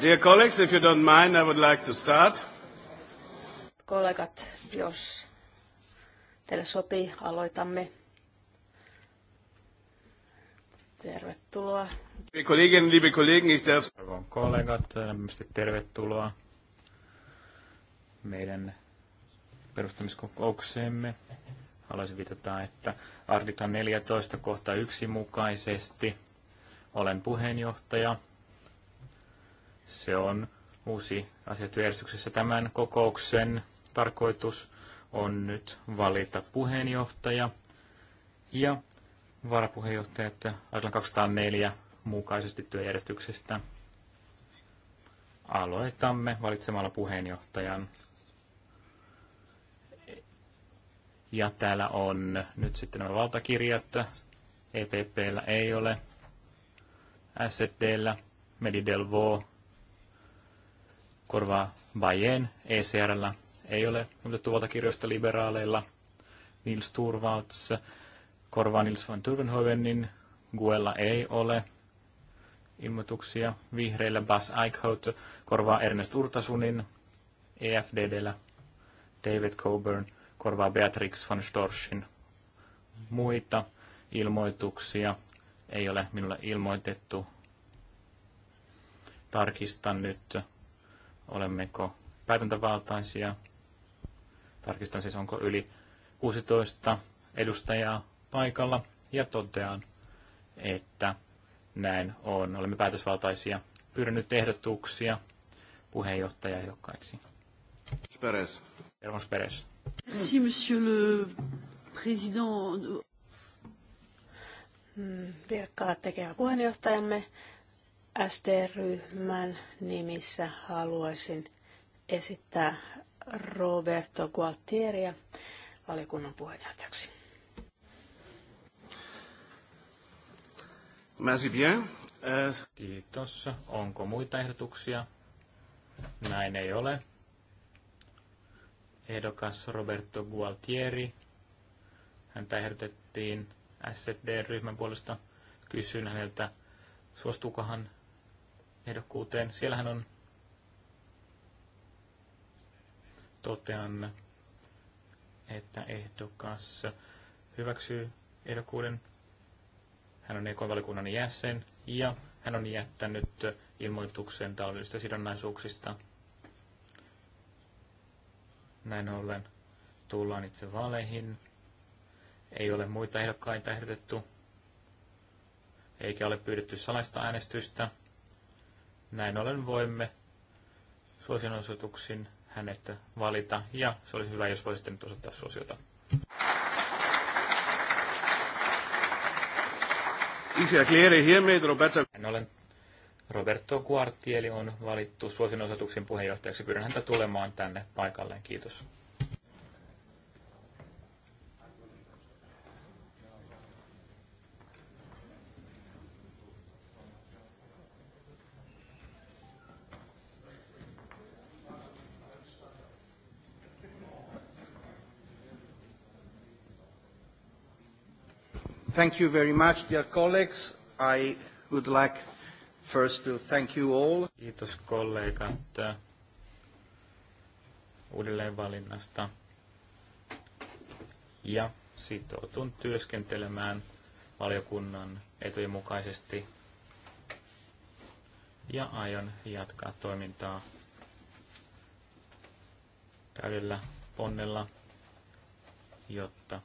Dear colleagues, if you don't mind, I would like to start. Kollegat, jos teille sopii, aloitamme. Tervetuloa. Liebe Kolleginnen, liebe Kollegen, ich darf... Arvon kollegat, lämpimästi tervetuloa meidän perustamiskokoukseemme. Haluaisin viitata, että artikla 14 kohta 1 mukaisesti olen puheenjohtaja – se on uusi asiatyöjärjestyksessä tämän kokouksen tarkoitus on nyt valita puheenjohtaja ja varapuheenjohtajat artiklan 204 mukaisesti työjärjestyksestä. Aloitamme valitsemalla puheenjohtajan. Ja täällä on nyt sitten nämä valtakirjat. EPPllä ei ole. SDllä Medidelvo korvaa Bayen ECRllä. Ei ole ilmoitettu valtakirjoista liberaaleilla. Nils Turvalds korvaa Nils von Turvenhovenin. Guella ei ole ilmoituksia. Vihreillä Bas Eichhout korvaa Ernest Urtasunin. EFDDllä David Coburn korvaa Beatrix von Storchin. Muita ilmoituksia ei ole minulle ilmoitettu. Tarkistan nyt olemmeko päätäntävaltaisia. Tarkistan siis, onko yli 16 edustajaa paikalla ja totean, että näin on. Olemme päätösvaltaisia. Pyydän nyt ehdotuksia puheenjohtajaehdokkaiksi. Peres. Hermos Peres. Merci, monsieur le président. Mm, Virkkaa tekevä puheenjohtajamme sd ryhmän nimissä haluaisin esittää Roberto Gualtieria valiokunnan puheenjohtajaksi. Merci bien. Euh, Kiitos. Onko muita ehdotuksia? Näin ei ole. Ehdokas Roberto Gualtieri. Häntä ehdotettiin SD-ryhmän puolesta. Kysyn häneltä, suostuuko hän ehdokkuuteen. Siellähän on, totean, että ehdokas hyväksyy ehdokkuuden. Hän on EK-valikunnan jäsen ja hän on jättänyt ilmoituksen taloudellisista sidonnaisuuksista. Näin ollen tullaan itse vaaleihin. Ei ole muita ehdokkaita ehdotettu, eikä ole pyydetty salaista äänestystä. Näin ollen voimme suosionosoituksin hänet valita, ja se olisi hyvä, jos voisitte nyt osoittaa suosiota. Näin ollen Roberto Guartieli on valittu suosionosoituksin puheenjohtajaksi. Pyydän häntä tulemaan tänne paikalleen. Kiitos. Thank you very much, dear colleagues. I would like first to thank you all. Kiitos kollegat äh, uudelleenvalinnasta. Ja sitoutun työskentelemään valiokunnan etujen mukaisesti ja aion jatkaa toimintaa täydellä ponnella, jotta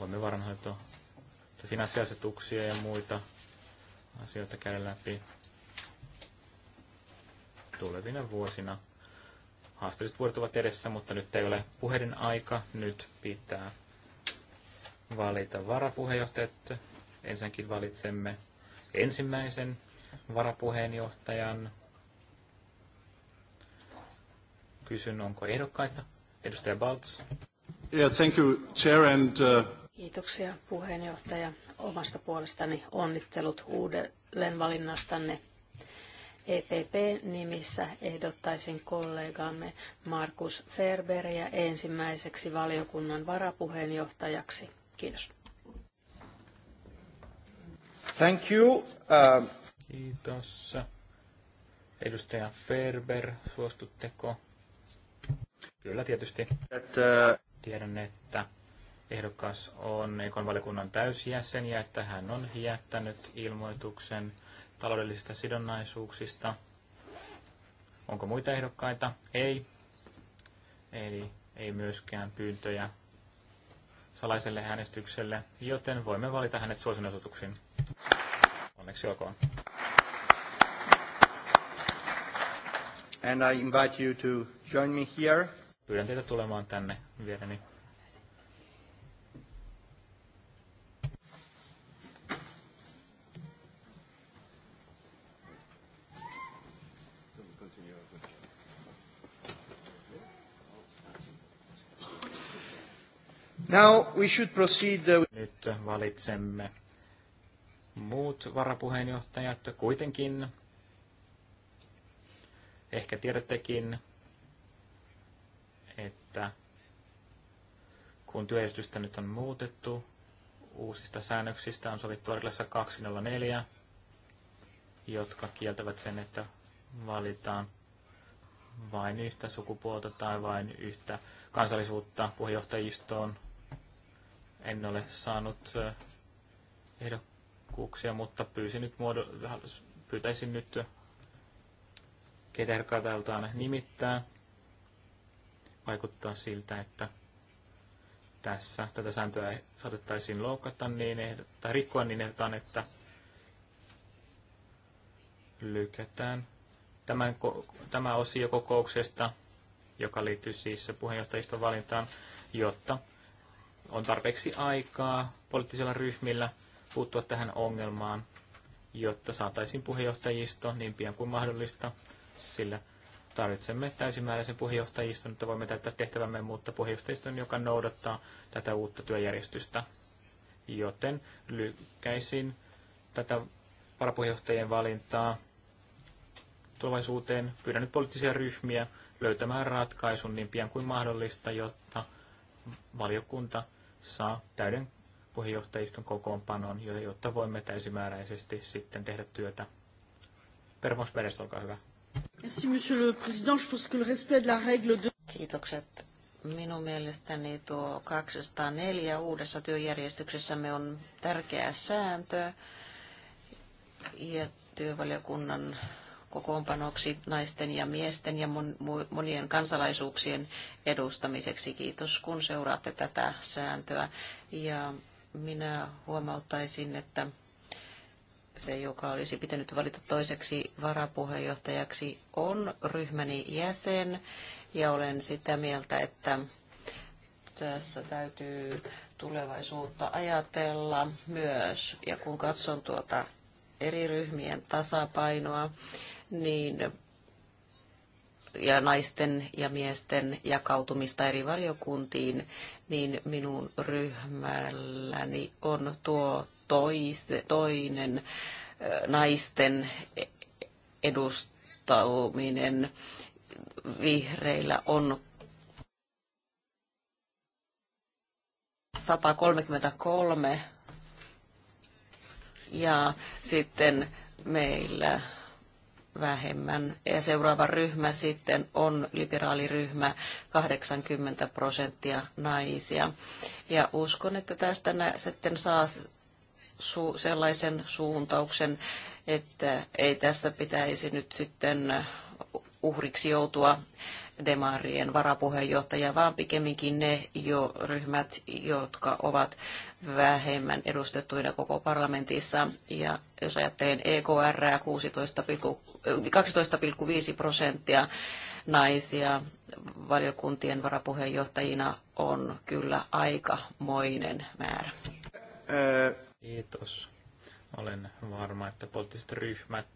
voimme varmhoito finanssiasetuksia ja muita asioita käydä läpi tulevina vuosina. Haasteelliset vuodet ovat edessä, mutta nyt ei ole puheiden aika. Nyt pitää valita varapuheenjohtajat. Ensinnäkin valitsemme ensimmäisen varapuheenjohtajan. Kysyn, onko ehdokkaita? Edustaja Baltz. Yeah, thank you, Chair, and uh, Kiitoksia puheenjohtaja. Omasta puolestani onnittelut uudelleen valinnastanne. EPP-nimissä ehdottaisin kollegaamme Markus Ferberiä ensimmäiseksi valiokunnan varapuheenjohtajaksi. Kiitos. Thank you. Uh... Kiitos. Edustaja Ferber, suostutteko? Kyllä tietysti. Että... Uh, Tiedän, että ehdokas on Ekon valikunnan täysjäsen ja että hän on jättänyt ilmoituksen taloudellisista sidonnaisuuksista. Onko muita ehdokkaita? Ei. Eli ei myöskään pyyntöjä salaiselle äänestykselle, joten voimme valita hänet suosionosoituksiin. Onneksi olkoon. And I invite you to join me here. Pyydän teitä tulemaan tänne viereni. Now we should proceed uh, Nyt valitsemme muut varapuheenjohtajat kuitenkin. Ehkä tiedättekin, että kun työjärjestystä nyt on muutettu, uusista säännöksistä on sovittu artiklassa 204, jotka kieltävät sen, että valitaan vain yhtä sukupuolta tai vain yhtä kansallisuutta puheenjohtajistoon en ole saanut ehdokkuuksia, mutta pyysin nyt muodo- pyytäisin nyt ketä nimittää. Vaikuttaa siltä, että tässä tätä sääntöä saatettaisiin loukata niin ehdo, tai rikkoa, niin ehdotan, että lykätään tämän, tämä osio kokouksesta, joka liittyy siis puheenjohtajiston valintaan, jotta on tarpeeksi aikaa poliittisilla ryhmillä puuttua tähän ongelmaan, jotta saataisiin puheenjohtajisto niin pian kuin mahdollista, sillä tarvitsemme täysimääräisen puheenjohtajiston, että voimme täyttää tehtävämme, mutta puheenjohtajiston, joka noudattaa tätä uutta työjärjestystä. Joten lykkäisin tätä varapuheenjohtajien valintaa tulevaisuuteen. Pyydän nyt poliittisia ryhmiä löytämään ratkaisun niin pian kuin mahdollista, jotta valiokunta saa täyden puheenjohtajiston kokoonpanon, jotta voimme täysimääräisesti sitten tehdä työtä. Permos Peres, olkaa hyvä. Kiitokset. Minun mielestäni tuo 204 uudessa työjärjestyksessämme on tärkeä sääntö ja työvaliokunnan kokoonpanoksi naisten ja miesten ja monien kansalaisuuksien edustamiseksi. Kiitos, kun seuraatte tätä sääntöä. Ja minä huomauttaisin, että se, joka olisi pitänyt valita toiseksi varapuheenjohtajaksi, on ryhmäni jäsen. Ja olen sitä mieltä, että tässä täytyy tulevaisuutta ajatella myös. Ja kun katson tuota eri ryhmien tasapainoa, niin ja naisten ja miesten jakautumista eri valiokuntiin, niin minun ryhmälläni on tuo tois, toinen naisten edustaminen. Vihreillä on 133 ja sitten meillä vähemmän. Ja seuraava ryhmä sitten on liberaaliryhmä, 80 prosenttia naisia. Ja uskon, että tästä sitten saa su- sellaisen suuntauksen, että ei tässä pitäisi nyt sitten uhriksi joutua demarien varapuheenjohtaja, vaan pikemminkin ne jo ryhmät, jotka ovat vähemmän edustettuina koko parlamentissa. Ja jos ajattelen EKR 12,5 prosenttia naisia valiokuntien varapuheenjohtajina on kyllä aikamoinen määrä. Kiitos. Olen varma, että poliittiset ryhmät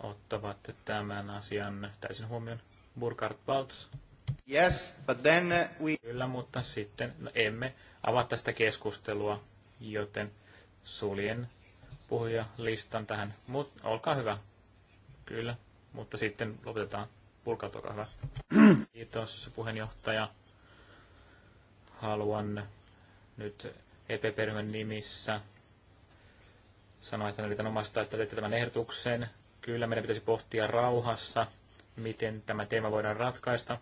ottavat tämän asian täysin huomioon. Burkhard Baltz. Yes, but then uh, we... Kyllä, mutta sitten no, emme avaa tästä keskustelua, joten suljen puhuja listan tähän. Mut, olkaa hyvä. Kyllä, mutta sitten lopetetaan. Purkat, olkaa hyvä. Kiitos puheenjohtaja. Haluan nyt epeperhön nimissä sanoa, että yritän omasta, että teette tämän ehdotuksen. Kyllä meidän pitäisi pohtia rauhassa, miten tämä teema voidaan ratkaista.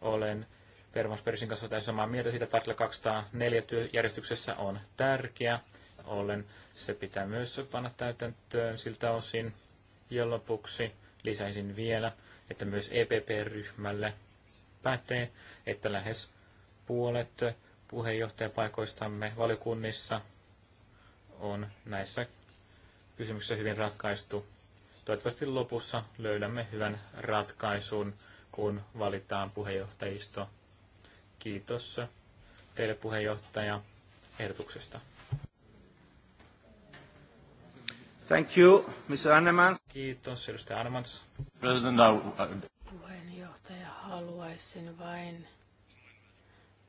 Olen Permas kanssa täysin samaa mieltä siitä, että 204 järjestyksessä on tärkeä ollen se pitää myös panna täytäntöön siltä osin. Ja lopuksi lisäisin vielä, että myös EPP-ryhmälle pätee, että lähes puolet puheenjohtajapaikoistamme valiokunnissa on näissä kysymyksissä hyvin ratkaistu. Toivottavasti lopussa löydämme hyvän ratkaisun, kun valitaan puheenjohtajisto. Kiitos teille puheenjohtaja ehdotuksesta. Thank you, Mr. Annemans. Kiitos, edustaja Annemans. President, now, Puheenjohtaja, haluaisin vain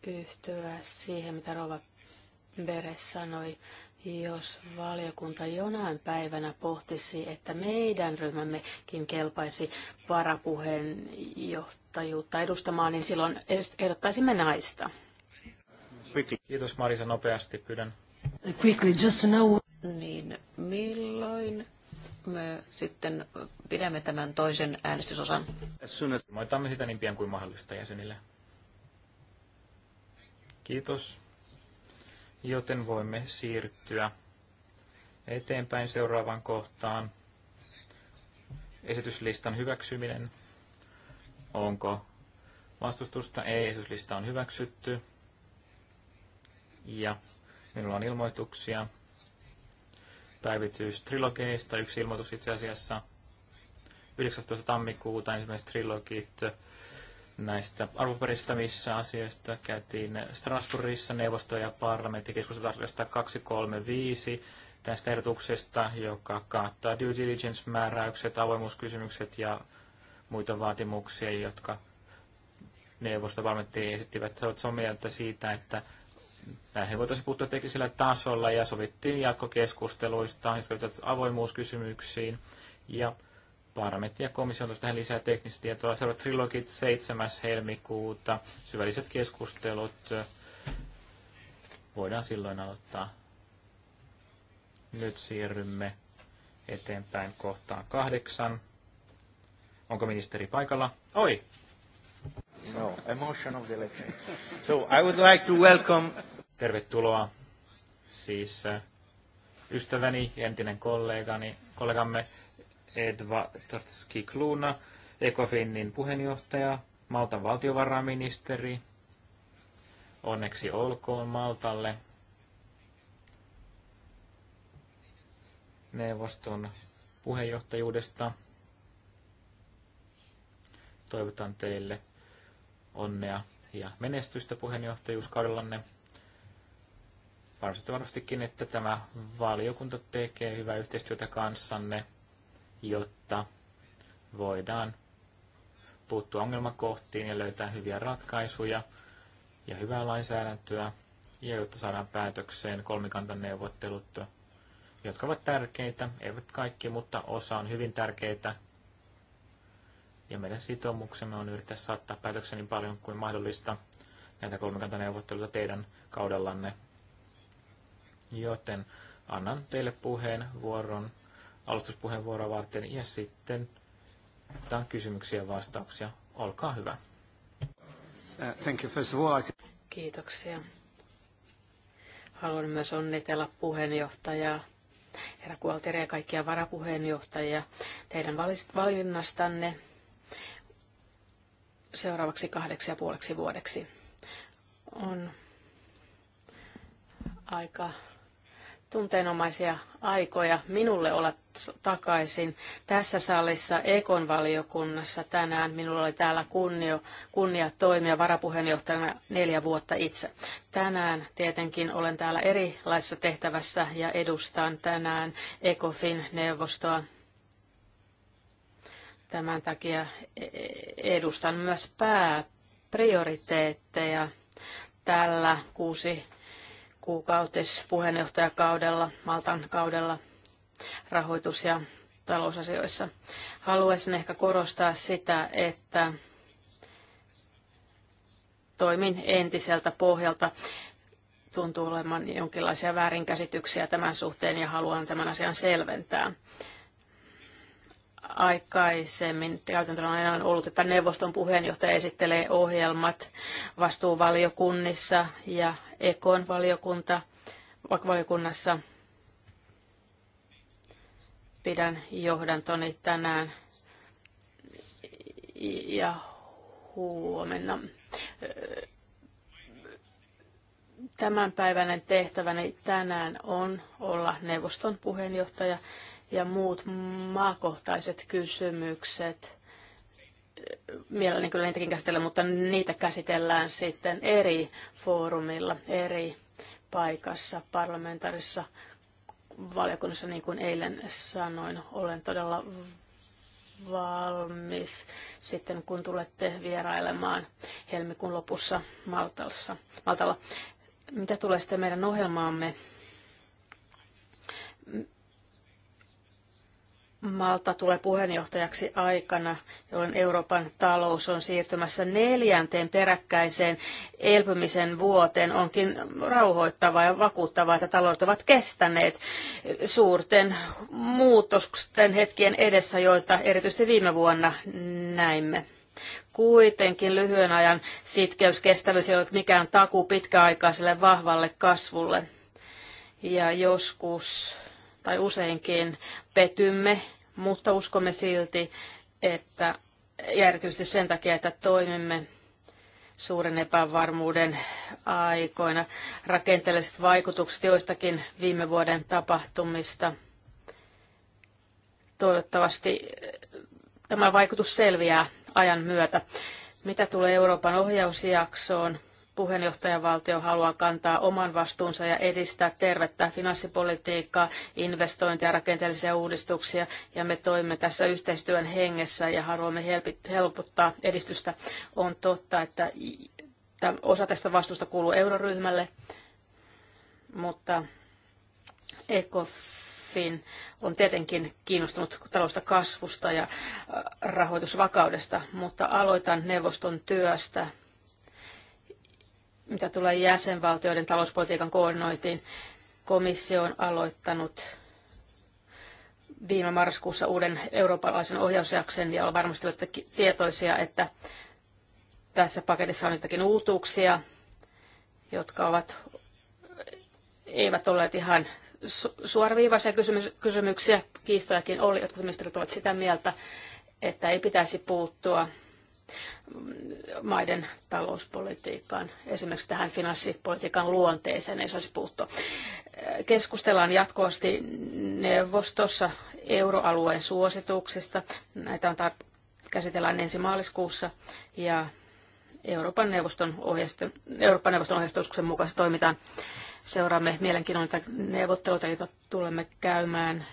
yhtyä siihen, mitä Rova Beres sanoi. Jos valiokunta jonain päivänä pohtisi, että meidän ryhmämmekin kelpaisi varapuheenjohtajuutta edustamaan, niin silloin ehdottaisimme naista. Kiitos Marisa nopeasti, pyydän. Quickly, just to know niin milloin me sitten pidämme tämän toisen äänestysosan? Ilmoitamme sitä niin pian kuin mahdollista jäsenille. Kiitos. Joten voimme siirtyä eteenpäin seuraavaan kohtaan. Esityslistan hyväksyminen. Onko vastustusta? Ei, esityslista on hyväksytty. Ja minulla on ilmoituksia päivitys trilogeista, yksi ilmoitus itse asiassa. 19. tammikuuta ensimmäiset trilogit näistä missä asioista käytiin Strasbourgissa neuvosto ja parlamentti keskustelua 235 tästä ehdotuksesta, joka kattaa due diligence-määräykset, avoimuuskysymykset ja muita vaatimuksia, jotka neuvosto parlamentti esittivät. Se on mieltä siitä, että näihin voitaisiin puuttua teknisellä tasolla ja sovittiin jatkokeskusteluista, jotka liittyvät avoimuuskysymyksiin ja parlamentti ja komissio on tähän lisää teknistä tietoa. Seuraavat trilogit 7. helmikuuta, syvälliset keskustelut voidaan silloin aloittaa. Nyt siirrymme eteenpäin kohtaan kahdeksan. Onko ministeri paikalla? Oi! No, emotion of the election. So I would like to welcome Tervetuloa siis äh, ystäväni, entinen kollegani, kollegamme Edva Tartski Kluuna, Ecofinin puheenjohtaja, Maltan valtiovarainministeri. Onneksi olkoon Maltalle. Neuvoston puheenjohtajuudesta. Toivotan teille onnea ja menestystä puheenjohtajuuskaudellanne. Varmistatte varmastikin, että tämä valiokunta tekee hyvää yhteistyötä kanssanne, jotta voidaan puuttua ongelmakohtiin ja löytää hyviä ratkaisuja ja hyvää lainsäädäntöä, ja jotta saadaan päätökseen kolmikantaneuvottelut, jotka ovat tärkeitä, eivät kaikki, mutta osa on hyvin tärkeitä, ja meidän sitoumuksemme on yrittää saattaa päätöksen niin paljon kuin mahdollista näitä kolmikantaneuvotteluita teidän kaudellanne Joten annan teille puheenvuoron aloituspuheenvuoroa varten ja sitten otetaan kysymyksiä ja vastauksia. Olkaa hyvä. Uh, thank you. First of all, Kiitoksia. Haluan myös onnitella puheenjohtajaa, herra Kualteria ja kaikkia varapuheenjohtajia teidän valinnastanne seuraavaksi kahdeksi ja puoleksi vuodeksi. On aika tunteenomaisia aikoja minulle olla takaisin tässä salissa Ekon valiokunnassa tänään. Minulla oli täällä kunnio, kunnia toimia varapuheenjohtajana neljä vuotta itse. Tänään tietenkin olen täällä erilaisessa tehtävässä ja edustan tänään ekofin neuvostoa Tämän takia edustan myös pääprioriteetteja tällä kuusi kuukautispuheenjohtajakaudella, Maltan kaudella rahoitus- ja talousasioissa. Haluaisin ehkä korostaa sitä, että toimin entiseltä pohjalta. Tuntuu olemaan jonkinlaisia väärinkäsityksiä tämän suhteen ja haluan tämän asian selventää aikaisemmin käytäntönä on aina ollut, että neuvoston puheenjohtaja esittelee ohjelmat vastuuvaliokunnissa ja Ekon valiokunta, valiokunnassa. Pidän johdantoni tänään ja huomenna. Tämänpäiväinen tehtäväni tänään on olla neuvoston puheenjohtaja ja muut maakohtaiset kysymykset. Mielelläni kyllä niitäkin käsitellään, mutta niitä käsitellään sitten eri foorumilla, eri paikassa, parlamentaarissa valiokunnassa, niin kuin eilen sanoin, olen todella valmis sitten, kun tulette vierailemaan helmikuun lopussa Maltassa, Maltalla. Mitä tulee sitten meidän ohjelmaamme? Malta tulee puheenjohtajaksi aikana, jolloin Euroopan talous on siirtymässä neljänteen peräkkäiseen elpymisen vuoteen. Onkin rauhoittavaa ja vakuuttavaa, että taloudet ovat kestäneet suurten muutosten hetkien edessä, joita erityisesti viime vuonna näimme. Kuitenkin lyhyen ajan sitkeys, kestävyys ei ole mikään takuu pitkäaikaiselle vahvalle kasvulle. Ja joskus tai useinkin petymme, mutta uskomme silti, että ja erityisesti sen takia, että toimimme suuren epävarmuuden aikoina. Rakenteelliset vaikutukset joistakin viime vuoden tapahtumista. Toivottavasti tämä vaikutus selviää ajan myötä. Mitä tulee Euroopan ohjausjaksoon, puheenjohtajavaltio haluaa kantaa oman vastuunsa ja edistää tervettä finanssipolitiikkaa, investointeja, rakenteellisia uudistuksia ja me toimimme tässä yhteistyön hengessä ja haluamme helpottaa edistystä. On totta, että osa tästä vastuusta kuuluu euroryhmälle, mutta ECOFIN on tietenkin kiinnostunut talousta kasvusta ja rahoitusvakaudesta, mutta aloitan neuvoston työstä mitä tulee jäsenvaltioiden talouspolitiikan koordinointiin, komissio on aloittanut viime marraskuussa uuden eurooppalaisen ohjausjaksen ja varmasti olette tietoisia, että tässä paketissa on jotakin uutuuksia, jotka ovat, eivät olleet ihan suoraviivaisia kysymyksiä, kiistojakin oli, jotkut ministerit ovat sitä mieltä, että ei pitäisi puuttua maiden talouspolitiikkaan, esimerkiksi tähän finanssipolitiikan luonteeseen ei saisi puuttua. Keskustellaan jatkuvasti neuvostossa euroalueen suosituksista. Näitä on tar- käsitellään ensi maaliskuussa ja Euroopan neuvoston, ohjeistu- Euroopan neuvoston ohjeistuksen mukaan toimitaan. Seuraamme mielenkiintoista neuvotteluita, joita tulemme käymään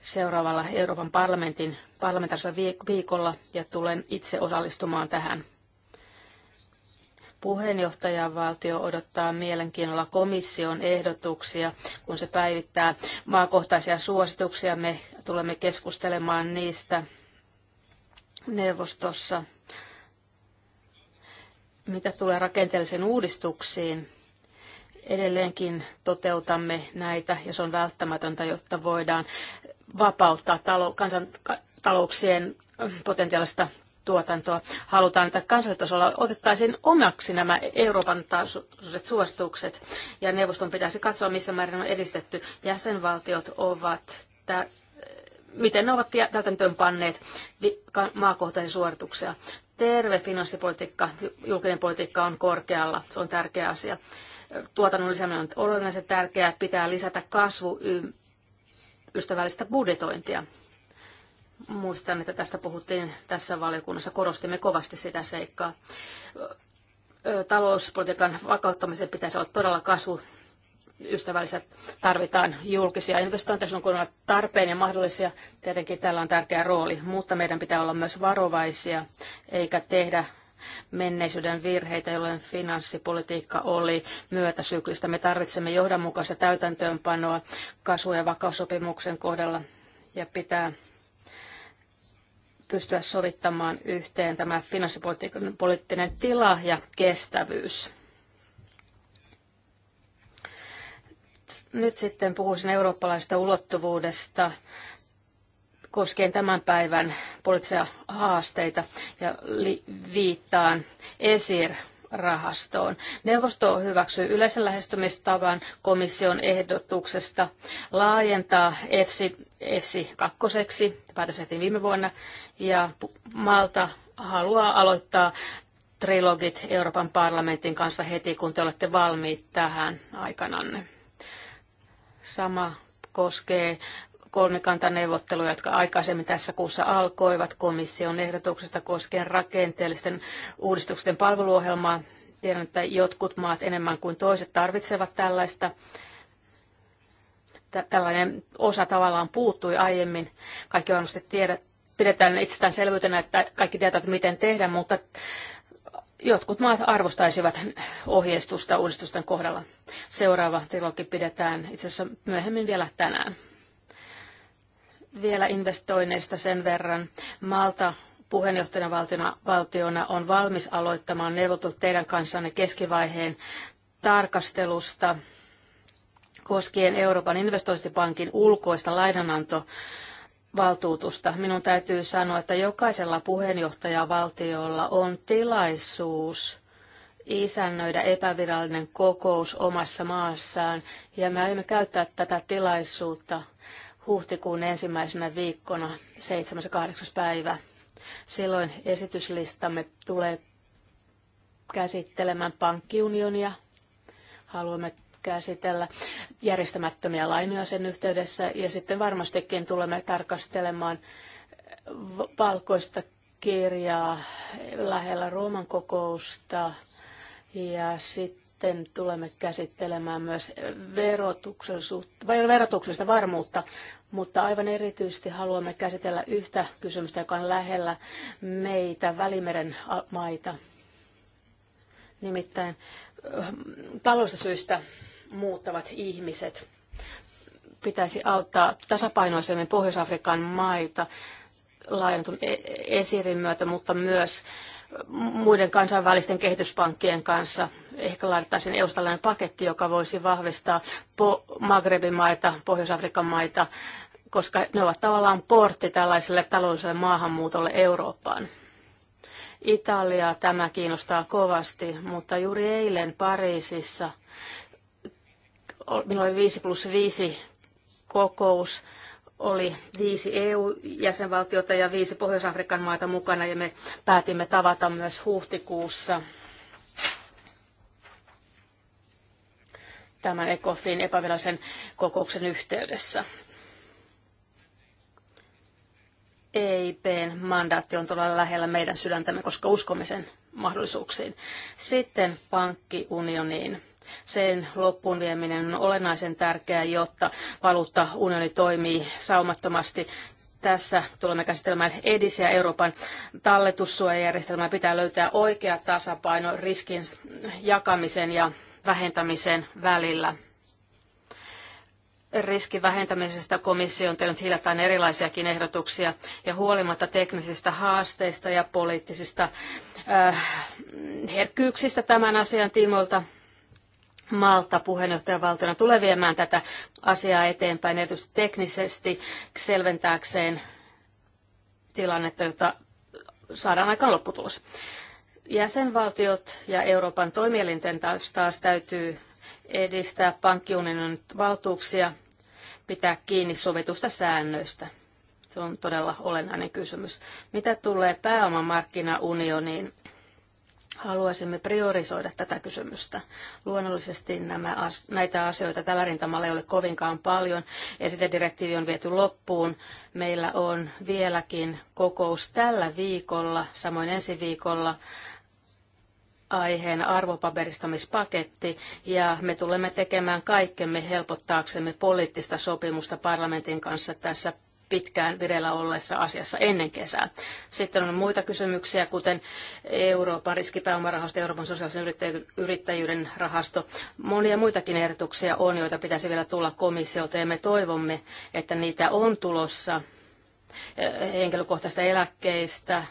seuraavalla Euroopan parlamentin parlamentaarisella viikolla ja tulen itse osallistumaan tähän. Puheenjohtajavaltio odottaa mielenkiinnolla komission ehdotuksia, kun se päivittää maakohtaisia suosituksia. Me tulemme keskustelemaan niistä neuvostossa. Mitä tulee rakenteellisiin uudistuksiin, edelleenkin toteutamme näitä ja se on välttämätöntä, jotta voidaan vapauttaa talou- kansan- talouksien potentiaalista tuotantoa halutaan, että kansallistasolla otettaisiin omaksi nämä Euroopan tasoiset suositukset, ja neuvoston pitäisi katsoa, missä määrin on edistetty. Jäsenvaltiot ovat, tä- miten ne ovat täytäntöön panneet maakohtaisia suorituksia. Terve finanssipolitiikka, julkinen politiikka on korkealla, se on tärkeä asia. Tuotannon lisääminen on olennaisen tärkeää, pitää lisätä kasvu ystävällistä budjetointia. Muistan, että tästä puhuttiin tässä valiokunnassa, korostimme kovasti sitä seikkaa. Talouspolitiikan vakauttamisen pitäisi olla todella kasvu ystävälliset tarvitaan julkisia investointeja, on kun tarpeen ja mahdollisia. Tietenkin tällä on tärkeä rooli, mutta meidän pitää olla myös varovaisia eikä tehdä menneisyyden virheitä, jolloin finanssipolitiikka oli myötäsyklistä. Me tarvitsemme johdonmukaista täytäntöönpanoa kasvu- ja vakaussopimuksen kohdalla ja pitää pystyä sovittamaan yhteen tämä finanssipoliittinen tila ja kestävyys. Nyt sitten puhuisin eurooppalaisesta ulottuvuudesta koskien tämän päivän poliittisia haasteita ja viittaan ESIR rahastoon. Neuvosto hyväksyi yleisen lähestymistavan komission ehdotuksesta laajentaa EFSI, EFSI kakkoseksi, päätös tehtiin viime vuonna, ja Malta haluaa aloittaa trilogit Euroopan parlamentin kanssa heti, kun te olette valmiit tähän aikananne. Sama koskee kolmikantaneuvotteluja, jotka aikaisemmin tässä kuussa alkoivat komission ehdotuksesta koskien rakenteellisten uudistusten palveluohjelmaa. Tiedän, että jotkut maat enemmän kuin toiset tarvitsevat tällaista. Tällainen osa tavallaan puuttui aiemmin. Kaikki varmasti tiedät, pidetään itsestäänselvyytenä, että kaikki tietävät, miten tehdä, mutta jotkut maat arvostaisivat ohjeistusta uudistusten kohdalla. Seuraava trilogi pidetään itse asiassa myöhemmin vielä tänään. Vielä investoinneista sen verran. Malta puheenjohtajana valtiona, valtiona on valmis aloittamaan neuvottelut teidän kanssanne keskivaiheen tarkastelusta koskien Euroopan investointipankin ulkoista lainananto valtuutusta. Minun täytyy sanoa, että jokaisella puheenjohtajavaltiolla on tilaisuus isännöidä epävirallinen kokous omassa maassaan, ja me aiomme käyttää tätä tilaisuutta – huhtikuun ensimmäisenä viikkona 7. ja 8. päivä. Silloin esityslistamme tulee käsittelemään pankkiunionia. Haluamme käsitellä järjestämättömiä lainoja sen yhteydessä ja sitten varmastikin tulemme tarkastelemaan valkoista kirjaa lähellä Rooman kokousta ja sitten sitten tulemme käsittelemään myös verotuksesta varmuutta, mutta aivan erityisesti haluamme käsitellä yhtä kysymystä, joka on lähellä meitä Välimeren maita. Nimittäin öh, taloudellisista syistä muuttavat ihmiset pitäisi auttaa tasapainoisemmin Pohjois-Afrikan maita laajentun e- e- esirin myötä, mutta myös muiden kansainvälisten kehityspankkien kanssa. Ehkä laitettaisiin EU paketti, joka voisi vahvistaa Magrebin maita, Pohjois-Afrikan maita, koska ne ovat tavallaan portti tällaiselle taloudelliselle maahanmuutolle Eurooppaan. Italia tämä kiinnostaa kovasti, mutta juuri eilen Pariisissa, minulla oli 5 plus 5 kokous, oli viisi EU-jäsenvaltiota ja viisi Pohjois-Afrikan maata mukana ja me päätimme tavata myös huhtikuussa tämän ECOFin epävirallisen kokouksen yhteydessä. EIPn mandaatti on todella lähellä meidän sydäntämme, koska uskomme sen mahdollisuuksiin. Sitten pankkiunioniin sen loppuun vieminen on olennaisen tärkeää, jotta valuutta unioni toimii saumattomasti tässä tulemme käsittelemään EDIS ja Euroopan talletussuojajärjestelmää. Pitää löytää oikea tasapaino riskin jakamisen ja vähentämisen välillä. Riskin vähentämisestä komissio on tehnyt hiljattain erilaisiakin ehdotuksia ja huolimatta teknisistä haasteista ja poliittisista äh, herkkyyksistä tämän asian tiimoilta – Malta puheenjohtajavaltiona tulee viemään tätä asiaa eteenpäin erityisesti teknisesti selventääkseen tilannetta, jota saadaan aikaan lopputulos. Jäsenvaltiot ja Euroopan toimielinten taas, taas täytyy edistää pankkiunionin valtuuksia, pitää kiinni sovitusta säännöistä. Se on todella olennainen kysymys. Mitä tulee pääomamarkkinaunioniin, haluaisimme priorisoida tätä kysymystä. Luonnollisesti nämä, näitä asioita tällä rintamalla ei ole kovinkaan paljon. Esitedirektiivi on viety loppuun. Meillä on vieläkin kokous tällä viikolla, samoin ensi viikolla aiheen arvopaperistamispaketti ja me tulemme tekemään kaikkemme helpottaaksemme poliittista sopimusta parlamentin kanssa tässä pitkään vireillä olleessa asiassa ennen kesää. Sitten on muita kysymyksiä, kuten Euroopan riskipääomarahasto, Euroopan sosiaalisen yrittäjyyden rahasto. Monia muitakin ehdotuksia on, joita pitäisi vielä tulla komissiolta, ja me toivomme, että niitä on tulossa henkilökohtaisista eläkkeistä,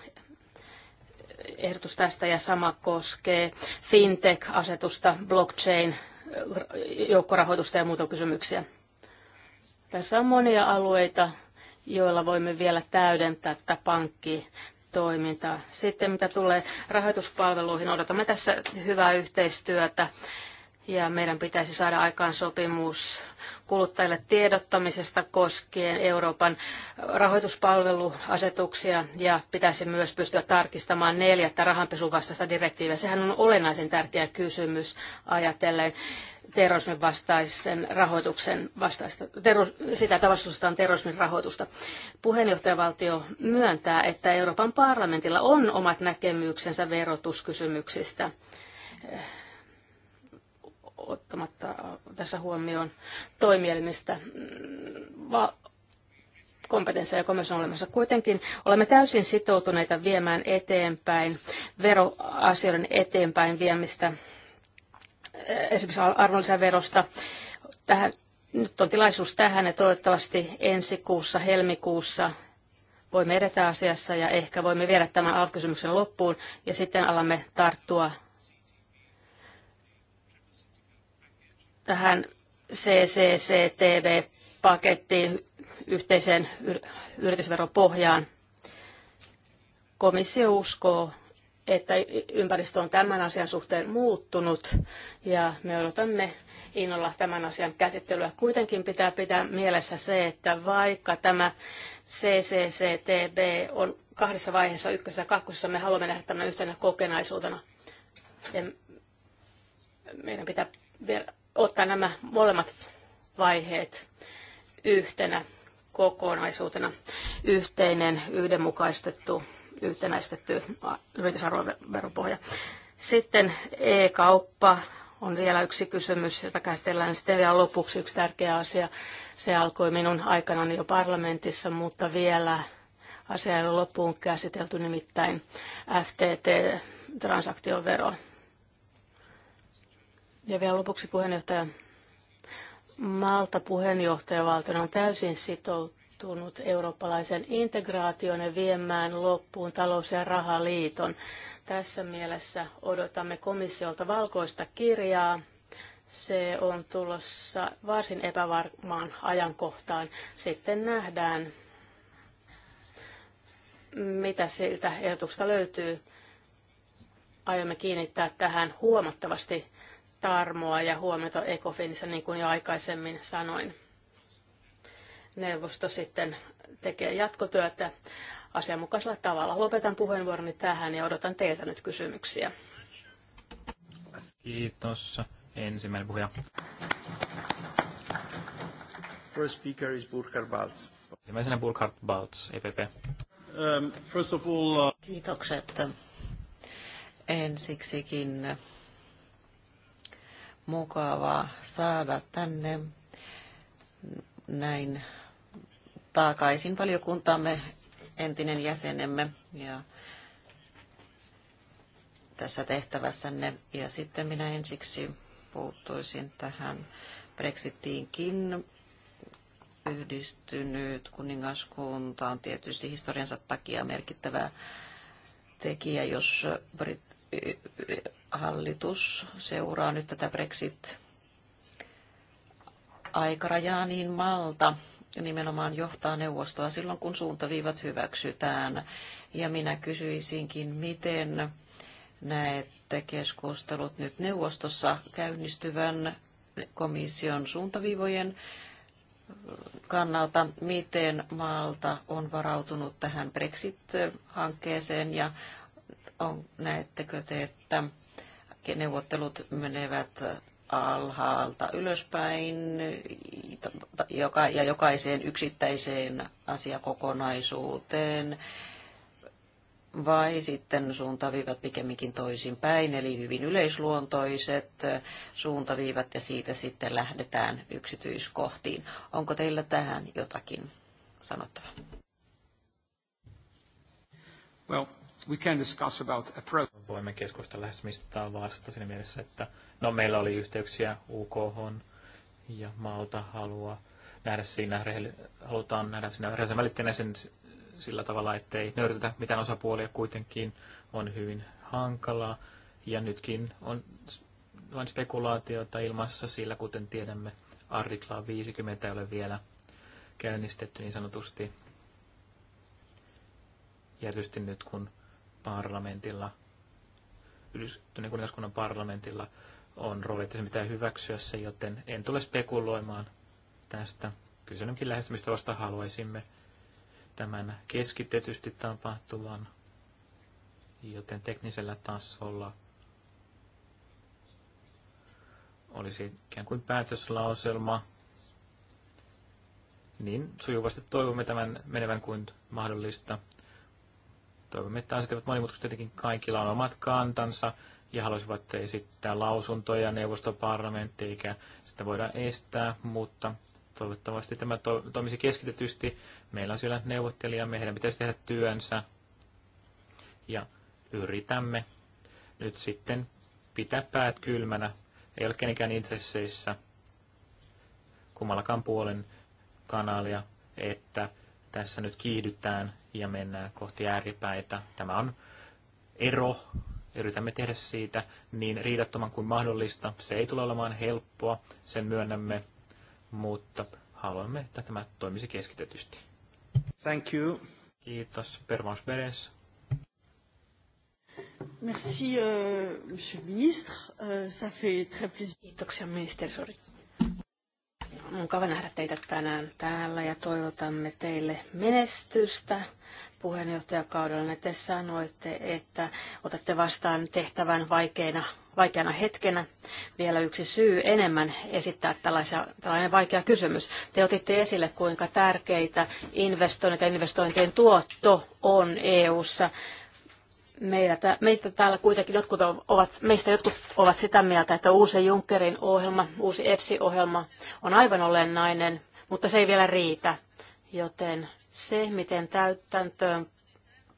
ehdotus tästä ja sama koskee fintech-asetusta, blockchain, joukkorahoitusta ja muuta kysymyksiä. Tässä on monia alueita, joilla voimme vielä täydentää tätä pankki toimintaa. Sitten mitä tulee rahoituspalveluihin, odotamme tässä hyvää yhteistyötä ja meidän pitäisi saada aikaan sopimus kuluttajille tiedottamisesta koskien Euroopan rahoituspalveluasetuksia ja pitäisi myös pystyä tarkistamaan neljättä vastaista direktiiviä. Sehän on olennaisen tärkeä kysymys ajatellen terrorismin vastaisen rahoituksen vastaista, terro, sitä tavastustetaan terrorismin rahoitusta. Puheenjohtajavaltio myöntää, että Euroopan parlamentilla on omat näkemyksensä verotuskysymyksistä ottamatta tässä huomioon toimielimistä mm, va- kompetenssia, joka myös on olemassa. Kuitenkin olemme täysin sitoutuneita viemään eteenpäin veroasioiden eteenpäin viemistä, eh, esimerkiksi arvonlisäverosta. Tähän, nyt on tilaisuus tähän ja toivottavasti ensi kuussa, helmikuussa voimme edetä asiassa ja ehkä voimme viedä tämän alkukysymyksen loppuun ja sitten alamme tarttua tähän CCCTV-pakettiin yhteiseen yritysveropohjaan. Komissio uskoo, että ympäristö on tämän asian suhteen muuttunut ja me odotamme innolla tämän asian käsittelyä. Kuitenkin pitää pitää mielessä se, että vaikka tämä CCCTB on kahdessa vaiheessa, ykkösessä ja kakkosessa, me haluamme nähdä tämän yhtenä kokonaisuutena. meidän pitää ver- ottaa nämä molemmat vaiheet yhtenä kokonaisuutena yhteinen, yhdenmukaistettu, yhtenäistetty yritysarvoveropohja. Sitten e-kauppa on vielä yksi kysymys, jota käsitellään sitten vielä lopuksi yksi tärkeä asia. Se alkoi minun aikanani jo parlamentissa, mutta vielä asia ei ole loppuun käsitelty, nimittäin FTT-transaktiovero. Ja vielä lopuksi puheenjohtaja. Malta puheenjohtajavaltio on täysin sitoutunut eurooppalaisen integraation ja viemään loppuun talous- ja rahaliiton. Tässä mielessä odotamme komissiolta valkoista kirjaa. Se on tulossa varsin epävarmaan ajankohtaan. Sitten nähdään, mitä siltä ehdotuksesta löytyy. Aiomme kiinnittää tähän huomattavasti tarmoa ja huomiota ECOFINissa, niin kuin jo aikaisemmin sanoin. Neuvosto sitten tekee jatkotyötä asianmukaisella tavalla. Lopetan puheenvuoroni tähän ja odotan teiltä nyt kysymyksiä. Kiitos. Ensimmäinen puhuja. First speaker is Burkhard Balz. Ensimmäisenä Burkhard Balz, EPP. Um, first of all, uh... Kiitokset. Ensiksikin mukavaa saada tänne näin takaisin valiokuntamme entinen jäsenemme ja tässä tehtävässänne. Ja sitten minä ensiksi puuttuisin tähän Brexitiinkin yhdistynyt kuningaskunta on tietysti historiansa takia merkittävä tekijä, jos Brit- hallitus seuraa nyt tätä Brexit-aikarajaa, niin Malta nimenomaan johtaa neuvostoa silloin, kun suuntaviivat hyväksytään. Ja minä kysyisinkin, miten näette keskustelut nyt neuvostossa käynnistyvän komission suuntaviivojen kannalta, miten Malta on varautunut tähän Brexit-hankkeeseen ja on, näettekö te, että neuvottelut menevät alhaalta ylöspäin ja jokaiseen yksittäiseen asiakokonaisuuteen vai sitten suuntaviivat pikemminkin toisinpäin, eli hyvin yleisluontoiset suuntaviivat ja siitä sitten lähdetään yksityiskohtiin. Onko teillä tähän jotakin sanottavaa? Well, we can discuss about approach. Voimme keskustella vasta siinä mielessä, että no meillä oli yhteyksiä UK ja Malta halua nähdä siinä, halutaan nähdä siinä rehellisen välitteenä sen sillä tavalla, ettei nöyrytetä mitään osapuolia kuitenkin on hyvin hankalaa. Ja nytkin on vain spekulaatiota ilmassa, sillä kuten tiedämme, artiklaa 50 ei ole vielä käynnistetty niin sanotusti. Ja tietysti nyt kun parlamentilla, yhdistyneen kuningaskunnan parlamentilla on rooli, että se pitää hyväksyä se, joten en tule spekuloimaan tästä. Kysynykin lähestymistä vasta haluaisimme tämän keskitetysti tapahtuvan, joten teknisellä tasolla olisi ikään kuin päätöslauselma. Niin sujuvasti toivomme tämän menevän kuin mahdollista. Toivomme, että asiat ovat monimutkaiset. Tietenkin kaikilla on omat kantansa ja haluaisivat esittää lausuntoja neuvostoparlamentti, eikä sitä voida estää, mutta toivottavasti tämä to- toimisi keskitetysti. Meillä on siellä neuvottelijamme, heidän pitäisi tehdä työnsä ja yritämme nyt sitten pitää päät kylmänä. Ei ole kenenkään intresseissä kummallakaan puolen kanalia, että tässä nyt kiihdytään ja mennään kohti ääripäitä. Tämä on ero. Yritämme tehdä siitä niin riidattoman kuin mahdollista. Se ei tule olemaan helppoa, sen myönnämme, mutta haluamme, että tämä toimisi keskitetysti. Thank you. Kiitos, Pervans Beres. Merci, euh, monsieur le ministre. Euh, ça fait très plaisir. Kiitoksia, ministeri mukava nähdä teitä tänään täällä ja toivotamme teille menestystä puheenjohtajakaudella. Te sanoitte, että otatte vastaan tehtävän vaikeina, vaikeana hetkenä. Vielä yksi syy enemmän esittää tällaisia, tällainen vaikea kysymys. Te otitte esille, kuinka tärkeitä investoinnit ja investointien tuotto on EU:ssa. ssa meistä täällä kuitenkin jotkut ovat, meistä jotkut ovat sitä mieltä, että uusi Junckerin ohjelma, uusi EPSI-ohjelma on aivan olennainen, mutta se ei vielä riitä. Joten se, miten täyttäntöön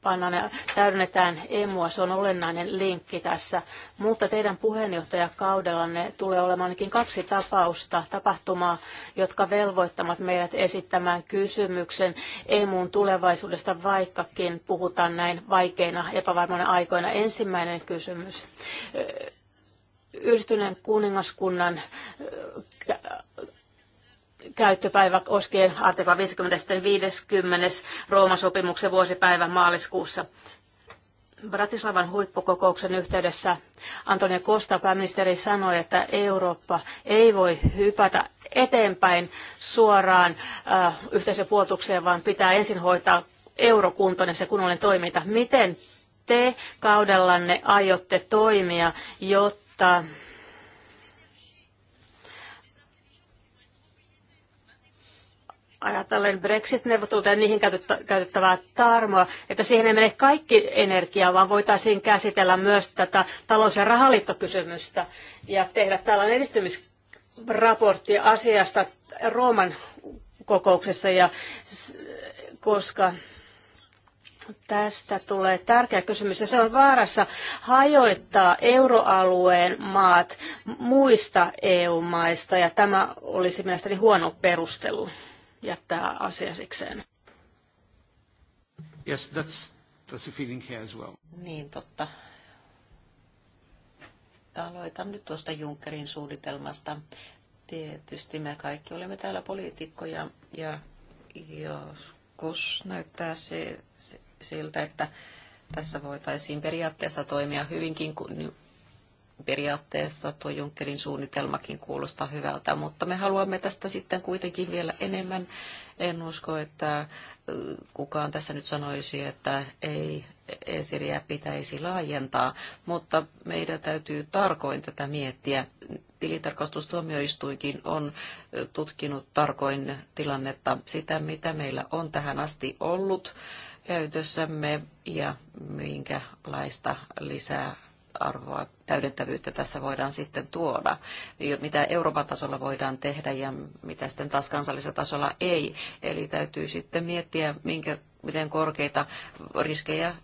pannaan ja täydennetään emua, se on olennainen linkki tässä. Mutta teidän puheenjohtajakaudellanne tulee olemaan ainakin kaksi tapausta, tapahtumaa, jotka velvoittavat meidät esittämään kysymyksen emun tulevaisuudesta, vaikkakin puhutaan näin vaikeina, epävarmoina aikoina. Ensimmäinen kysymys. Yhdistyneen kuningaskunnan käyttöpäivä koskee artikla 50.50. Rooman sopimuksen vuosipäivä maaliskuussa. Bratislavan huippukokouksen yhteydessä Antonio Costa pääministeri sanoi, että Eurooppa ei voi hypätä eteenpäin suoraan äh, yhteisöpuolustukseen, vaan pitää ensin hoitaa eurokuntoinen se kunnollinen toiminta. Miten te kaudellanne aiotte toimia, jotta ajatellen Brexit-neuvotteluita ja niihin käytettävää tarmoa, että siihen ei mene kaikki energiaa, vaan voitaisiin käsitellä myös tätä talous- ja rahaliittokysymystä ja tehdä tällainen edistymisraportti asiasta Rooman kokouksessa, ja, koska tästä tulee tärkeä kysymys, ja se on vaarassa hajoittaa euroalueen maat muista EU-maista, ja tämä olisi mielestäni huono perustelu jättää sikseen. Yes, that's, that's the feeling here as well. Niin, totta. Aloitan nyt tuosta Junckerin suunnitelmasta. Tietysti me kaikki olemme täällä poliitikkoja ja joskus näyttää se, se, siltä, että tässä voitaisiin periaatteessa toimia hyvinkin periaatteessa tuo Junckerin suunnitelmakin kuulostaa hyvältä, mutta me haluamme tästä sitten kuitenkin vielä enemmän. En usko, että kukaan tässä nyt sanoisi, että ei esiriä pitäisi laajentaa, mutta meidän täytyy tarkoin tätä miettiä. Tilintarkastustuomioistuinkin on tutkinut tarkoin tilannetta sitä, mitä meillä on tähän asti ollut käytössämme ja minkälaista lisää arvoa täydentävyyttä tässä voidaan sitten tuoda, mitä Euroopan tasolla voidaan tehdä ja mitä sitten taas kansallisella tasolla ei. Eli täytyy sitten miettiä, minkä, miten korkeita riskejä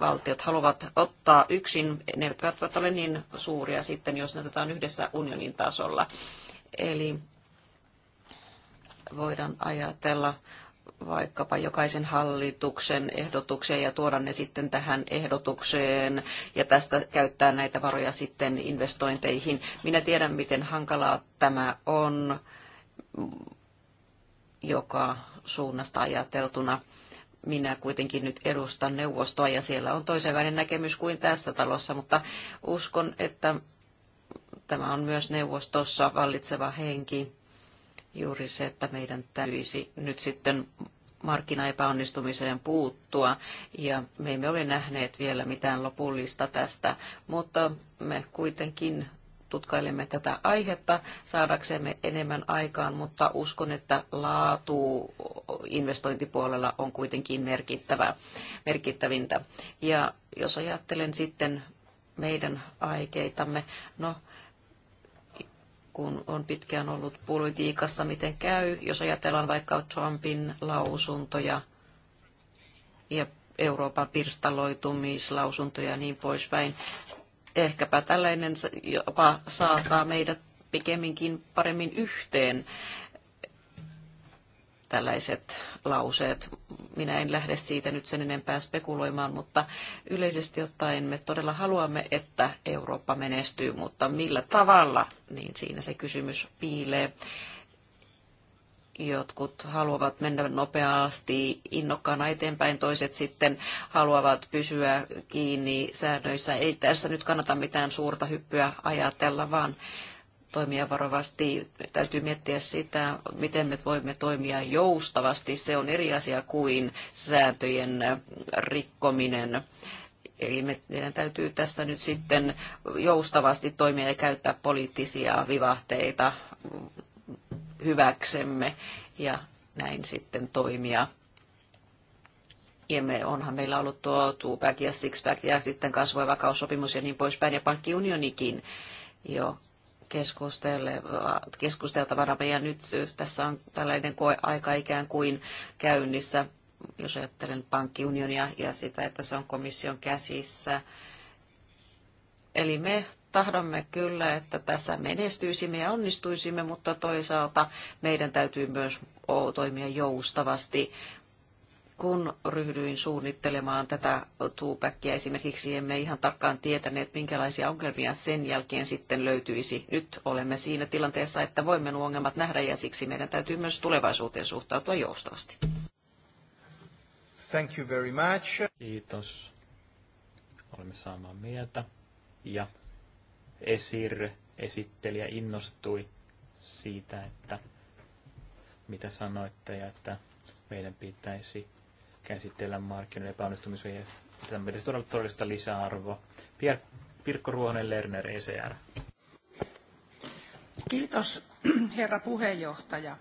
valtiot haluavat ottaa yksin, ne eivät ole niin suuria sitten, jos ne otetaan yhdessä unionin tasolla. Eli voidaan ajatella vaikkapa jokaisen hallituksen ehdotukseen ja tuoda ne sitten tähän ehdotukseen ja tästä käyttää näitä varoja sitten investointeihin. Minä tiedän, miten hankalaa tämä on joka suunnasta ajateltuna minä kuitenkin nyt edustan neuvostoa ja siellä on toisenlainen näkemys kuin tässä talossa, mutta uskon, että tämä on myös neuvostossa vallitseva henki, juuri se, että meidän täytyisi nyt sitten markkinaepäonnistumiseen puuttua, ja me emme ole nähneet vielä mitään lopullista tästä, mutta me kuitenkin tutkailemme tätä aihetta saadaksemme enemmän aikaan, mutta uskon, että laatu investointipuolella on kuitenkin merkittävä, merkittävintä. Ja jos ajattelen sitten meidän aikeitamme, no kun on pitkään ollut politiikassa, miten käy, jos ajatellaan vaikka Trumpin lausuntoja ja Euroopan pirstaloitumislausuntoja ja niin poispäin. Ehkäpä tällainen jopa saattaa meidät pikemminkin paremmin yhteen tällaiset lauseet. Minä en lähde siitä nyt sen enempää spekuloimaan, mutta yleisesti ottaen me todella haluamme, että Eurooppa menestyy, mutta millä tavalla, niin siinä se kysymys piilee. Jotkut haluavat mennä nopeasti innokkaana eteenpäin, toiset sitten haluavat pysyä kiinni säännöissä. Ei tässä nyt kannata mitään suurta hyppyä ajatella, vaan toimia varovasti. Täytyy miettiä sitä, miten me voimme toimia joustavasti. Se on eri asia kuin sääntöjen rikkominen. Eli meidän täytyy tässä nyt sitten joustavasti toimia ja käyttää poliittisia vivahteita hyväksemme ja näin sitten toimia. Ja me, onhan meillä ollut tuo two-pack ja six ja sitten kasvoi vakaussopimus ja niin poispäin ja pankkiunionikin jo keskusteltavana. Ja nyt tässä on tällainen aika ikään kuin käynnissä, jos ajattelen pankkiunionia ja sitä, että se on komission käsissä. Eli me tahdomme kyllä, että tässä menestyisimme ja onnistuisimme, mutta toisaalta meidän täytyy myös toimia joustavasti kun ryhdyin suunnittelemaan tätä tuupäkkiä esimerkiksi, emme ihan tarkkaan tietäneet, minkälaisia ongelmia sen jälkeen sitten löytyisi. Nyt olemme siinä tilanteessa, että voimme nuo ongelmat nähdä ja siksi meidän täytyy myös tulevaisuuteen suhtautua joustavasti. Thank you very much. Kiitos. Olemme samaa mieltä. Ja Esir, esittelijä, innostui siitä, että mitä sanoitte ja että meidän pitäisi käsitellä markkinoiden epäonnistumisia. Tämä pitäisi todella todellista lisäarvoa. Pier, Pirkko Ruohonen Lerner, ECR. Kiitos, herra puheenjohtaja.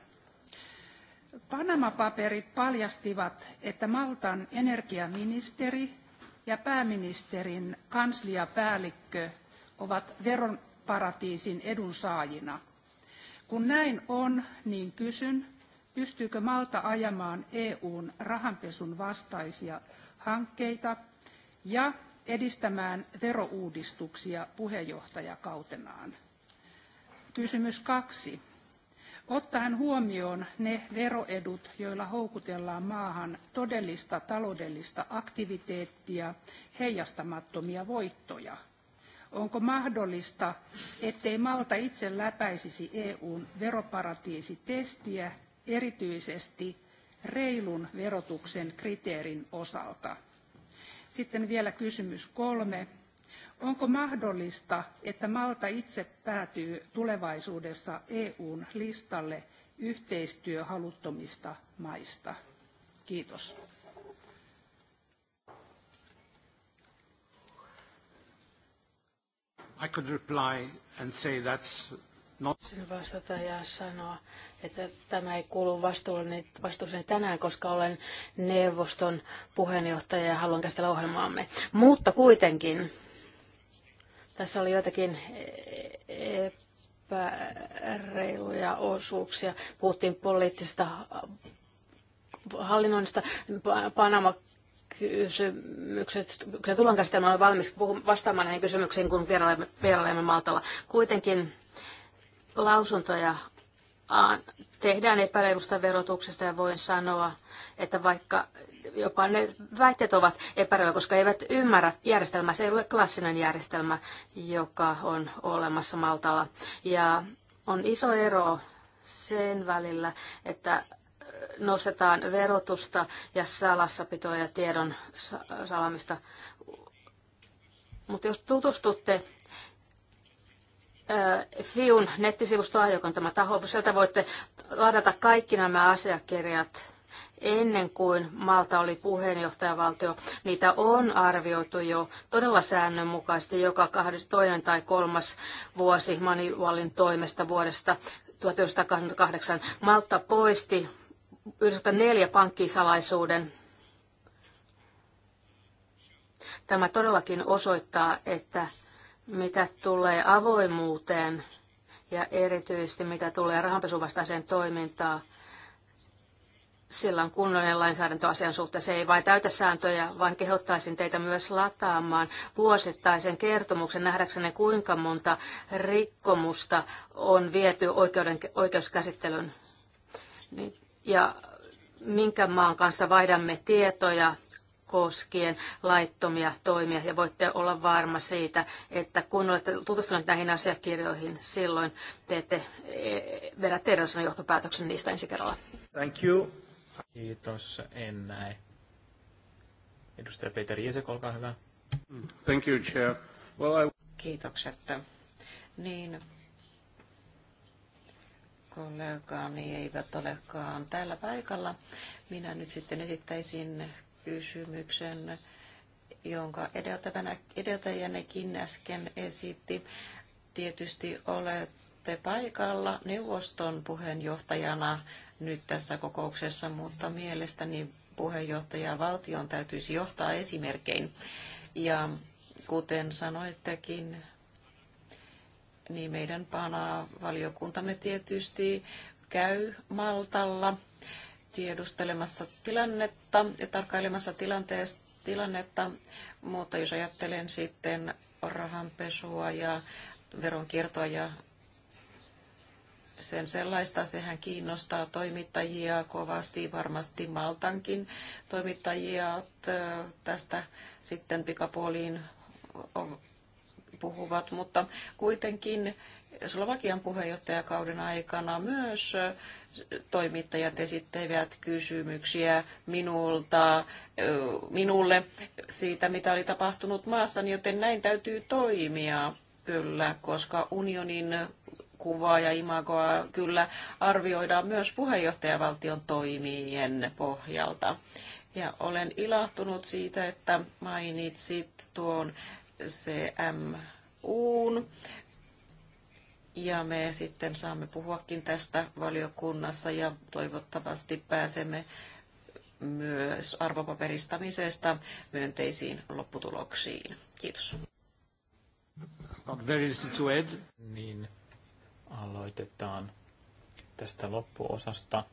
Panama-paperit paljastivat, että Maltan energiaministeri ja pääministerin kansliapäällikkö ovat veronparatiisin edunsaajina. Kun näin on, niin kysyn, pystyykö Malta ajamaan EUn rahanpesun vastaisia hankkeita ja edistämään verouudistuksia puheenjohtajakautenaan. Kysymys kaksi. Ottaen huomioon ne veroedut, joilla houkutellaan maahan todellista taloudellista aktiviteettia, heijastamattomia voittoja, onko mahdollista, ettei Malta itse läpäisisi EUn veroparatiisitestiä erityisesti reilun verotuksen kriteerin osalta. Sitten vielä kysymys kolme. Onko mahdollista, että Malta itse päätyy tulevaisuudessa EUn listalle yhteistyöhaluttomista maista? Kiitos. I could reply and say that's Voisin vastata ja sanoa, että tämä ei kuulu vastuulleni tänään, koska olen neuvoston puheenjohtaja ja haluan käsitellä ohjelmaamme. Mutta kuitenkin tässä oli joitakin epäreiluja osuuksia. Puhuttiin poliittisesta hallinnoinnista, Panama kysymykset. Kyllä tullaan käsittelemään olen valmis vastaamaan näihin kysymyksiin, kun vierailemme Maltalla. Kuitenkin lausuntoja tehdään epäreilusta verotuksesta ja voin sanoa, että vaikka jopa ne väitteet ovat epäreiluja, koska eivät ymmärrä järjestelmää, se ei ole klassinen järjestelmä, joka on olemassa Maltalla. Ja on iso ero sen välillä, että nostetaan verotusta ja salassapitoa ja tiedon salamista. Mutta jos tutustutte FIUn nettisivustoa, joka on tämä taho. Sieltä voitte ladata kaikki nämä asiakirjat ennen kuin Malta oli puheenjohtajavaltio. Niitä on arvioitu jo todella säännönmukaisesti joka toinen tai kolmas vuosi Manivallin toimesta vuodesta 1988. Malta poisti 94 pankkisalaisuuden. Tämä todellakin osoittaa, että mitä tulee avoimuuteen ja erityisesti mitä tulee rahanpesuvastaiseen toimintaan, sillä on kunnollinen lainsäädäntö asian suhteen. Se ei vain täytä sääntöjä, vaan kehottaisin teitä myös lataamaan vuosittaisen kertomuksen nähdäksenne, kuinka monta rikkomusta on viety oikeuden, oikeuskäsittelyn. Niin, ja minkä maan kanssa vaihdamme tietoja koskien laittomia toimia. Ja voitte olla varma siitä, että kun olette tutustuneet näihin asiakirjoihin, silloin teette e, vedä erilaisen johtopäätöksen niistä ensi kerralla. Thank you. Kiitos, en näe. Edustaja Peter Jesek, olkaa hyvä. Thank you, Chair. Well, I... Kiitokset. Niin, kollegaani eivät olekaan täällä paikalla. Minä nyt sitten esittäisin kysymyksen, jonka edeltäjänekin äsken esitti. Tietysti olette paikalla neuvoston puheenjohtajana nyt tässä kokouksessa, mutta mielestäni puheenjohtaja valtion täytyisi johtaa esimerkkein. Ja kuten sanoittekin, niin meidän pana-valiokuntamme tietysti käy Maltalla tiedustelemassa tilannetta ja tarkkailemassa tilannetta, mutta jos ajattelen sitten rahanpesua ja veronkiertoa ja sen sellaista. Sehän kiinnostaa toimittajia kovasti, varmasti Maltankin toimittajia tästä sitten pikapuoliin puhuvat, mutta kuitenkin Slovakian puheenjohtajakauden aikana myös toimittajat esittävät kysymyksiä minulta, minulle siitä, mitä oli tapahtunut maassa, joten näin täytyy toimia kyllä, koska unionin kuvaa ja imagoa kyllä arvioidaan myös puheenjohtajavaltion toimien pohjalta. Ja olen ilahtunut siitä, että mainitsit tuon CMUn ja me sitten saamme puhuakin tästä valiokunnassa ja toivottavasti pääsemme myös arvopaperistamisesta myönteisiin lopputuloksiin. Kiitos. Niin, aloitetaan tästä loppuosasta.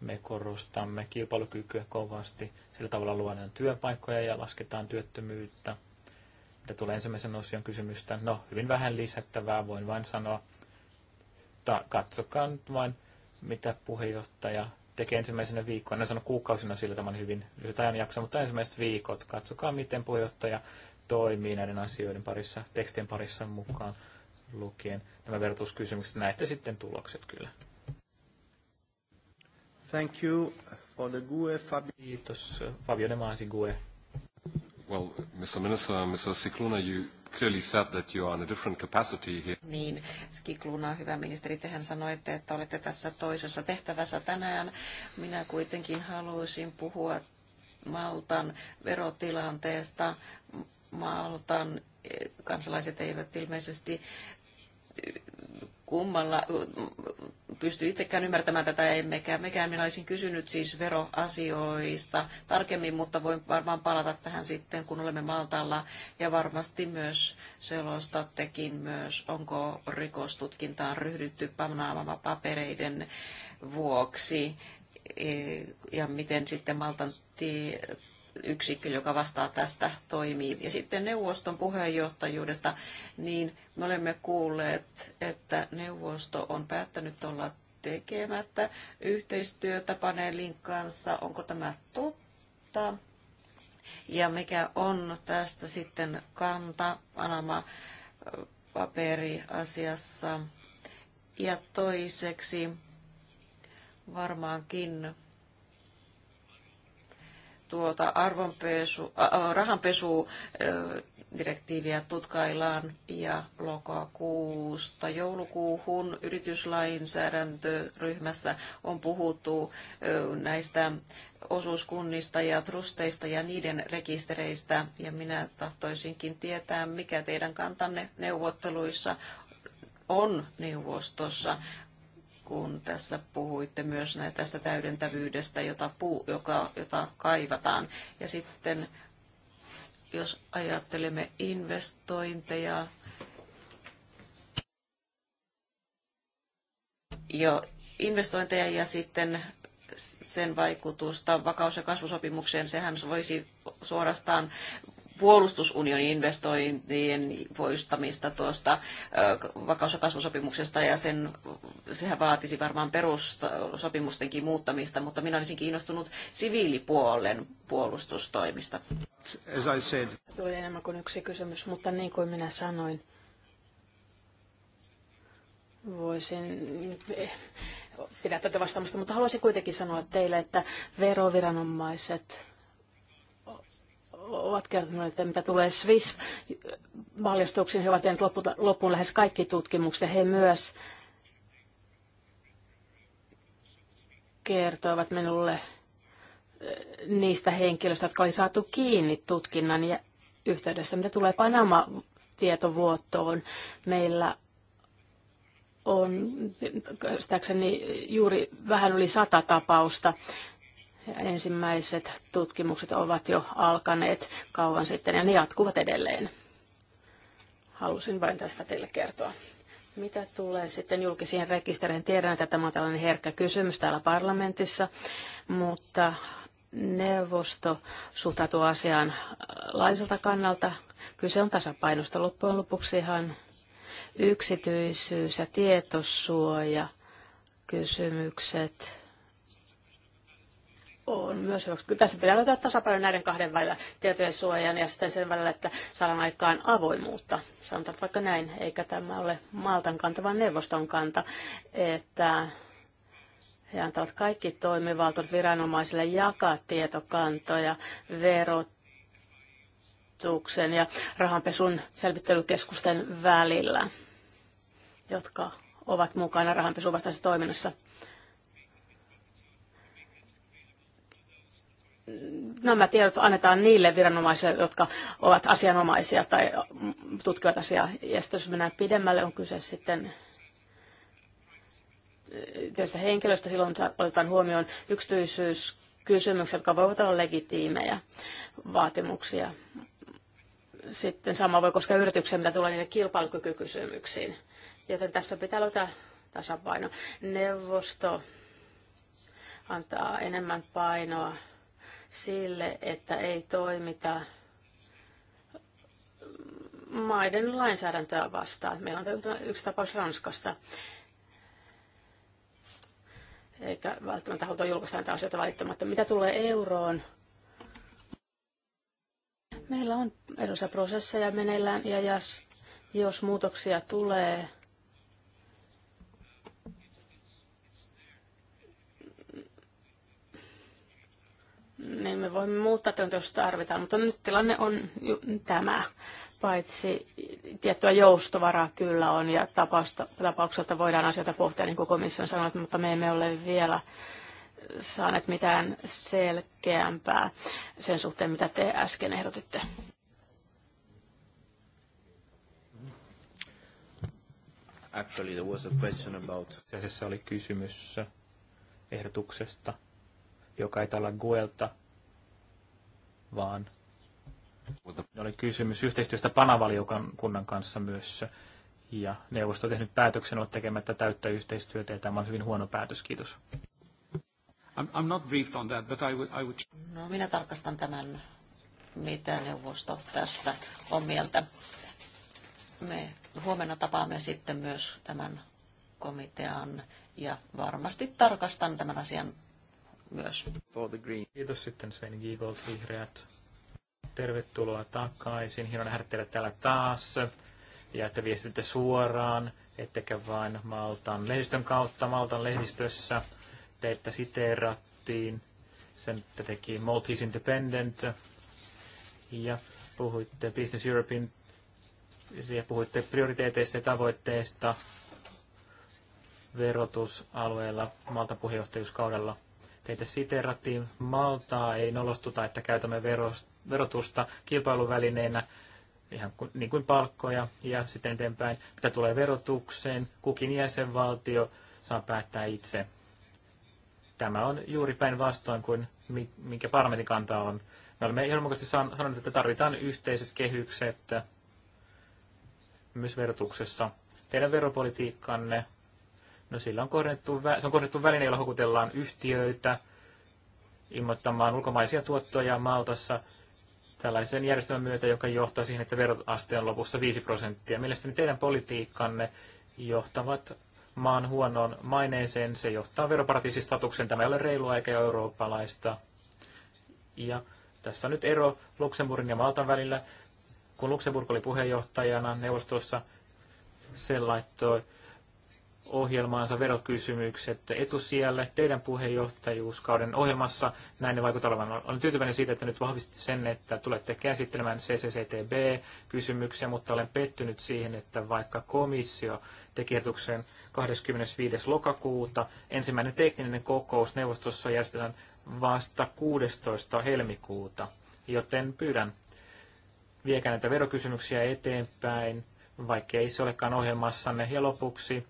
Me korostamme kilpailukykyä kovasti, sillä tavalla luodaan työpaikkoja ja lasketaan työttömyyttä. Mitä tulee ensimmäisen osion kysymystä, no hyvin vähän lisättävää, voin vain sanoa. Ta- katsokaa nyt vain, mitä puheenjohtaja tekee ensimmäisenä viikkoina, en sano kuukausina sillä tämän hyvin lyhyt ajanjakso, mutta ensimmäiset viikot, katsokaa miten puheenjohtaja toimii näiden asioiden parissa, tekstien parissa mukaan lukien nämä vertauskysymykset. Näette sitten tulokset kyllä. Thank you for the GUE, Fabio. Kiitos Fabio Demasi GUE. Well, Mr. Minister, Mr. Sikluna, you clearly said that you are in a different capacity here. Niin, Skikluna, hyvä ministeri, tehän sanoitte, että olette tässä toisessa tehtävässä tänään. Minä kuitenkin haluaisin puhua Maltan verotilanteesta. Maltan eh, kansalaiset eivät ilmeisesti eh, kummalla pysty itsekään ymmärtämään tätä, emmekä mekään. Minä olisin kysynyt siis veroasioista tarkemmin, mutta voin varmaan palata tähän sitten, kun olemme Maltalla. Ja varmasti myös selostattekin myös, onko rikostutkintaan ryhdytty panaamama papereiden vuoksi e, ja miten sitten Maltan yksikkö, joka vastaa tästä, toimii. Ja sitten neuvoston puheenjohtajuudesta, niin me olemme kuulleet, että neuvosto on päättänyt olla tekemättä yhteistyötä paneelin kanssa. Onko tämä totta? Ja mikä on tästä sitten kanta Panama paperiasiassa? Ja toiseksi varmaankin tuota arvonpesu, äh, rahanpesu äh, direktiiviä tutkaillaan ja lokakuusta joulukuuhun yrityslainsäädäntöryhmässä on puhuttu näistä osuuskunnista ja trusteista ja niiden rekistereistä ja minä tahtoisinkin tietää, mikä teidän kantanne neuvotteluissa on neuvostossa kun tässä puhuitte myös tästä täydentävyydestä, jota, puu, joka, jota kaivataan. Ja sitten jos ajattelemme investointeja, jo investointeja ja sitten sen vaikutusta vakaus- ja kasvusopimukseen, sehän voisi suorastaan puolustusunionin investointien poistamista tuosta vakaus- ja kasvusopimuksesta, ja sen, sehän vaatisi varmaan perussopimustenkin muuttamista, mutta minä olisin kiinnostunut siviilipuolen puolustustoimista. As I said. Tuli enemmän kuin yksi kysymys, mutta niin kuin minä sanoin, voisin eh, pidättäytyä vastaamista, mutta haluaisin kuitenkin sanoa teille, että veroviranomaiset ovat kertoneet, että mitä tulee Swiss-valjastuksiin, he ovat tehneet loppuun lähes kaikki tutkimukset. He myös kertoivat minulle äh, niistä henkilöistä, jotka oli saatu kiinni tutkinnan yhteydessä, mitä tulee Panama-tietovuotoon. Meillä on, käsittääkseni juuri vähän yli sata tapausta Ensimmäiset tutkimukset ovat jo alkaneet kauan sitten ja ne jatkuvat edelleen. Halusin vain tästä teille kertoa. Mitä tulee sitten julkisiin rekistereihin? Tiedän, että tämä on tällainen herkkä kysymys täällä parlamentissa, mutta neuvosto suhtautuu asiaan äh, laiselta kannalta. Kyse on tasapainosta. Loppujen lopuksi ihan yksityisyys ja tietosuoja kysymykset on myös hyväksytty. Tässä pitää löytää tasapaino näiden kahden välillä, tietojen suojan ja sitten sen välillä, että saadaan aikaan avoimuutta. Sanotaan vaikka näin, eikä tämä ole Maltan kanta, vaan neuvoston kanta, että he antavat kaikki toimivaltuudet viranomaisille jakaa tietokantoja, verotuksen ja rahanpesun selvittelykeskusten välillä, jotka ovat mukana rahanpesuvastaisessa toiminnassa. nämä tiedot annetaan niille viranomaisille, jotka ovat asianomaisia tai tutkivat asiaa. Ja sitten jos mennään pidemmälle, on kyse sitten eh, tietystä henkilöstä, silloin otetaan huomioon yksityisyyskysymyksiä, jotka voivat olla legitiimejä vaatimuksia. Sitten sama voi koskea yrityksiä, mitä tulee niiden kilpailukykykysymyksiin. Joten tässä pitää löytää tasapaino. Neuvosto antaa enemmän painoa sille, että ei toimita maiden lainsäädäntöä vastaan. Meillä on yksi tapaus Ranskasta. Eikä välttämättä haluta julkaista näitä asioita välittämättä. Mitä tulee euroon? Meillä on erilaisia prosesseja meneillään ja jos muutoksia tulee, niin me voimme muuttaa tilanteen, jos tarvitaan. Mutta nyt tilanne on tämä. Paitsi tiettyä joustovaraa kyllä on ja tapausta, tapaukselta voidaan asioita pohtia, niin kuin komissio on sanonut, mutta me emme ole vielä saaneet mitään selkeämpää sen suhteen, mitä te äsken ehdotitte. Actually, there was a question about... oli kysymys ehdotuksesta, joka ei tällä Guelta vaan oli kysymys yhteistyöstä Panavaliokunnan kanssa myös. Ja neuvosto on tehnyt päätöksen olla tekemättä täyttä yhteistyötä, ja tämä on hyvin huono päätös. Kiitos. I'm not briefed on that, but I would, I would... No, minä tarkastan tämän, mitä neuvosto tästä on mieltä. Me huomenna tapaamme sitten myös tämän komitean ja varmasti tarkastan tämän asian myös. For the green. Kiitos sitten Sven Giegold, vihreät. Tervetuloa takaisin. Hieno nähdä teillä täällä taas. Ja että viestitte suoraan, ettekä vain Maltan lehdistön kautta. Maltan lehdistössä teitä siteerattiin. Sen te teki Maltese Independent. Ja puhuitte Business Europein ja puhuitte prioriteeteista ja tavoitteista verotusalueella Maltan puheenjohtajuuskaudella. Teitä siteerattiin, Maltaa ei nolostuta, että käytämme verotusta kilpailuvälineenä, ihan niin kuin palkkoja ja sitten eteenpäin. Mitä tulee verotukseen, kukin jäsenvaltio saa päättää itse. Tämä on juuri päinvastoin kuin minkä parlamentin kanta on. Me olemme ilmoisesti sanoneet, että tarvitaan yhteiset kehykset myös verotuksessa. Teidän veropolitiikkanne No sillä on kohdennettu, se on kohdennettu väline, jolla houkutellaan yhtiöitä ilmoittamaan ulkomaisia tuottoja Maltassa tällaisen järjestelmän myötä, joka johtaa siihen, että veroaste on lopussa 5 prosenttia. Mielestäni teidän politiikkanne johtavat maan huonoon maineeseen. Se johtaa veroparatiisistatuksen. Tämä ei ole reilua eikä eurooppalaista. Ja tässä on nyt ero Luxemburgin ja Maltan välillä. Kun Luxemburg oli puheenjohtajana neuvostossa, se laittoi ohjelmaansa verokysymykset etusijalle teidän puheenjohtajuuskauden ohjelmassa. Näin ne vaikuttaa olevan. Olen tyytyväinen siitä, että nyt vahvistitte sen, että tulette käsittelemään CCCTB-kysymyksiä, mutta olen pettynyt siihen, että vaikka komissio teki 25. lokakuuta, ensimmäinen tekninen kokous neuvostossa järjestetään vasta 16. helmikuuta, joten pyydän viekää näitä verokysymyksiä eteenpäin, ei se olekaan ohjelmassanne. Ja lopuksi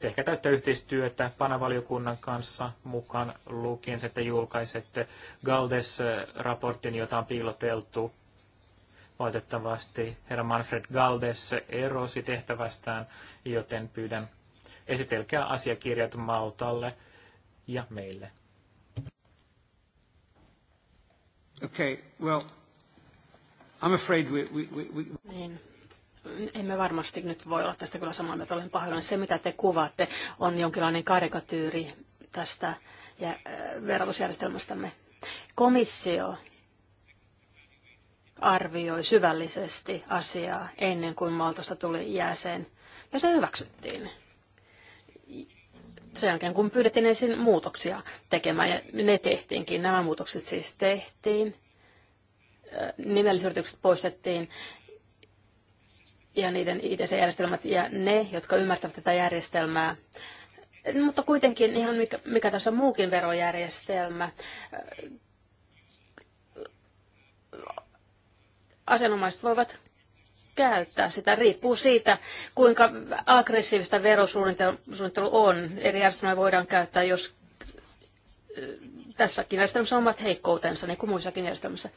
ehkä täyttä yhteistyötä panavaliokunnan kanssa mukaan lukien, että julkaisette Galdes-raportin, jota on piiloteltu. Valitettavasti herra Manfred Galdes erosi tehtävästään, joten pyydän esitelkää asiakirjat Maltalle ja meille. Okay, well, I'm afraid we, we, we, we... Niin emme varmasti nyt voi olla tästä kyllä samaa mieltä, olen pahoillani. Se, mitä te kuvaatte, on jonkinlainen karikatyyri tästä ja, äh, verotusjärjestelmästämme. Komissio arvioi syvällisesti asiaa ennen kuin Maltosta tuli jäsen, ja se hyväksyttiin. Sen jälkeen, kun pyydettiin ensin muutoksia tekemään, ja ne tehtiinkin, nämä muutokset siis tehtiin, äh, nimellisyritykset poistettiin ja niiden ITC-järjestelmät ja ne, jotka ymmärtävät tätä järjestelmää. Mutta kuitenkin ihan mikä, mikä tässä on muukin verojärjestelmä. Asianomaiset voivat käyttää sitä. Riippuu siitä, kuinka aggressiivista verosuunnittelu on. Eri järjestelmää voidaan käyttää, jos tässäkin järjestelmässä on omat heikkoutensa, niin kuin muissakin järjestelmissä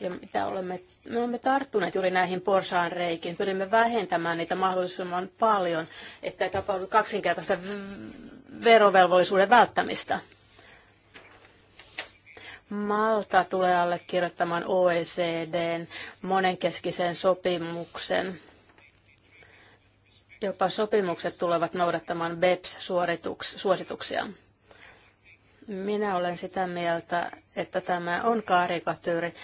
ja mitä olemme, me olemme tarttuneet juuri näihin porsaan reikiin, pyrimme vähentämään niitä mahdollisimman paljon, että ei tapahdu kaksinkertaista verovelvollisuuden välttämistä. Malta tulee allekirjoittamaan OECDn monenkeskisen sopimuksen. Jopa sopimukset tulevat noudattamaan BEPS-suosituksia. Minä olen sitä mieltä, että tämä on karikatyyri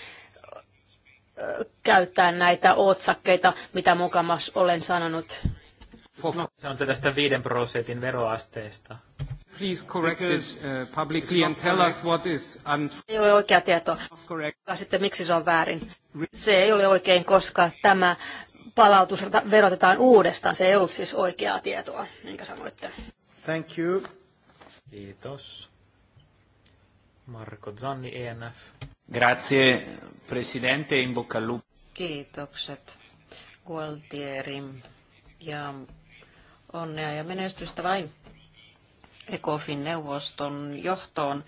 käyttää näitä otsakkeita, mitä mukamas olen sanonut. Sanotte tästä 5 prosentin veroasteesta. Please correct this uh, uh, publicly and tell us what is Ei ole oikea tieto. Sitten miksi se on väärin? Se ei ole oikein, koska tämä palautus verotetaan uudestaan. Se ei ollut siis oikeaa tietoa, minkä sanoitte. Thank you. Kiitos. Marko Zanni, ENF. Grazie, presidente, in bocca al lupo. Kiitokset, Gualtieri, ja onnea ja menestystä vain ECOFin neuvoston johtoon.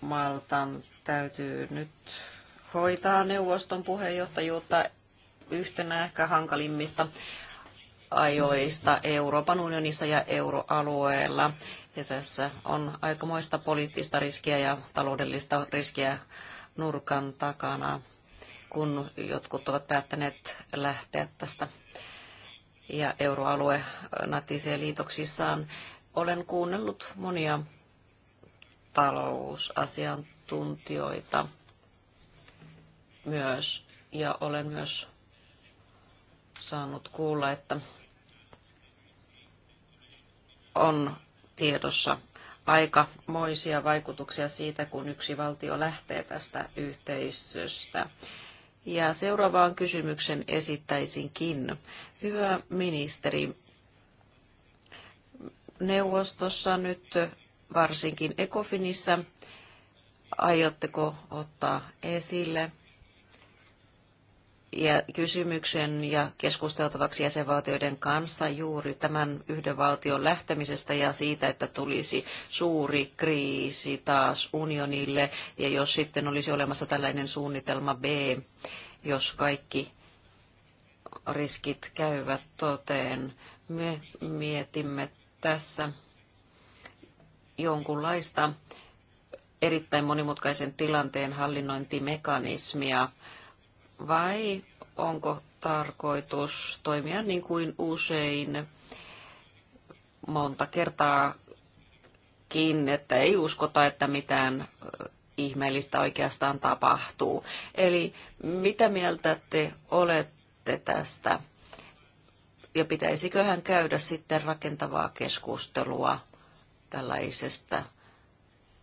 Maltan täytyy nyt hoitaa neuvoston puheenjohtajuutta yhtenä ehkä hankalimmista ajoista Euroopan unionissa ja euroalueella. Ja tässä on aikamoista poliittista riskiä ja taloudellista riskiä nurkan takana, kun jotkut ovat päättäneet lähteä tästä ja euroalue natisee liitoksissaan. Olen kuunnellut monia talousasiantuntijoita myös ja olen myös saanut kuulla, että on tiedossa aikamoisia vaikutuksia siitä, kun yksi valtio lähtee tästä yhteisöstä. Ja seuraavaan kysymyksen esittäisinkin. Hyvä ministeri, neuvostossa nyt varsinkin Ecofinissä aiotteko ottaa esille – ja kysymyksen ja keskusteltavaksi jäsenvaltioiden kanssa juuri tämän yhden valtion lähtemisestä ja siitä, että tulisi suuri kriisi taas unionille. Ja jos sitten olisi olemassa tällainen suunnitelma B, jos kaikki riskit käyvät toteen, me mietimme tässä jonkunlaista erittäin monimutkaisen tilanteen hallinnointimekanismia vai onko tarkoitus toimia niin kuin usein monta kertaakin, että ei uskota, että mitään ihmeellistä oikeastaan tapahtuu. Eli mitä mieltä te olette tästä? Ja pitäisiköhän käydä sitten rakentavaa keskustelua tällaisesta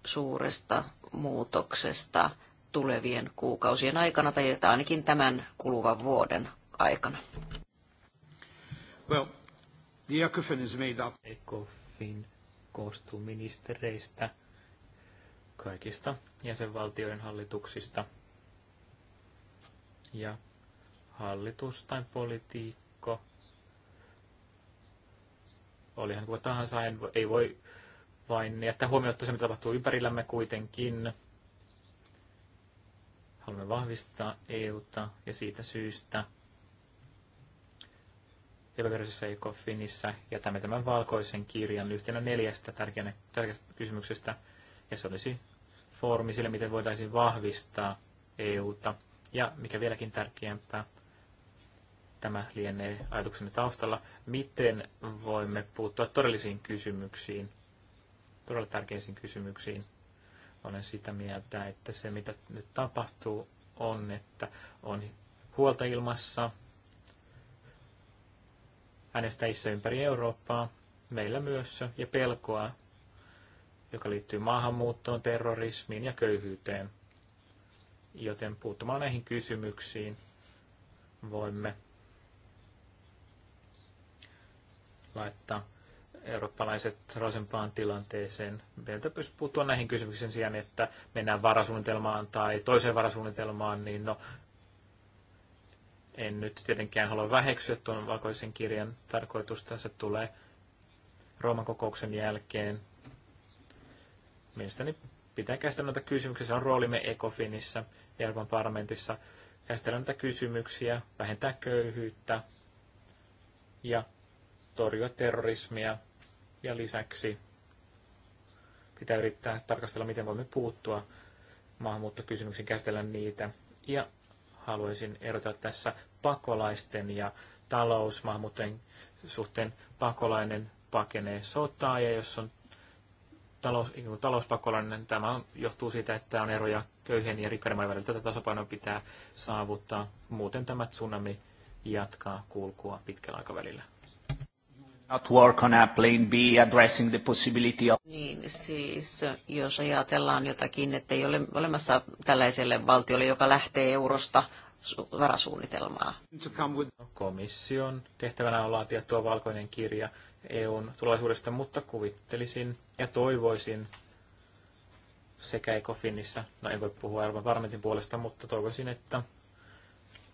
suuresta muutoksesta tulevien kuukausien aikana tai ainakin tämän kuluvan vuoden aikana? Well, the ECOFIN is made up. ECOFIN koostuu ministereistä, kaikista jäsenvaltioiden hallituksista ja hallitus tai politiikko, olihan kuin tahansa, ei voi vain jättää huomiota se, mitä tapahtuu ympärillämme kuitenkin. Haluamme vahvistaa EUta ja siitä syystä epävirallisessa ECOFINissa jätämme tämän valkoisen kirjan yhtenä neljästä tärkeänä, tärkeästä kysymyksestä, ja se olisi foorumi sille, miten voitaisiin vahvistaa EUta. Ja mikä vieläkin tärkeämpää, tämä lienee ajatuksemme taustalla, miten voimme puuttua todellisiin kysymyksiin, todella tärkeisiin kysymyksiin, olen sitä mieltä, että se mitä nyt tapahtuu on, että on huolta ilmassa äänestäjissä ympäri Eurooppaa, meillä myös, ja pelkoa, joka liittyy maahanmuuttoon, terrorismiin ja köyhyyteen. Joten puuttumaan näihin kysymyksiin voimme laittaa eurooppalaiset rosempaan tilanteeseen. Meiltä pystyy puuttua näihin kysymyksiin sijaan, että mennään varasuunnitelmaan tai toiseen varasuunnitelmaan, niin no, en nyt tietenkään halua väheksyä tuon valkoisen kirjan tarkoitusta. Se tulee Rooman kokouksen jälkeen. Mielestäni pitää käsitellä näitä kysymyksiä. Se on roolimme Ecofinissa, Euroopan parlamentissa. Käsitellä näitä kysymyksiä, vähentää köyhyyttä ja torjua terrorismia ja lisäksi pitää yrittää tarkastella, miten voimme puuttua maahanmuuttokysymyksiin, käsitellä niitä. Ja haluaisin erottaa tässä pakolaisten ja talousmaahanmuuttajien suhteen pakolainen pakenee sotaa ja jos on talous, talouspakolainen, tämä johtuu siitä, että on eroja köyhien ja rikkaiden maiden välillä. Tätä tasapainoa pitää saavuttaa, muuten tämä tsunami jatkaa kulkua pitkällä aikavälillä. Not work on a plane B addressing the possibility of... Niin, siis jos ajatellaan jotakin, että ei ole olemassa tällaiselle valtiolle, joka lähtee eurosta varasuunnitelmaa. No, komission tehtävänä on laatia tuo valkoinen kirja EUn tulevaisuudesta, mutta kuvittelisin ja toivoisin sekä ECOFINissa, no en voi puhua aivan varmentin puolesta, mutta toivoisin, että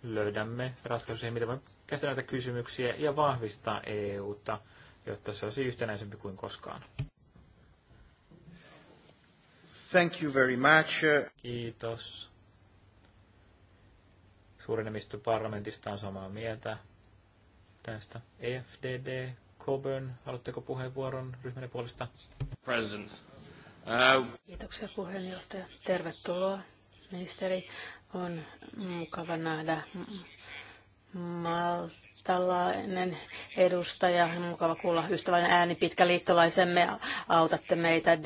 löydämme ratkaisuja, siihen, miten voimme käsitellä näitä kysymyksiä ja vahvistaa EUta, jotta se olisi yhtenäisempi kuin koskaan. Thank you very much. Kiitos. Suurenemmistö parlamentista on samaa mieltä tästä. EFDD, Coburn, haluatteko puheenvuoron ryhmänne puolesta? President. Uh... Kiitoksia puheenjohtaja. Tervetuloa ministeri. On mukava nähdä maltalainen edustaja. Mukava kuulla ystävällinen ääni pitkä liittolaisemme. Autatte meitä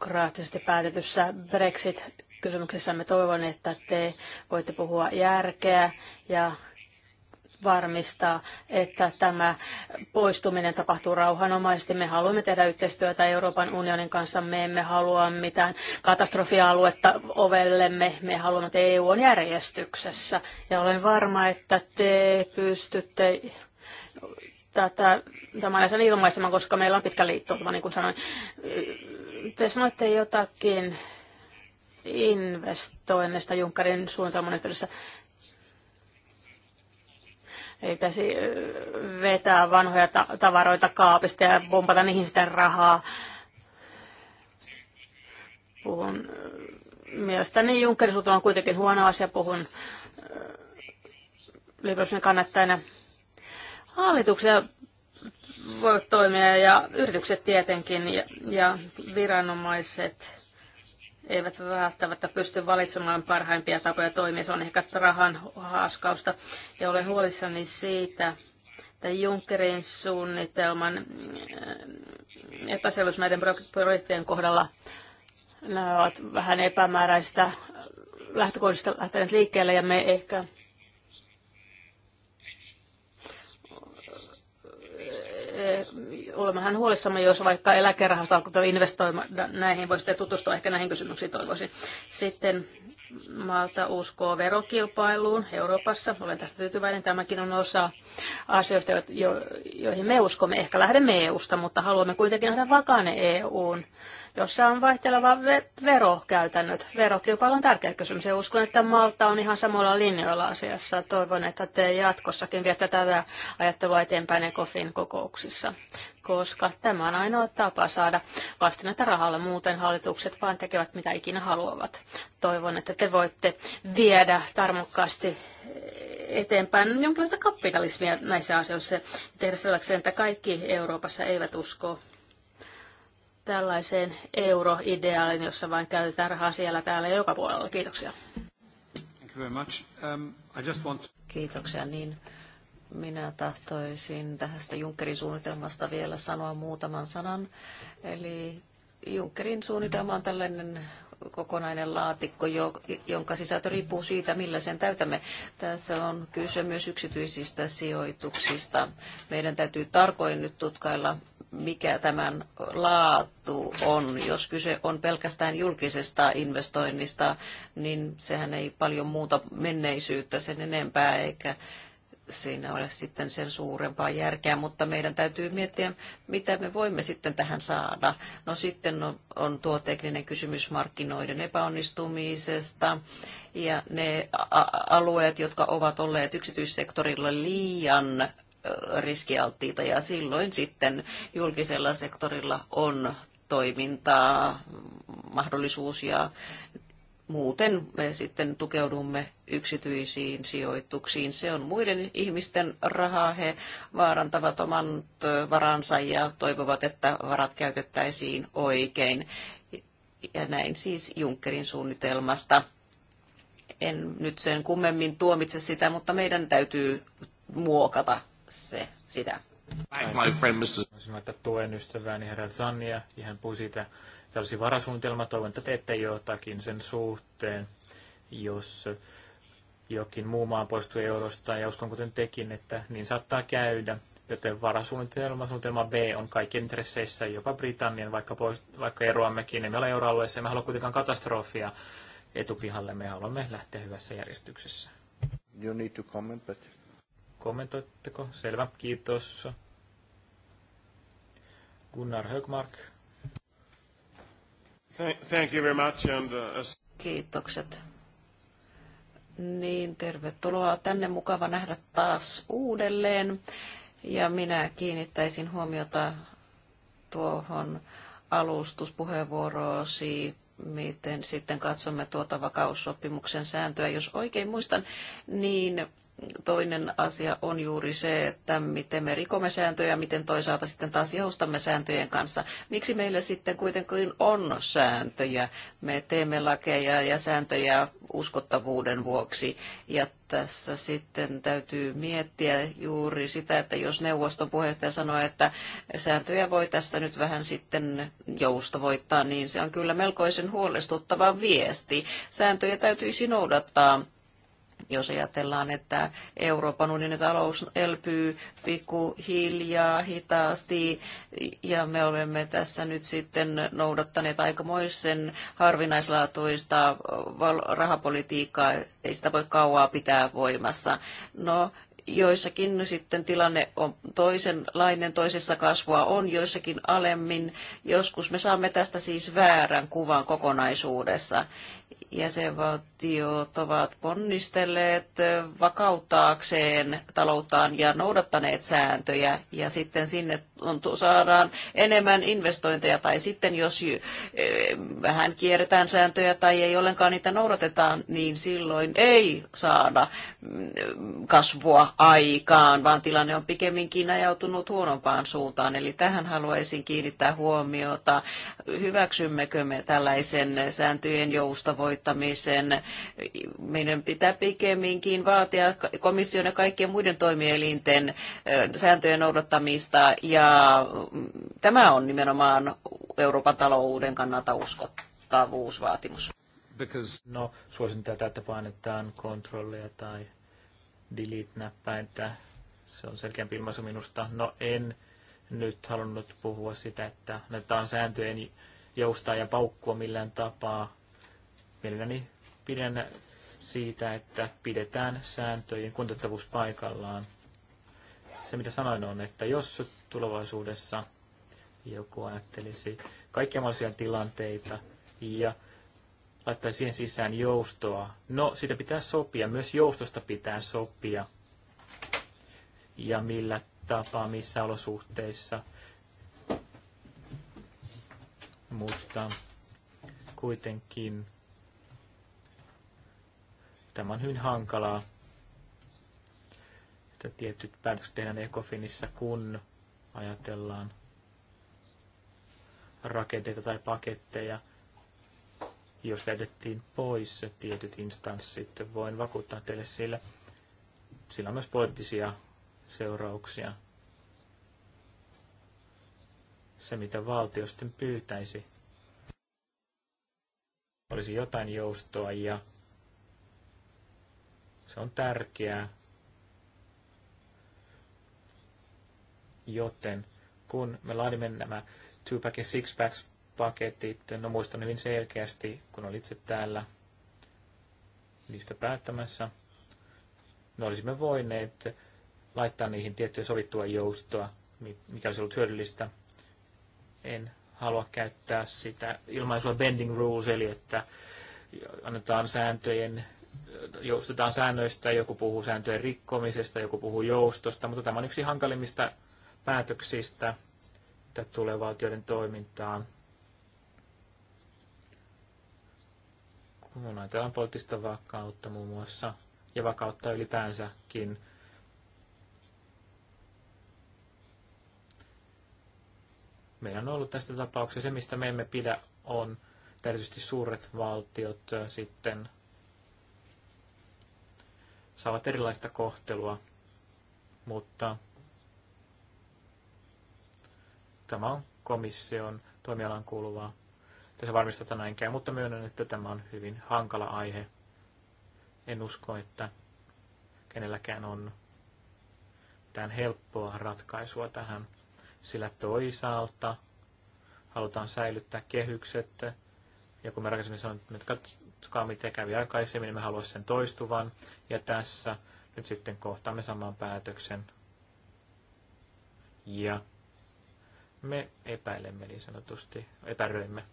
demokraattisesti päätetyssä Brexit-kysymyksessä. Me toivon, että te voitte puhua järkeä ja varmistaa, että tämä poistuminen tapahtuu rauhanomaisesti. Me haluamme tehdä yhteistyötä Euroopan unionin kanssa. Me emme halua mitään katastrofialuetta ovellemme. Me haluamme, että EU on järjestyksessä. Ja olen varma, että te pystytte tätä, tämän asian ilmaisemaan, koska meillä on pitkä liittoutuma, niin kuin sanoin. Te sanoitte jotakin investoinnista Junckerin suunnitelman yhteydessä. Ei pitäisi vetää vanhoja ta- tavaroita kaapista ja pumpata niihin sitä rahaa. Puhun mielestäni Junckerin on kuitenkin huono asia. Puhun liberalismin kannattajana. Hallituksia voivat toimia ja yritykset tietenkin ja, ja viranomaiset eivät välttämättä pysty valitsemaan parhaimpia tapoja toimia. Se on ehkä rahan haaskausta. Ja olen huolissani siitä, että Junckerin suunnitelman mm, epäselvyys näiden projektien kohdalla nämä ovat vähän epämääräistä lähtökohdista lähteneet liikkeelle ja me ehkä Eh, hän huolissamme, jos vaikka eläkerahasta alkoi investoimaan näihin, voisitte tutustua ehkä näihin kysymyksiin toivoisin. Sitten Malta uskoo verokilpailuun Euroopassa. Olen tästä tyytyväinen. Tämäkin on osa asioista, joihin me uskomme. Ehkä lähdemme EU-sta, mutta haluamme kuitenkin nähdä vakaan EUn jossa on vaihteleva verokäytännöt. Verokilpailu on tärkeä kysymys ja uskon, että Malta on ihan samalla linjoilla asiassa. Toivon, että te jatkossakin viette tätä ajattelua eteenpäin ECOFIN kokouksissa koska tämä on ainoa tapa saada vastinetta rahalle. Muuten hallitukset vaan tekevät mitä ikinä haluavat. Toivon, että te voitte viedä tarmokkaasti eteenpäin jonkinlaista kapitalismia näissä asioissa ja tehdä sellaisen, että kaikki Euroopassa eivät usko tällaiseen euroideaaliin, jossa vain käytetään rahaa siellä täällä ja joka puolella. Kiitoksia. Um, Kiitoksia. Niin minä tahtoisin tästä Junckerin suunnitelmasta vielä sanoa muutaman sanan. Eli Junckerin suunnitelma on tällainen kokonainen laatikko, jonka sisältö riippuu siitä, millä sen täytämme. Tässä on kyse myös yksityisistä sijoituksista. Meidän täytyy tarkoin nyt tutkailla mikä tämän laatu on. Jos kyse on pelkästään julkisesta investoinnista, niin sehän ei paljon muuta menneisyyttä sen enempää, eikä siinä ole sitten sen suurempaa järkeä, mutta meidän täytyy miettiä, mitä me voimme sitten tähän saada. No sitten on, on tuo tekninen kysymys markkinoiden epäonnistumisesta ja ne alueet, jotka ovat olleet yksityissektorilla liian riskialttiita ja silloin sitten julkisella sektorilla on toimintaa, mahdollisuus ja muuten me sitten tukeudumme yksityisiin sijoituksiin. Se on muiden ihmisten rahaa. He vaarantavat oman varansa ja toivovat, että varat käytettäisiin oikein. Ja näin siis Junckerin suunnitelmasta. En nyt sen kummemmin tuomitse sitä, mutta meidän täytyy muokata se, sitä. My friend, Mr. Sanoin, että tuen ystävääni herra Zannia, ja hän puhui siitä, että olisi varasuunnitelma, toivon, että teette jotakin sen suhteen, jos jokin muu maa poistuu eurosta, ja uskon kuten tekin, että niin saattaa käydä, joten varasuunnitelma, suunnitelma B on kaikki intresseissä, jopa Britannian, vaikka, pois, vaikka eroammekin, emme ole euroalueessa, emme halua kuitenkaan katastrofia etupihalle, me haluamme lähteä hyvässä järjestyksessä. You need to comment, but... Kommentoitteko? Selvä, kiitos. Gunnar Högmark. Thank you very much and, uh, Kiitokset. Niin, tervetuloa tänne. Mukava nähdä taas uudelleen. Ja minä kiinnittäisin huomiota tuohon alustuspuheenvuoroosi, miten sitten katsomme tuota vakaussopimuksen sääntöä. Jos oikein muistan, niin Toinen asia on juuri se, että miten me rikomme sääntöjä, miten toisaalta sitten taas joustamme sääntöjen kanssa. Miksi meillä sitten kuitenkin on sääntöjä? Me teemme lakeja ja sääntöjä uskottavuuden vuoksi. Ja tässä sitten täytyy miettiä juuri sitä, että jos neuvoston puheenjohtaja sanoo, että sääntöjä voi tässä nyt vähän sitten joustavoittaa, niin se on kyllä melkoisen huolestuttava viesti. Sääntöjä täytyisi noudattaa jos ajatellaan, että Euroopan unionin talous elpyy pikkuhiljaa, hitaasti, ja me olemme tässä nyt sitten noudattaneet aikamoisen harvinaislaatuista rahapolitiikkaa, ei sitä voi kauaa pitää voimassa. No, joissakin sitten tilanne on toisenlainen, toisessa kasvua on, joissakin alemmin. Joskus me saamme tästä siis väärän kuvan kokonaisuudessa jäsenvaltiot ovat ponnistelleet vakauttaakseen talouttaan ja noudattaneet sääntöjä ja sitten sinne on, saadaan enemmän investointeja tai sitten jos e- vähän kierretään sääntöjä tai ei ollenkaan niitä noudatetaan, niin silloin ei saada mm, kasvua aikaan, vaan tilanne on pikemminkin ajautunut huonompaan suuntaan. Eli tähän haluaisin kiinnittää huomiota. Hyväksymmekö me tällaisen sääntöjen joustavuuden hoitamisen. Meidän pitää pikemminkin vaatia komission ja kaikkien muiden toimielinten sääntöjen noudattamista ja mm, tämä on nimenomaan Euroopan talouden kannalta uskottavuusvaatimus. Because... No, suosin tätä, että painetaan kontrollia tai delete-näppäintä. Se on selkeämpi ilmaisu minusta. No en nyt halunnut puhua sitä, että annetaan sääntöjen joustaa ja paukkua millään tapaa. Mielelläni pidän siitä, että pidetään sääntöjen kuntottavuus paikallaan. Se, mitä sanoin, on, että jos tulevaisuudessa joku ajattelisi kaikkia mahdollisia tilanteita ja laittaa siihen sisään joustoa. No, siitä pitää sopia. Myös joustosta pitää sopia. Ja millä tapaa, missä olosuhteissa. Mutta kuitenkin Tämä on hyvin hankalaa, että tietyt päätökset tehdään ECOFINissa, kun ajatellaan rakenteita tai paketteja, jos jätettiin pois tietyt instanssit. Voin vakuuttaa teille sillä, sillä on myös poliittisia seurauksia. Se, mitä valtio sitten pyytäisi, olisi jotain joustoa ja se on tärkeää. Joten kun me laadimme nämä 2 pack ja 6-pack paketit, no muistan hyvin selkeästi, kun olin itse täällä niistä päättämässä, me olisimme voineet laittaa niihin tiettyä sovittua joustoa, mikä olisi ollut hyödyllistä. En halua käyttää sitä ilmaisua bending rules, eli että annetaan sääntöjen joustetaan säännöistä, joku puhuu sääntöjen rikkomisesta, joku puhuu joustosta, mutta tämä on yksi hankalimmista päätöksistä, mitä tulee valtioiden toimintaan. Kun ajatellaan poliittista vakautta muun muassa, ja vakautta ylipäänsäkin, meillä on ollut tästä tapauksessa se, mistä me emme pidä, on tietysti suuret valtiot äh, sitten – saavat erilaista kohtelua, mutta tämä on komission toimialan kuuluvaa. Tässä varmistetaan näinkään, mutta myönnän, että tämä on hyvin hankala aihe. En usko, että kenelläkään on tämän helppoa ratkaisua tähän, sillä toisaalta halutaan säilyttää kehykset, ja kun me rakensimme niin että koska mitä kävi aikaisemmin, niin me haluaisin sen toistuvan. Ja tässä nyt sitten kohtaamme saman päätöksen. Ja me epäilemme niin sanotusti, epäröimme.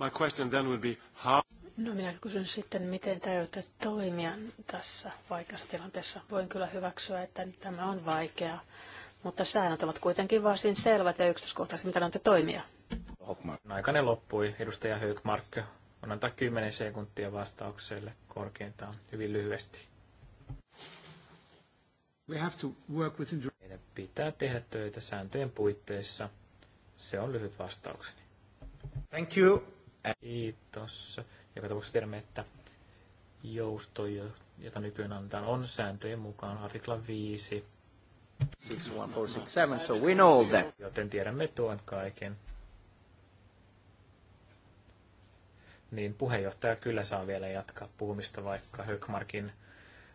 My question then would be how... No minä kysyn sitten, miten täytyy toimia tässä vaikeassa tilanteessa. Voin kyllä hyväksyä, että tämä on vaikeaa, mutta säännöt ovat kuitenkin varsin selvät ja yksityiskohtaisesti, mitä te toimia. Hockmark. Aikane loppui. Edustaja Höökmark, on antaa 10 sekuntia vastaukselle korkeintaan hyvin lyhyesti. We have to work within... Meidän pitää tehdä töitä sääntöjen puitteissa. Se on lyhyt vastaukseni. Thank you. Kiitos. Joka tapauksessa tiedämme, että jousto, jota nykyään annetaan, on sääntöjen mukaan artikla 5. 6, 6, 1, 4, 7, so we know that. Joten tiedämme tuon kaiken. niin puheenjohtaja kyllä saa vielä jatkaa puhumista, vaikka Hökmarkin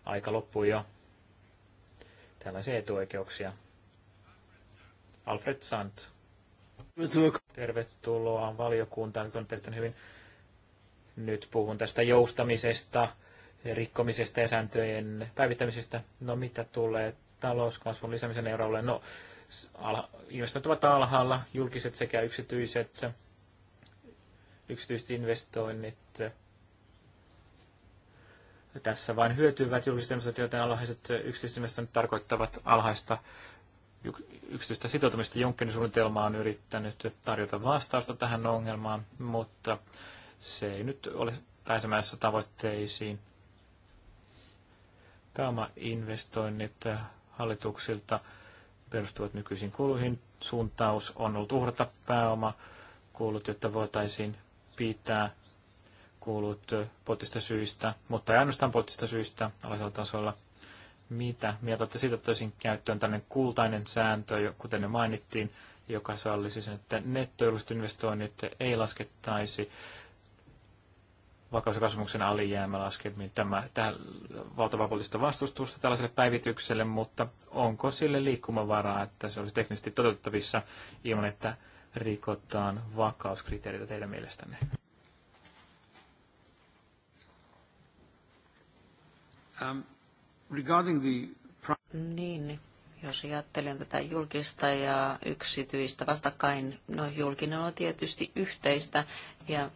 aika loppui jo. Tällaisia etuoikeuksia. Alfred Sant. Tervetuloa valiokuntaan. Nyt on hyvin. Nyt puhun tästä joustamisesta, rikkomisesta ja sääntöjen päivittämisestä. No mitä tulee talouskasvun lisäämisen eurolle? No, investoinnit ovat alhaalla, julkiset sekä yksityiset yksityiset investoinnit tässä vain hyötyvät julkiset investoinnit, joten alhaiset yksityiset investoinnit tarkoittavat alhaista yksityistä sitoutumista. Junckerin suunnitelma on yrittänyt tarjota vastausta tähän ongelmaan, mutta se ei nyt ole pääsemässä tavoitteisiin. Pääoma-investoinnit hallituksilta perustuvat nykyisiin kuluihin. Suuntaus on ollut uhrata pääoma kuulut, jotta voitaisiin piittää kuulut potista syistä, mutta ei ainoastaan potista syistä alaisella tasolla. Mitä mieltä olette siitä, että käyttöön tällainen kultainen sääntö, kuten jo mainittiin, joka sallisi sen, että nettojulkiset ei laskettaisi vakaus- ja kasvamuksen alijäämä laskelmiin. Tämä, tähän valtavaa poliittista vastustusta tällaiselle päivitykselle, mutta onko sille liikkumavaraa, että se olisi teknisesti toteutettavissa ilman, että rikotaan vakauskriteereitä teidän mielestänne? Um, regarding the... Niin, jos ajattelen tätä julkista ja yksityistä vastakkain, no julkinen on tietysti yhteistä ja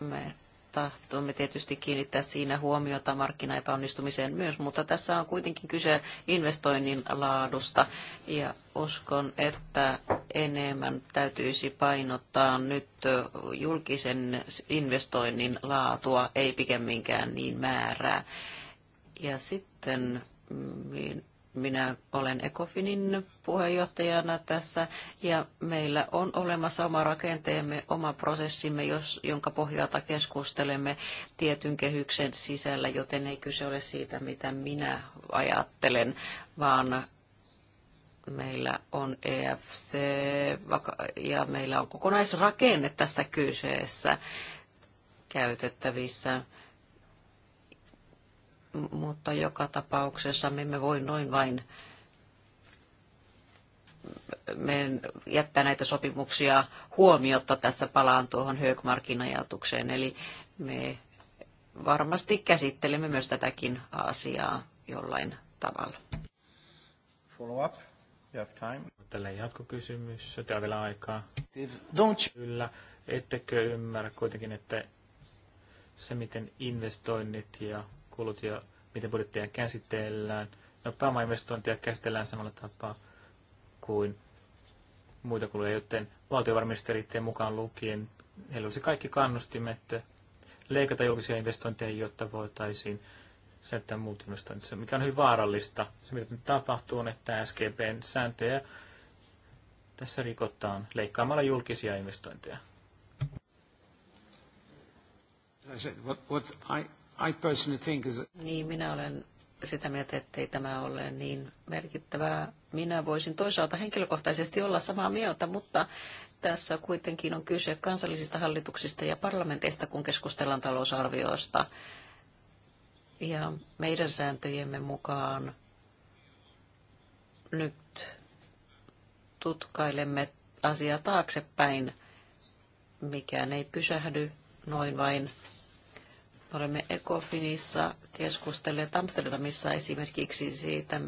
me tahtomme tietysti kiinnittää siinä huomiota markkinaepäonnistumiseen myös, mutta tässä on kuitenkin kyse investoinnin laadusta ja uskon, että enemmän täytyisi painottaa nyt julkisen investoinnin laatua, ei pikemminkään niin määrää. Ja sitten mm, minä olen Ecofinin puheenjohtajana tässä ja meillä on olemassa oma rakenteemme, oma prosessimme, jos, jonka pohjalta keskustelemme tietyn kehyksen sisällä, joten ei kyse ole siitä, mitä minä ajattelen, vaan meillä on EFC ja meillä on kokonaisrakenne tässä kyseessä käytettävissä mutta joka tapauksessa me emme voi noin vain me jättää näitä sopimuksia huomiotta. Tässä palaan tuohon Högmarkin ajatukseen. Eli me varmasti käsittelemme myös tätäkin asiaa jollain tavalla. Follow up. You have time. Tällä jatkokysymys. Täällä on vielä aikaa. Don't Kyllä. Ettekö ymmärrä kuitenkin, että se miten investoinnit ja kulut ja miten budjetteja käsitellään. No pääomainvestointia käsitellään samalla tapaa kuin muita kuluja, joten valtiovarmisteritteen mukaan lukien heillä olisi kaikki kannustimet leikata julkisia investointeja, jotta voitaisiin säätää muut investoinnit, mikä on hyvin vaarallista. Se, mitä nyt tapahtuu, on, että SGPn sääntöjä tässä rikotaan leikkaamalla julkisia investointeja. What, what I I personally think is... Niin, minä olen sitä mieltä, ettei tämä ole niin merkittävää. Minä voisin toisaalta henkilökohtaisesti olla samaa mieltä, mutta tässä kuitenkin on kyse kansallisista hallituksista ja parlamenteista, kun keskustellaan talousarvioista Ja meidän sääntöjemme mukaan nyt tutkailemme asiaa taaksepäin, mikään ei pysähdy noin vain Olemme Ecofinissa keskustelleet Amsterdamissa esimerkiksi siitä,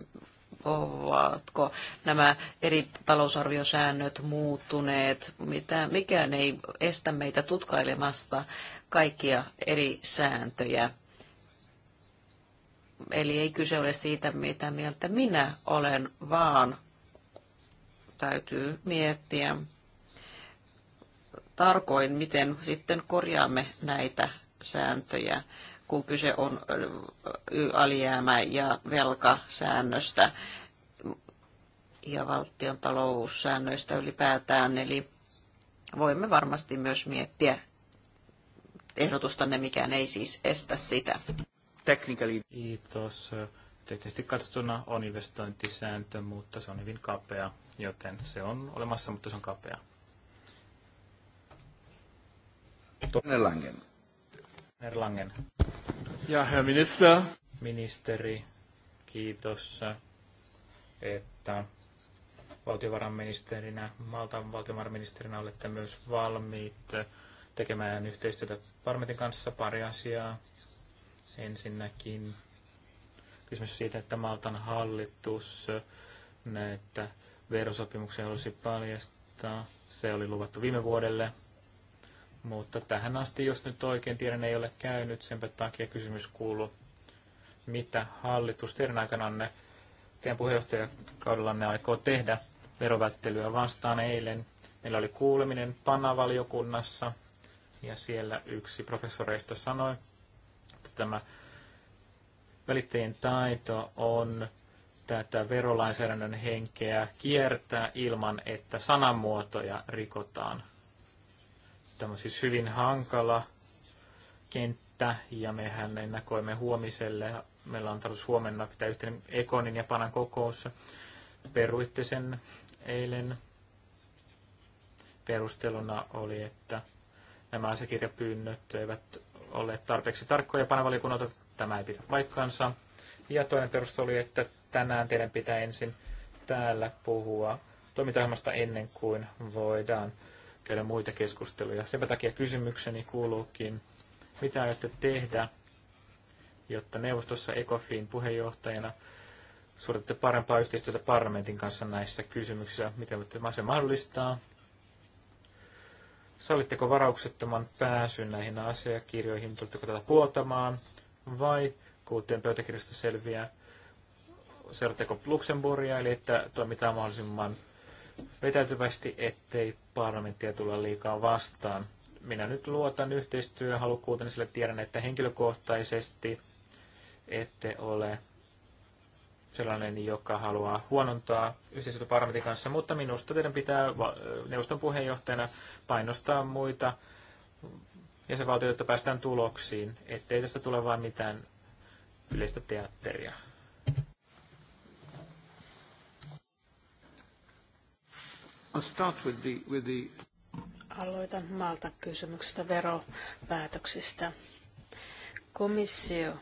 ovatko nämä eri talousarviosäännöt muuttuneet. Mitä, mikään ei estä meitä tutkailemasta kaikkia eri sääntöjä. Eli ei kyse ole siitä, mitä mieltä minä olen, vaan täytyy miettiä tarkoin, miten sitten korjaamme näitä sääntöjä, kun kyse on alijäämä- ja velkasäännöstä ja valtion taloussäännöistä ylipäätään. Eli voimme varmasti myös miettiä ehdotustanne, mikään ei siis estä sitä. Technically. Kiitos. Teknisesti katsottuna on investointisääntö, mutta se on hyvin kapea, joten se on olemassa, mutta se on kapea. Langen. Erlangen. Ja herr minister. Ministeri, kiitos, että valtiovarainministerinä, Maltan valtiovarainministerinä olette myös valmiit tekemään yhteistyötä Parmetin kanssa pari asiaa. Ensinnäkin kysymys siitä, että Maltan hallitus näitä verosopimuksia olisi paljastaa. Se oli luvattu viime vuodelle mutta tähän asti, jos nyt oikein tiedän, ei ole käynyt. Senpä takia kysymys kuuluu, mitä hallitus teidän aikananne, teidän puheenjohtajakaudellanne aikoo tehdä verovälttelyä vastaan eilen. Meillä oli kuuleminen PANA-valiokunnassa ja siellä yksi professoreista sanoi, että tämä välittäjien taito on tätä verolainsäädännön henkeä kiertää ilman, että sanamuotoja rikotaan. Tämä on siis hyvin hankala kenttä ja mehän ennakoimme huomiselle. Meillä on tarkoitus huomenna pitää yhteinen Ekonin ja Panan kokous. Peruitte sen eilen. Perusteluna oli, että nämä asiakirjapyynnöt eivät ole tarpeeksi tarkkoja panavalikunnalta. Tämä ei pidä paikkaansa. Ja toinen peruste oli, että tänään teidän pitää ensin täällä puhua toimintaohjelmasta ennen kuin voidaan käydä muita keskusteluja. Sen takia kysymykseni kuuluukin, mitä aiotte tehdä, jotta neuvostossa ECOFIN puheenjohtajana suoritatte parempaa yhteistyötä parlamentin kanssa näissä kysymyksissä, miten voitte se mahdollistaa, sallitteko varauksettoman pääsyn näihin asiakirjoihin, tuletteko tätä puoltamaan, vai kuuteen pöytäkirjasta selviää, seuratteko Luxemburgia, eli että toimitaan mahdollisimman vetäytyvästi, ettei parlamenttia tulla liikaa vastaan. Minä nyt luotan yhteistyöhalukkuuteen, sillä tiedän, että henkilökohtaisesti ette ole sellainen, joka haluaa huonontaa yhteistyötä parlamentin kanssa, mutta minusta teidän pitää neuvoston puheenjohtajana painostaa muita jäsenvaltioita, jotta päästään tuloksiin, ettei tästä tule vain mitään yleistä teatteria. I'll start with the, with the... Aloitan Malta kysymyksestä veropäätöksistä. Komissio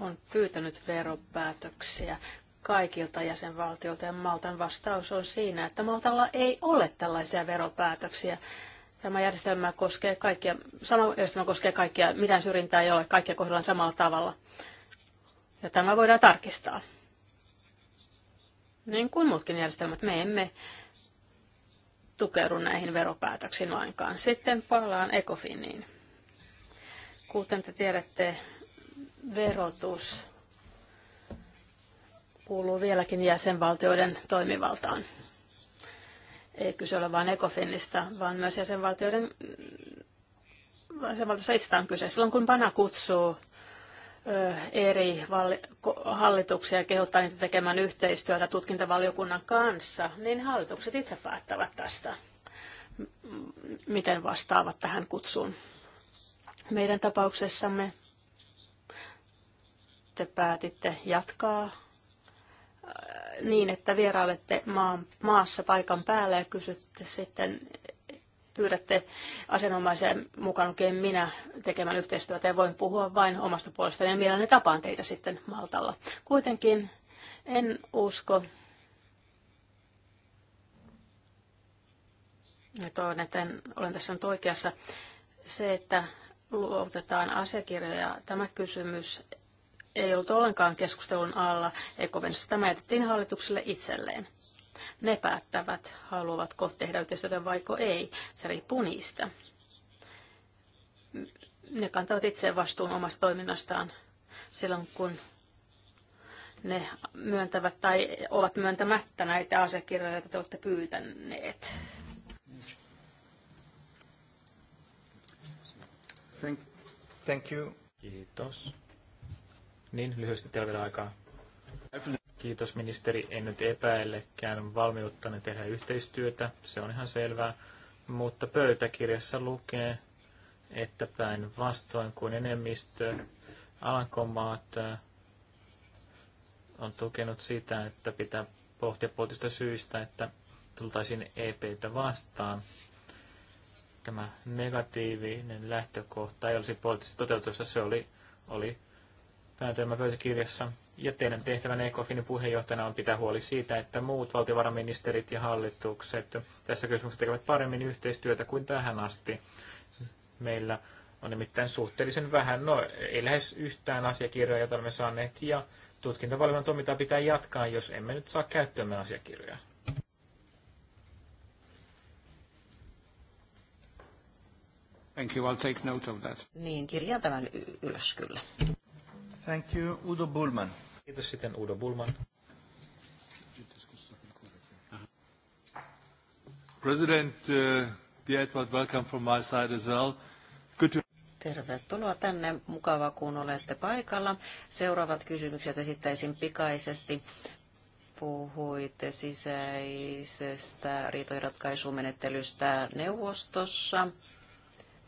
on pyytänyt veropäätöksiä kaikilta jäsenvaltioilta ja Maltan vastaus on siinä, että Maltalla ei ole tällaisia veropäätöksiä. Tämä järjestelmä koskee kaikkia, sama järjestelmä koskee kaikkia, mitään syrjintää ei ole, kaikkia kohdellaan samalla tavalla. Ja tämä voidaan tarkistaa. Niin kuin muutkin järjestelmät, me emme tukeudu näihin veropäätöksiin lainkaan. Sitten palaan ECOFINiin. Kuten te tiedätte, verotus kuuluu vieläkin jäsenvaltioiden toimivaltaan. Ei kyse ole vain ECOFINista, vaan myös jäsenvaltioiden jäsenvaltioissa itse on kyse. Silloin kun PANA kutsuu eri hallituksia kehottaa niitä tekemään yhteistyötä tutkintavaliokunnan kanssa, niin hallitukset itse päättävät tästä, miten vastaavat tähän kutsuun. Meidän tapauksessamme te päätitte jatkaa niin, että vierailette maassa paikan päällä ja kysytte sitten pyydätte asianomaisen mukaan lukien minä tekemään yhteistyötä ja voin puhua vain omasta puolestani ja mielelläni tapaan teitä sitten Maltalla. Kuitenkin en usko, ja toivon, että en, olen tässä nyt oikeassa, se, että luovutetaan asiakirjoja, tämä kysymys ei ollut ollenkaan keskustelun alla Ekovenissa. Tämä jätettiin hallitukselle itselleen. Ne päättävät, haluavatko tehdä yhteistyötä vaiko ei. Se riippuu niistä. Ne kantavat itse vastuun omasta toiminnastaan silloin, kun ne myöntävät tai ovat myöntämättä näitä asiakirjoja, joita te olette pyytäneet. Thank, thank you. Kiitos. Niin, lyhyesti teillä vielä aikaa. Kiitos ministeri, en nyt epäillekään valmiuttanne tehdä yhteistyötä, se on ihan selvää, mutta pöytäkirjassa lukee, että päin vastoin kuin enemmistö Alankomaat äh, on tukenut sitä, että pitää pohtia puolista syistä, että tultaisiin EPtä vastaan. Tämä negatiivinen lähtökohta ei olisi poliittisesti toteutuksessa, se oli, oli päätelmä pöytäkirjassa. Ja teidän tehtävänne ECOFINin puheenjohtajana on pitää huoli siitä, että muut valtiovarainministerit ja hallitukset tässä kysymyksessä tekevät paremmin yhteistyötä kuin tähän asti. Meillä on nimittäin suhteellisen vähän, no ei lähes yhtään asiakirjoja, joita olemme saaneet, ja tutkintavaliokunnan toimintaa pitää jatkaa, jos emme nyt saa käyttöömme asiakirjoja. Thank you. I'll take note of that. Niin, kirjaa tämän ylös kyllä. Thank you. Udo Bullman. Kiitos sitten Udo Bulman. President, uh, Edward, welcome from my side as well. Good to... Tervetuloa tänne. Mukava, kun olette paikalla. Seuraavat kysymykset esittäisin pikaisesti puhuitte sisäisestä riitojenratkaisumenettelystä neuvostossa.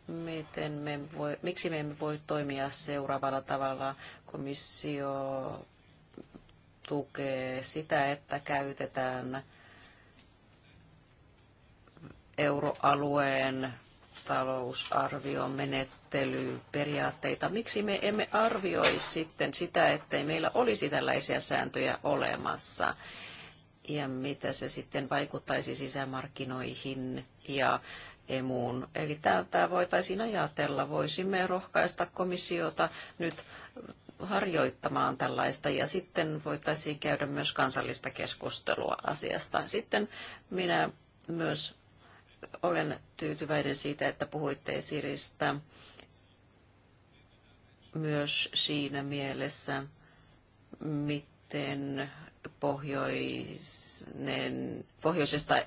Miten me voi, miksi me emme voi toimia seuraavalla tavalla? Komissio tukee sitä, että käytetään euroalueen talousarvion Miksi me emme arvioi sitten sitä, ettei meillä olisi tällaisia sääntöjä olemassa? Ja mitä se sitten vaikuttaisi sisämarkkinoihin ja emuun. Eli tämä voitaisiin ajatella. Voisimme rohkaista komissiota nyt harjoittamaan tällaista ja sitten voitaisiin käydä myös kansallista keskustelua asiasta. Sitten minä myös olen tyytyväinen siitä, että puhuitte Esiristä myös siinä mielessä, miten pohjoinen, pohjoisesta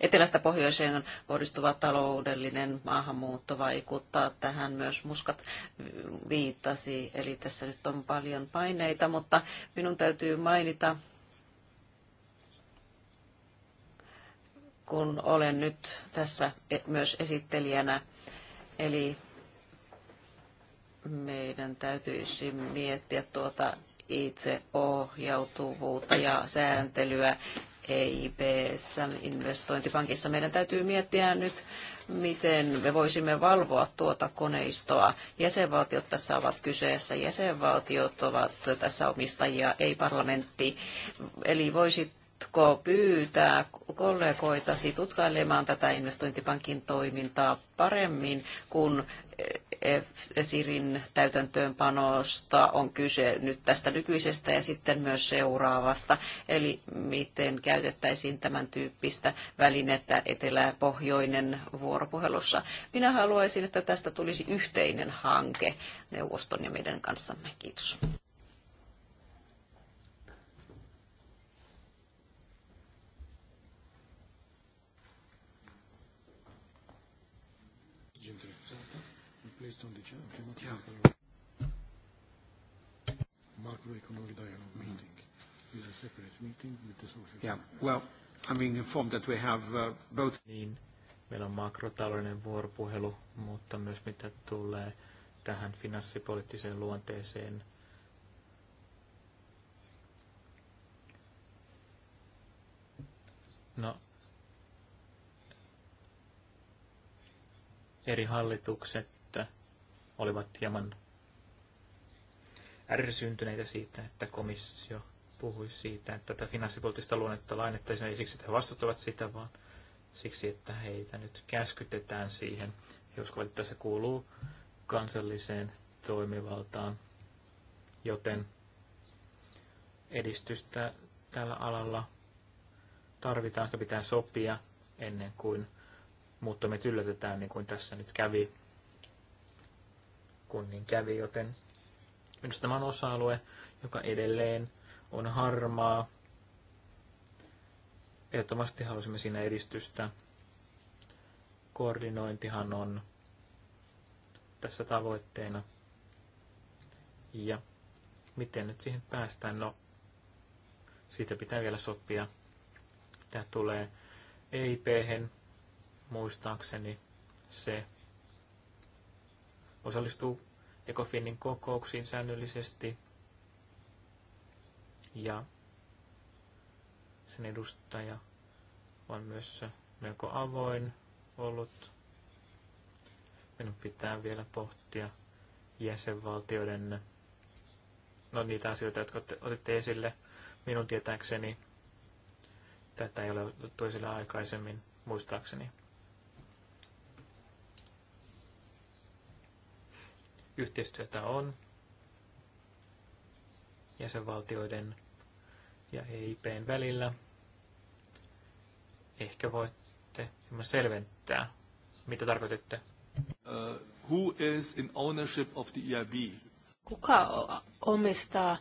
etelästä pohjoiseen kohdistuva taloudellinen maahanmuutto vaikuttaa tähän myös Muskat viittasi. Eli tässä nyt on paljon paineita, mutta minun täytyy mainita, kun olen nyt tässä e- myös esittelijänä, eli meidän täytyisi miettiä tuota itseohjautuvuutta ja sääntelyä EIPssä, investointipankissa. Meidän täytyy miettiä nyt, miten me voisimme valvoa tuota koneistoa. Jäsenvaltiot tässä ovat kyseessä, jäsenvaltiot ovat tässä omistajia, ei parlamentti. Eli voisit voisitko pyytää kollegoitasi tutkailemaan tätä investointipankin toimintaa paremmin, kun esirin täytäntöönpanosta on kyse nyt tästä nykyisestä ja sitten myös seuraavasta, eli miten käytettäisiin tämän tyyppistä välinettä etelä-pohjoinen vuoropuhelussa. Minä haluaisin, että tästä tulisi yhteinen hanke neuvoston ja meidän kanssamme. Kiitos. meeting with the social... Yeah, well, I'm being informed that we have uh, both... Niin, meillä on makrotaloudellinen vuoropuhelu, mutta myös mitä tulee tähän finanssipoliittiseen luonteeseen. No, eri hallitukset olivat hieman ärsyntyneitä siitä, että komissio puhui siitä, että tätä finanssipoliittista luonnetta lainettaisiin ei siksi, että he vastuttavat sitä, vaan siksi, että heitä nyt käskytetään siihen. He uskovat, että se kuuluu kansalliseen toimivaltaan, joten edistystä tällä alalla tarvitaan, sitä pitää sopia ennen kuin me yllätetään, niin kuin tässä nyt kävi, kun niin kävi, joten minusta tämä on osa-alue, joka edelleen on harmaa. Ehdottomasti halusimme siinä edistystä. Koordinointihan on tässä tavoitteena. Ja miten nyt siihen päästään? No, siitä pitää vielä sopia. Tämä tulee eip muistaakseni se osallistuu Ecofinin kokouksiin säännöllisesti – ja sen edustaja on myös melko avoin ollut. Minun pitää vielä pohtia jäsenvaltioiden no, niitä asioita, jotka otitte esille. Minun tietääkseni tätä ei ole otettu esille aikaisemmin, muistaakseni. Yhteistyötä on jäsenvaltioiden ja EIPn välillä. Ehkä voitte selventää, mitä tarkoititte. Uh, who is in ownership of the EIB? Kuka omistaa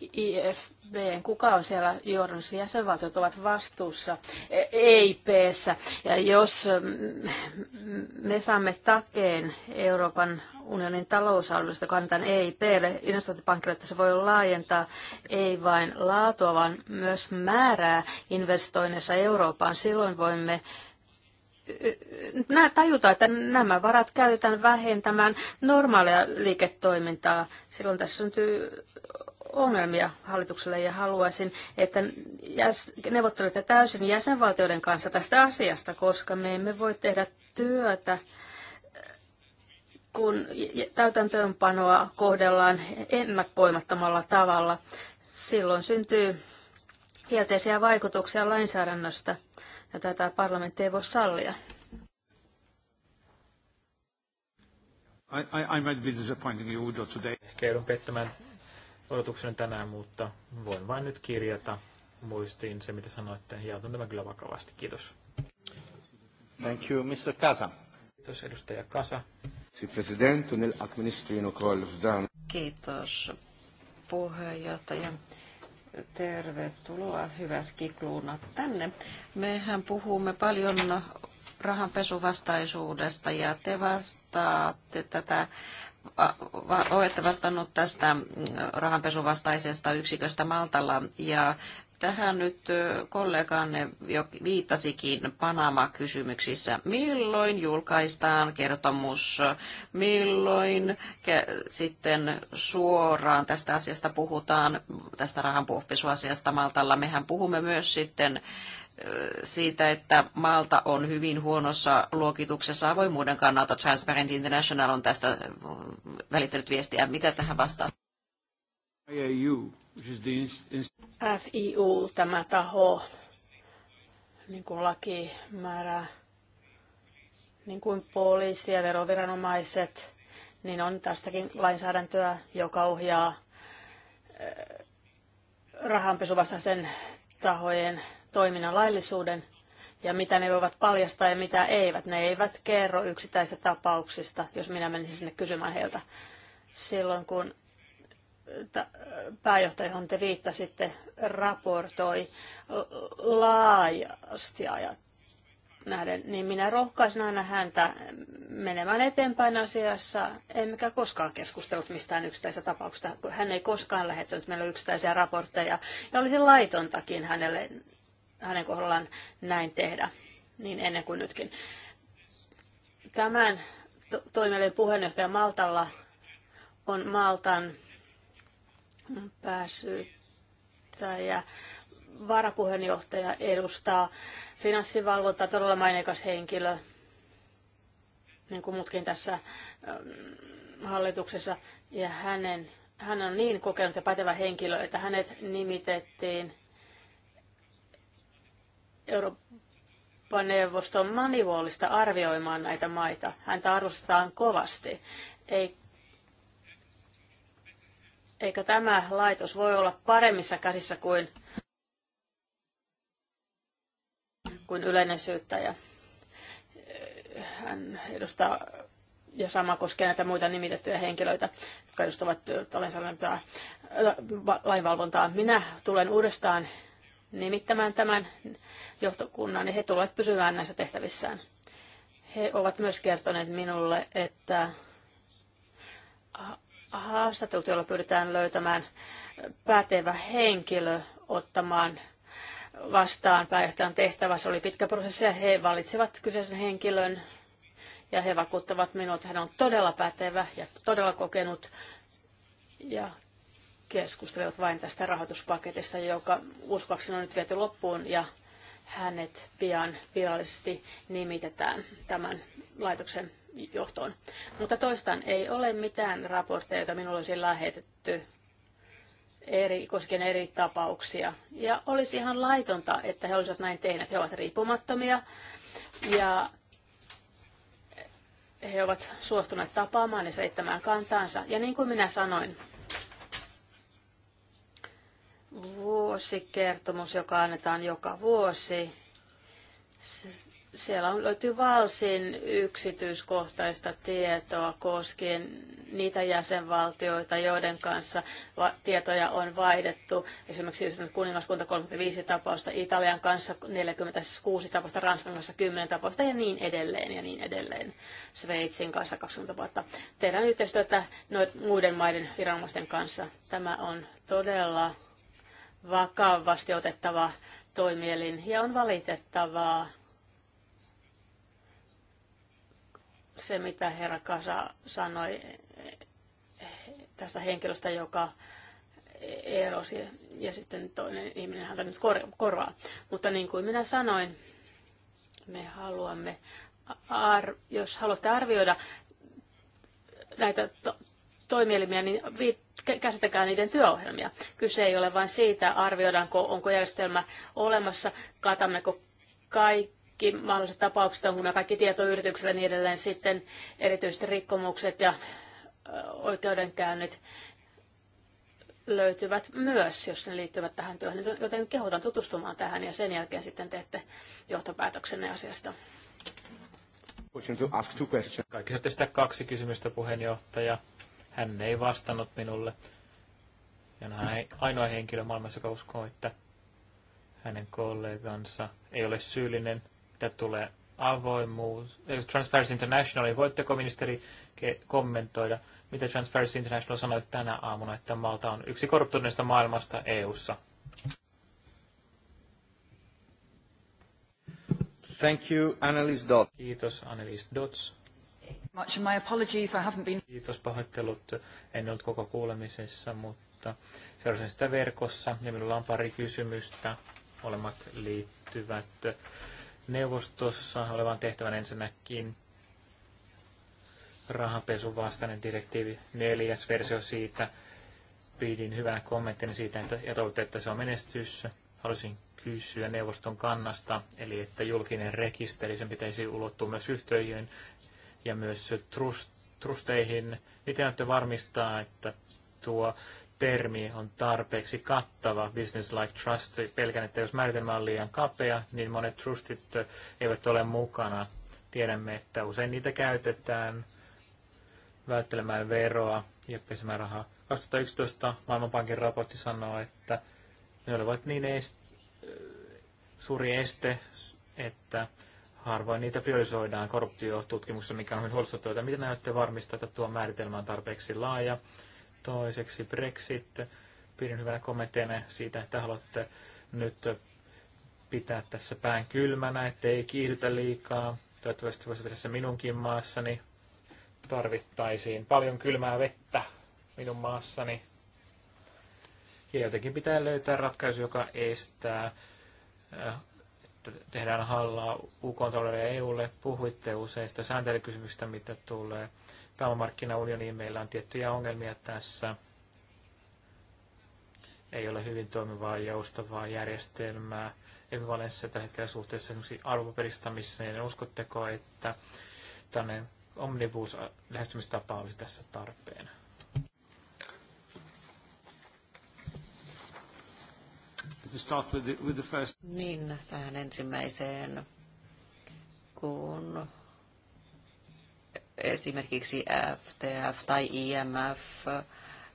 IFB, kuka on siellä johdossa, jäsenvaltiot ovat vastuussa EIPssä. E ja jos mm, mm, me saamme takeen Euroopan unionin talousarviosta EIP: EIPlle, investointipankille, että se voi laajentaa ei vain laatua, vaan myös määrää investoinnissa Eurooppaan. Silloin voimme tajuta, että nämä varat käytetään vähentämään normaalia liiketoimintaa. Silloin tässä syntyy ongelmia hallitukselle ja haluaisin, että neuvottelette täysin jäsenvaltioiden kanssa tästä asiasta, koska me emme voi tehdä työtä kun täytäntöönpanoa kohdellaan ennakoimattomalla tavalla. Silloin syntyy kielteisiä vaikutuksia lainsäädännöstä, ja tätä parlamentti ei voi sallia. I, I, I might be disappointing you today. Ehkä joudun pettämään odotuksen tänään, mutta voin vain nyt kirjata muistiin se, mitä sanoitte, ja otan tämän kyllä vakavasti. Kiitos. Thank you, Mr. Kasa. Kiitos, edustaja Kasa. Kiitos, puheenjohtaja. Tervetuloa, hyvä Skikluuna, tänne. Mehän puhumme paljon rahanpesuvastaisuudesta ja te vastaatte tätä olette vastannut tästä mm, rahanpesuvastaisesta yksiköstä Maltalla ja tähän nyt kolleganne jo viittasikin Panama-kysymyksissä. Milloin julkaistaan kertomus, milloin sitten suoraan tästä asiasta puhutaan, tästä rahanpesuasiasta Maltalla. Mehän puhumme myös sitten siitä, että Malta on hyvin huonossa luokituksessa avoimuuden kannalta. Transparent International on tästä välittänyt viestiä. Mitä tähän vastaa? FIU, tämä taho, niin kuin laki määrää, niin kuin poliisi ja veroviranomaiset, niin on tästäkin lainsäädäntöä, joka ohjaa eh, rahanpesuvastaisten tahojen toiminnan laillisuuden ja mitä ne voivat paljastaa ja mitä eivät. Ne eivät kerro yksittäisistä tapauksista, jos minä menisin sinne kysymään heiltä. Silloin kun pääjohtaja, johon te viittasitte, raportoi laajasti ajat nähden, niin minä rohkaisin aina häntä menemään eteenpäin asiassa, emmekä koskaan keskustellut mistään yksittäisestä tapauksesta. Hän ei koskaan lähettänyt meille yksittäisiä raportteja, ja olisi laitontakin hänelle hänen kohdallaan näin tehdä, niin ennen kuin nytkin. Tämän to- toimielin puheenjohtaja Maltalla on Maltan pääsyyttäjä, varapuheenjohtaja edustaa finanssivalvontaa, todella maineikas henkilö, niin kuin muutkin tässä ähm, hallituksessa. Ja hänen, hän on niin kokenut ja pätevä henkilö, että hänet nimitettiin Euroopan neuvoston manivuolista arvioimaan näitä maita. Häntä arvostetaan kovasti. Ei, eikä tämä laitos voi olla paremmissa käsissä kuin, kuin yleinen syyttäjä. Hän edustaa ja sama koskee näitä muita nimitettyjä henkilöitä, jotka edustavat lainvalvontaa. Minä tulen uudestaan nimittämään tämän johtokunnan, ja he tulevat pysymään näissä tehtävissään. He ovat myös kertoneet minulle, että haastatut, joilla pyritään löytämään pätevä henkilö ottamaan vastaan pääjohtajan tehtävä. Se oli pitkä prosessi ja he valitsivat kyseisen henkilön ja he vakuuttavat minua, että hän on todella pätevä ja todella kokenut ja keskustelevat vain tästä rahoituspaketista, joka uskoakseni on nyt viety loppuun ja hänet pian virallisesti nimitetään tämän laitoksen johtoon. Mutta toistan, ei ole mitään raportteja, joita minulle olisi lähetetty eri, koskien eri tapauksia. Ja olisi ihan laitonta, että he olisivat näin tehneet. He ovat riippumattomia ja he ovat suostuneet tapaamaan ja seittämään kantaansa. Ja niin kuin minä sanoin, vuosikertomus, joka annetaan joka vuosi. Siellä on, löytyy valsin yksityiskohtaista tietoa koskien niitä jäsenvaltioita, joiden kanssa tietoja on vaihdettu. Esimerkiksi kuningaskunta 35 tapausta, Italian kanssa 46 tapausta, Ranskan kanssa 10 tapausta ja niin edelleen ja niin edelleen. Sveitsin kanssa 20 vuotta. Tehdään yhteistyötä noiden muiden maiden viranomaisten kanssa. Tämä on todella vakavasti otettava toimielin ja on valitettavaa se, mitä herra Kasa sanoi tästä henkilöstä, joka erosi ja sitten toinen ihminen häntä nyt korvaa. Mutta niin kuin minä sanoin, me haluamme, ar- jos haluatte arvioida näitä to- toimielimiä, niin käsitäkää niiden työohjelmia. Kyse ei ole vain siitä, arvioidaanko, onko järjestelmä olemassa, katammeko kaikki mahdolliset tapaukset, onko nämä kaikki tietoyrityksillä ja niin edelleen sitten erityisesti rikkomukset ja oikeudenkäynnit löytyvät myös, jos ne liittyvät tähän työhön. Joten kehotan tutustumaan tähän ja sen jälkeen sitten teette johtopäätöksenne asiasta. Kaikki saatte sitä kaksi kysymystä puheenjohtaja. Hän ei vastannut minulle. Ja hän ei ainoa henkilö maailmassa, joka uskoo, että hänen kollegansa ei ole syyllinen, mitä tulee avoimuus. Transparency International, voitteko ministeri kommentoida, mitä Transparency International sanoi tänä aamuna, että Malta on yksi korruptoineista maailmasta EU:ssa? Thank you, Annelies Dot. Kiitos, Annelies Dots. Much my apologies, I haven't been... Kiitos pahoittelut. En ollut koko kuulemisessa, mutta seurasin sitä verkossa ja minulla on pari kysymystä. Molemmat liittyvät neuvostossa olevan tehtävän ensinnäkin rahanpesun vastainen direktiivi neljäs versio siitä. Pidin hyvänä kommenttina siitä että, ja toivotte, että se on menestys. Haluaisin kysyä neuvoston kannasta, eli että julkinen rekisteri, sen pitäisi ulottua myös yhtiöihin, ja myös trust, trusteihin. Miten olette varmistaa, että tuo termi on tarpeeksi kattava, business like trust, pelkän, että jos määritelmä on liian kapea, niin monet trustit eivät ole mukana. Tiedämme, että usein niitä käytetään välttelemään veroa ja pesemään rahaa. 2011 Maailmanpankin raportti sanoo, että ne olivat niin est- suuri este, että harvoin niitä priorisoidaan korruptiotutkimuksessa, mikä on hyvin huolestuttavaa. Miten näytte varmistaa, että tuo määritelmä on tarpeeksi laaja? Toiseksi Brexit. Pidin hyvänä kommentteina siitä, että haluatte nyt pitää tässä pään kylmänä, ettei kiihdytä liikaa. Toivottavasti voisi tässä minunkin maassani. Tarvittaisiin paljon kylmää vettä minun maassani. Ja jotenkin pitää löytää ratkaisu, joka estää äh, tehdään hallaa uk ja EUlle. Puhuitte useista sääntelykysymyksistä, mitä tulee pääomamarkkinaunioniin. Meillä on tiettyjä ongelmia tässä. Ei ole hyvin toimivaa ja joustavaa järjestelmää ekvivalenssissa tällä hetkellä suhteessa esimerkiksi arvopaperistamiseen. Uskotteko, että tämmöinen omnibus lähestymistapa olisi tässä tarpeen? start with the, with the first. Niin, tähän ensimmäiseen, kun esimerkiksi FTF tai IMF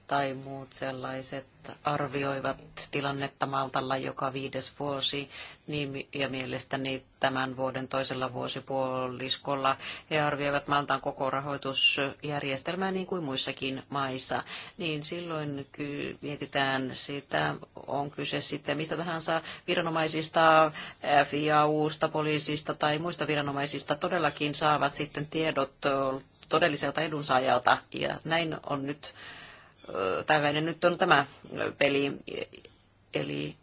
tai muut sellaiset arvioivat tilannetta Maltalla joka viides vuosi, niin, ja mielestäni tämän vuoden toisella vuosipuoliskolla he arvioivat Maltan koko rahoitusjärjestelmää niin kuin muissakin maissa, niin silloin ky- mietitään sitä, on kyse sitten mistä tahansa viranomaisista, FIAUsta, poliisista tai muista viranomaisista todellakin saavat sitten tiedot todelliselta edunsaajalta, ja näin on nyt päiväinen nyt on tämä peli, eli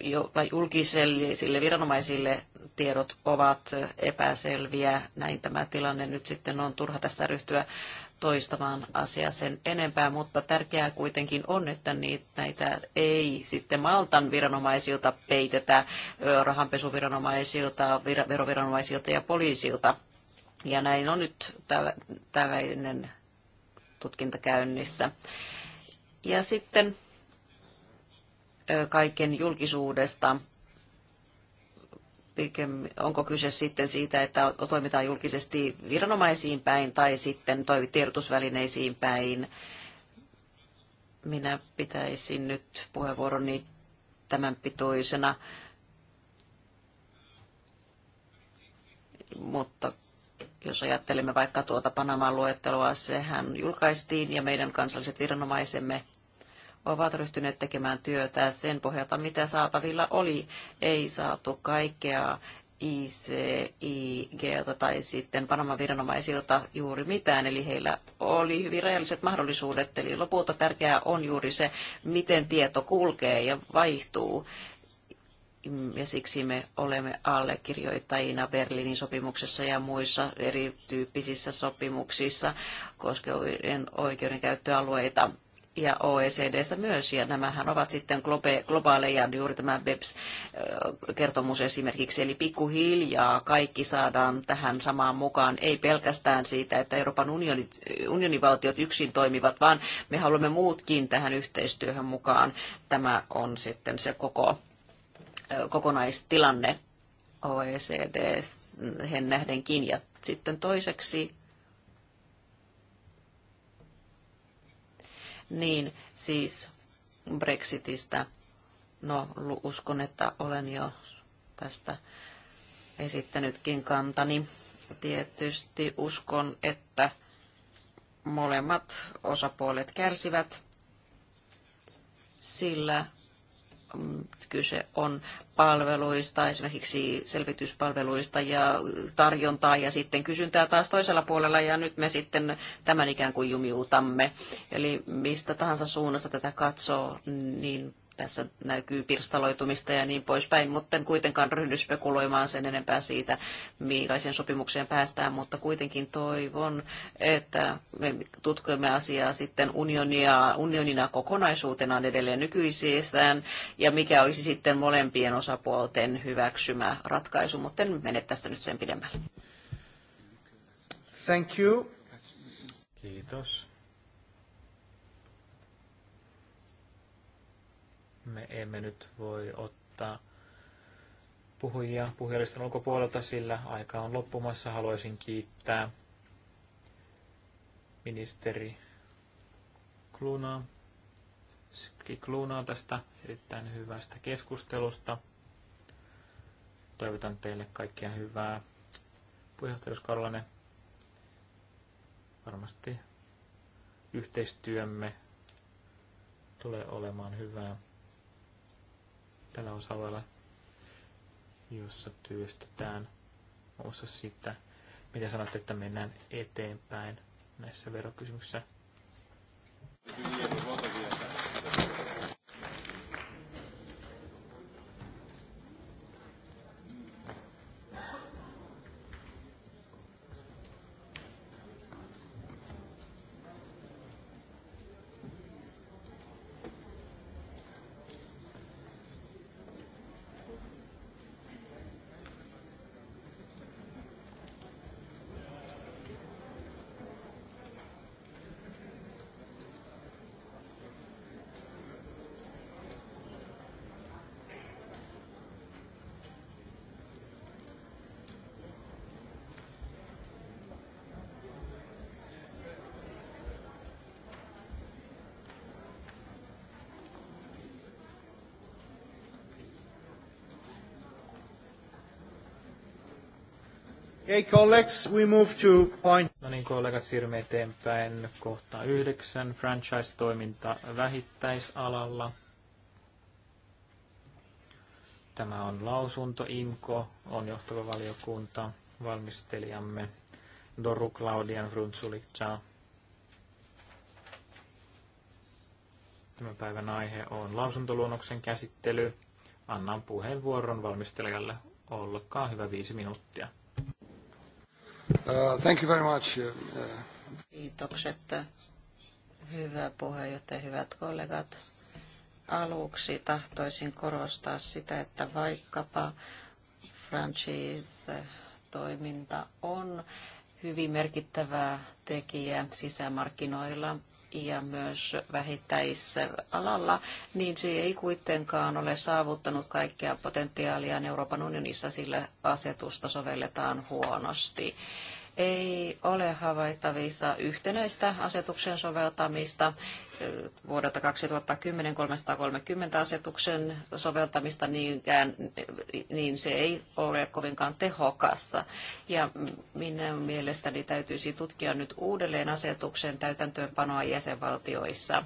jo, vai julkisille viranomaisille tiedot ovat epäselviä. Näin tämä tilanne nyt sitten on turha tässä ryhtyä toistamaan asiaa sen enempää, mutta tärkeää kuitenkin on, että niitä, näitä ei sitten Maltan viranomaisilta peitetä, rahanpesuviranomaisilta, vir, veroviranomaisilta ja poliisilta. Ja näin on nyt tällainen tutkintakäynnissä. Ja sitten kaiken julkisuudesta onko kyse sitten siitä, että toimitaan julkisesti viranomaisiin päin tai sitten tiedotusvälineisiin päin. Minä pitäisin nyt puheenvuoroni tämän pitoisena, mutta jos ajattelemme vaikka tuota Panaman luettelua, sehän julkaistiin ja meidän kansalliset viranomaisemme ovat ryhtyneet tekemään työtä sen pohjalta, mitä saatavilla oli. Ei saatu kaikkea ICIG tai sitten Panaman viranomaisilta juuri mitään, eli heillä oli hyvin rajalliset mahdollisuudet. Eli lopulta tärkeää on juuri se, miten tieto kulkee ja vaihtuu ja siksi me olemme allekirjoittajina Berliinin sopimuksessa ja muissa erityyppisissä sopimuksissa koskien oikeudenkäyttöalueita ja OECDssä myös, ja nämähän ovat sitten globaaleja, juuri tämä BEPS-kertomus esimerkiksi, eli pikkuhiljaa kaikki saadaan tähän samaan mukaan, ei pelkästään siitä, että Euroopan unionit, unionivaltiot yksin toimivat, vaan me haluamme muutkin tähän yhteistyöhön mukaan. Tämä on sitten se koko kokonaistilanne OECD hen nähdenkin. Ja sitten toiseksi, niin siis Brexitistä, no uskon, että olen jo tästä esittänytkin kantani. Tietysti uskon, että molemmat osapuolet kärsivät, sillä kyse on palveluista, esimerkiksi selvityspalveluista ja tarjontaa ja sitten kysyntää taas toisella puolella ja nyt me sitten tämän ikään kuin jumiutamme. Eli mistä tahansa suunnasta tätä katsoo, niin tässä näkyy pirstaloitumista ja niin poispäin, mutta en kuitenkaan ryhdy spekuloimaan sen enempää siitä, millaiseen sopimukseen päästään, mutta kuitenkin toivon, että me tutkimme asiaa sitten unionia, unionina kokonaisuutenaan edelleen nykyisestään ja mikä olisi sitten molempien osapuolten hyväksymä ratkaisu, mutta en mene tästä nyt sen pidemmälle. Thank you. Kiitos. Me emme nyt voi ottaa puhujia puhujalistan ulkopuolelta, sillä aika on loppumassa. Haluaisin kiittää ministeri Klunaa, Klunaa tästä erittäin hyvästä keskustelusta. Toivotan teille kaikkia hyvää puheenjohtajuuskaudellanne. Varmasti yhteistyömme tulee olemaan hyvää tällä osa-alueella, jossa työstetään osa sitä, mitä sanotte, että mennään eteenpäin näissä verokysymyksissä. Okay, colleagues, we move to point. No niin, kollegat, siirrymme eteenpäin kohta yhdeksän. Franchise-toiminta vähittäisalalla. Tämä on lausunto. IMKO on johtava valiokunta. Valmistelijamme Doru Claudian Frunzulica. Tämän päivän aihe on lausuntoluonnoksen käsittely. Annan puheenvuoron valmistelijalle. Olkaa hyvä viisi minuuttia. Uh, thank you very much. Uh, Kiitokset, hyvä puheenjohtaja, hyvät kollegat. Aluksi tahtoisin korostaa sitä, että vaikkapa franchise-toiminta on hyvin merkittävä tekijä sisämarkkinoilla ja myös vähittäisalalla, niin se ei kuitenkaan ole saavuttanut kaikkea potentiaalia Euroopan unionissa, sillä asetusta sovelletaan huonosti ei ole havaittavissa yhtenäistä asetuksen soveltamista vuodelta 2010-330 asetuksen soveltamista niinkään, niin se ei ole kovinkaan tehokasta. Ja minä mielestäni täytyisi tutkia nyt uudelleen asetuksen täytäntöönpanoa jäsenvaltioissa.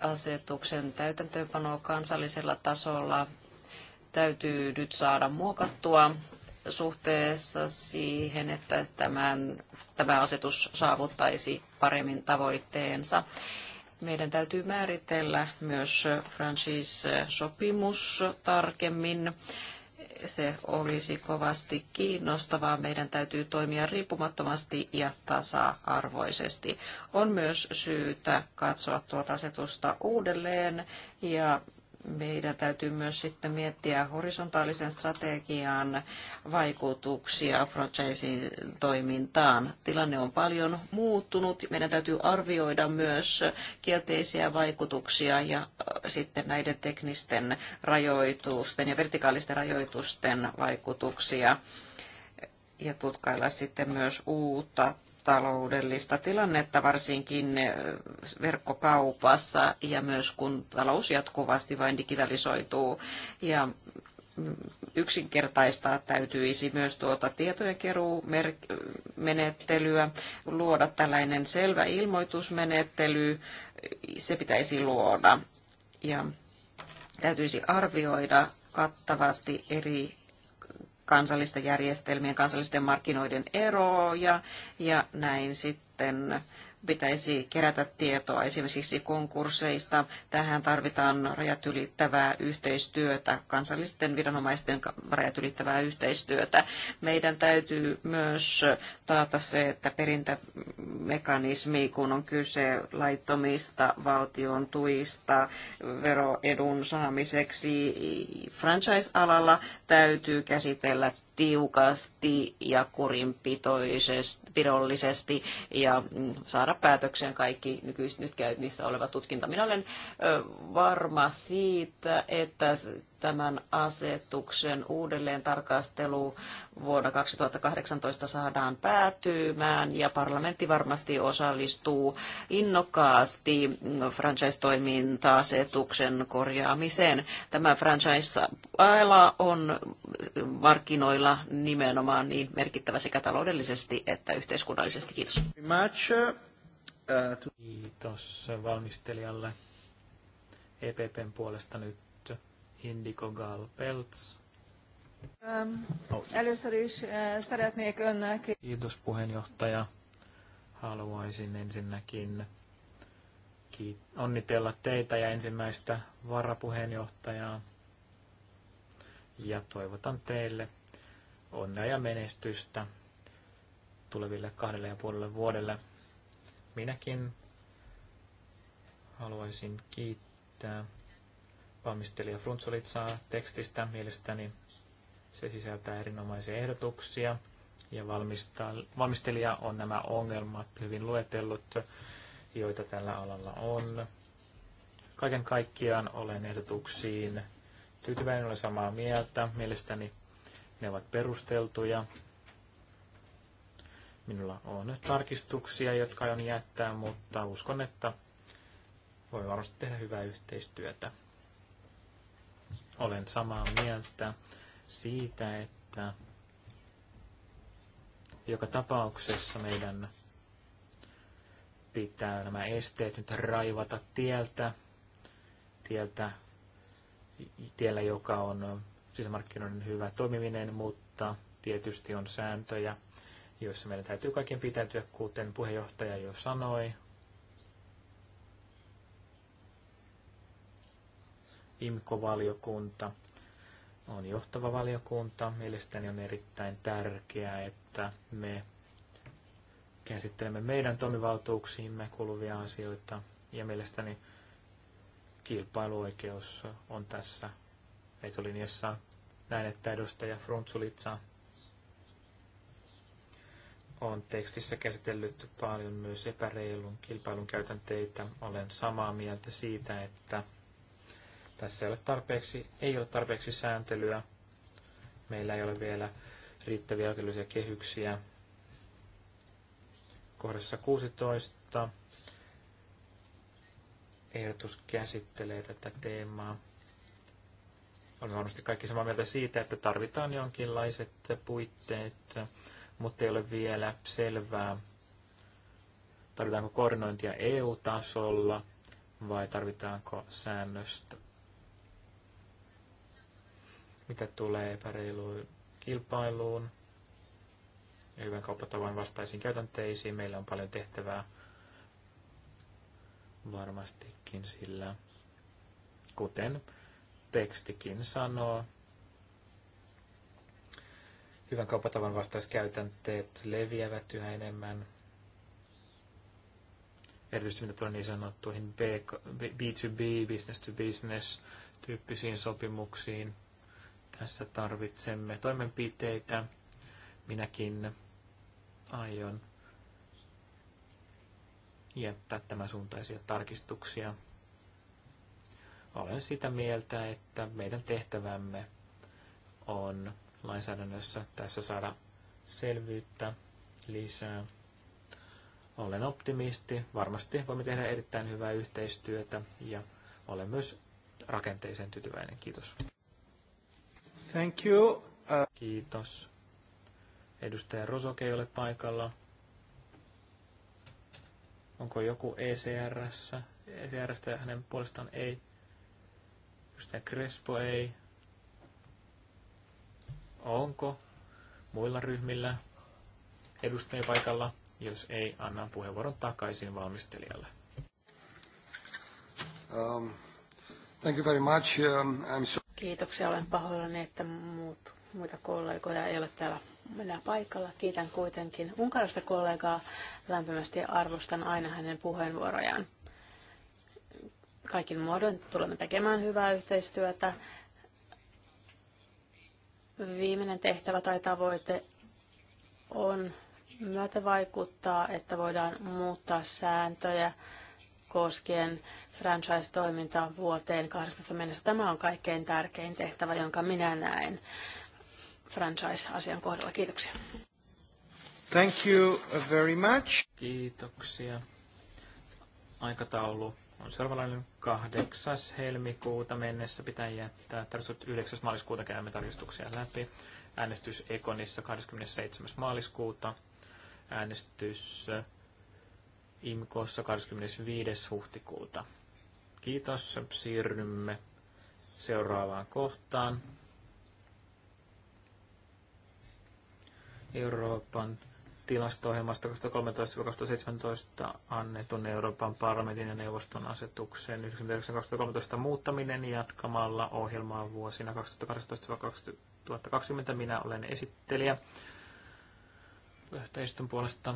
Asetuksen täytäntöönpanoa kansallisella tasolla täytyy nyt saada muokattua suhteessa siihen, että tämän, tämä asetus saavuttaisi paremmin tavoitteensa. Meidän täytyy määritellä myös franchise-sopimus tarkemmin se olisi kovasti kiinnostavaa. Meidän täytyy toimia riippumattomasti ja tasa-arvoisesti. On myös syytä katsoa tuota asetusta uudelleen ja meidän täytyy myös sitten miettiä horisontaalisen strategian vaikutuksia franchisein toimintaan. Tilanne on paljon muuttunut. Meidän täytyy arvioida myös kielteisiä vaikutuksia ja äh, sitten näiden teknisten rajoitusten ja vertikaalisten rajoitusten vaikutuksia ja tutkailla sitten myös uutta taloudellista tilannetta, varsinkin eh, verkkokaupassa ja myös kun talous jatkuvasti vain digitalisoituu. Ja mm, yksinkertaistaa täytyisi myös tuota tietojenkeruumenettelyä, luoda tällainen selvä ilmoitusmenettely, se pitäisi luoda. Ja täytyisi arvioida kattavasti eri kansallisten järjestelmien, kansallisten markkinoiden ja ja näin sitten pitäisi kerätä tietoa esimerkiksi konkursseista. Tähän tarvitaan rajat ylittävää yhteistyötä, kansallisten viranomaisten rajat ylittävää yhteistyötä. Meidän täytyy myös taata se, että perintämekanismi, kun on kyse laittomista valtion tuista veroedun saamiseksi franchise-alalla, täytyy käsitellä tiukasti ja kurinpidollisesti ja saada päätökseen kaikki nykyiset nyt käynnissä oleva tutkinta. Minä olen varma siitä, että tämän asetuksen uudelleen tarkastelu vuonna 2018 saadaan päätymään ja parlamentti varmasti osallistuu innokkaasti franchise-toiminta-asetuksen korjaamiseen. Tämä franchise-ala on markkinoilla nimenomaan niin merkittävä sekä taloudellisesti että yhteiskunnallisesti. Kiitos. Uh, uh, Kiitos valmistelijalle EPPn puolesta nyt Indigo Gal Peltz. Um, oh, először is uh, szeretnék önnek... Kiitos puheenjohtaja. Haluaisin ensinnäkin onnitella teitä ja ensimmäistä varapuheenjohtajaa. Ja toivotan teille onnea ja menestystä tuleville kahdelle ja puolelle vuodelle. Minäkin haluaisin kiittää valmistelija Frunzolitsaa tekstistä. Mielestäni se sisältää erinomaisia ehdotuksia ja valmistelija on nämä ongelmat hyvin luetellut, joita tällä alalla on. Kaiken kaikkiaan olen ehdotuksiin tyytyväinen, olen samaa mieltä. Mielestäni ne ovat perusteltuja. Minulla on nyt tarkistuksia, jotka on jättää, mutta uskon, että voi varmasti tehdä hyvää yhteistyötä. Olen samaa mieltä siitä, että joka tapauksessa meidän pitää nämä esteet nyt raivata tieltä, tieltä tiellä, joka on sisämarkkinoiden hyvä toimiminen, mutta tietysti on sääntöjä, joissa meidän täytyy kaiken pitäytyä, kuten puheenjohtaja jo sanoi. IMKO-valiokunta on johtava valiokunta. Mielestäni on erittäin tärkeää, että me käsittelemme meidän toimivaltuuksiimme kuuluvia asioita. Ja mielestäni kilpailuoikeus on tässä etulinjassa. Näin, että edustaja Frunzulitsa on tekstissä käsitellyt paljon myös epäreilun kilpailun käytänteitä. Olen samaa mieltä siitä, että tässä ei ole tarpeeksi, ei ole tarpeeksi sääntelyä. Meillä ei ole vielä riittäviä oikeudellisia kehyksiä. Kohdassa 16 ehdotus käsittelee tätä teemaa. Olemme varmasti kaikki samaa mieltä siitä, että tarvitaan jonkinlaiset puitteet, mutta ei ole vielä selvää, tarvitaanko koordinointia EU-tasolla vai tarvitaanko säännöstä, mitä tulee epäreiluun kilpailuun ja hyvän kauppatavan vastaisiin käytänteisiin. Meillä on paljon tehtävää varmastikin sillä, kuten tekstikin sanoo, hyvän kauppatavan vastaiset käytänteet leviävät yhä enemmän. Erityisesti mitä tulee niin sanottuihin B2B, business to business tyyppisiin sopimuksiin – tässä tarvitsemme toimenpiteitä. Minäkin aion jättää tämän suuntaisia tarkistuksia. Olen sitä mieltä, että meidän tehtävämme on lainsäädännössä tässä saada selvyyttä lisää. Olen optimisti. Varmasti voimme tehdä erittäin hyvää yhteistyötä ja olen myös rakenteeseen tyytyväinen. Kiitos. Thank you. Uh... Kiitos. Edustaja Rosoke ei ole paikalla. Onko joku ECRssä? ECRstä ja hänen puolestaan ei. Edustaja Crespo ei. Onko muilla ryhmillä edustajia paikalla? Jos ei, annan puheenvuoron takaisin valmistelijalle. Um, thank you very much. Um, I'm so- Kiitoksia, olen pahoillani, että muut, muita kollegoja ei ole täällä enää paikalla. Kiitän kuitenkin unkarista kollegaa lämpimästi ja arvostan aina hänen puheenvuorojaan. Kaikin muodoin tulemme tekemään hyvää yhteistyötä. Viimeinen tehtävä tai tavoite on myötä vaikuttaa, että voidaan muuttaa sääntöjä koskien franchise-toimintaa vuoteen 12 mennessä. Tämä on kaikkein tärkein tehtävä, jonka minä näen franchise-asian kohdalla. Kiitoksia. Thank you very much. Kiitoksia. Aikataulu on seuraavallinen 8. helmikuuta mennessä. Pitää jättää Tarkoitus 9. maaliskuuta käymme tarkistuksia läpi. Äänestys Ekonissa 27. maaliskuuta. Äänestys IMKossa 25. huhtikuuta. Kiitos, siirrymme seuraavaan kohtaan. Euroopan tilasto-ohjelmasta 2013-2017 annetun Euroopan parlamentin ja neuvoston asetuksen 1913 2013 muuttaminen jatkamalla ohjelmaa vuosina 2018-2020. Minä olen esittelijä puheenjohtajiston puolesta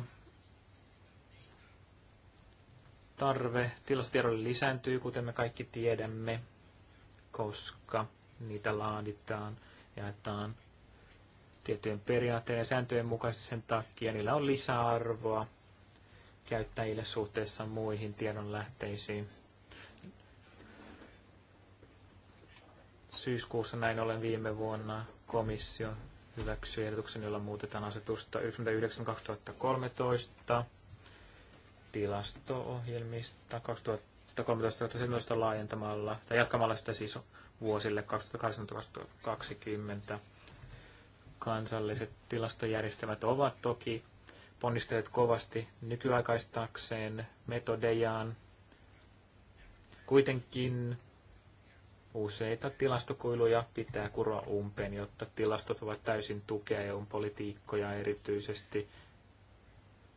tarve tilastotiedolle lisääntyy, kuten me kaikki tiedämme, koska niitä laaditaan, jaetaan tiettyjen periaatteiden ja sääntöjen mukaisesti sen takia. Niillä on lisäarvoa käyttäjille suhteessa muihin tiedonlähteisiin. Syyskuussa näin ollen viime vuonna komissio hyväksyi ehdotuksen, jolla muutetaan asetusta 99-2013 tilasto-ohjelmista 2013-2017 laajentamalla tai jatkamalla sitä siis vuosille 2018-2020. Kansalliset tilastojärjestelmät ovat toki ponnistelleet kovasti nykyaikaistaakseen metodejaan. Kuitenkin useita tilastokuiluja pitää kuroa umpeen, jotta tilastot ovat täysin tukea eu politiikkoja erityisesti –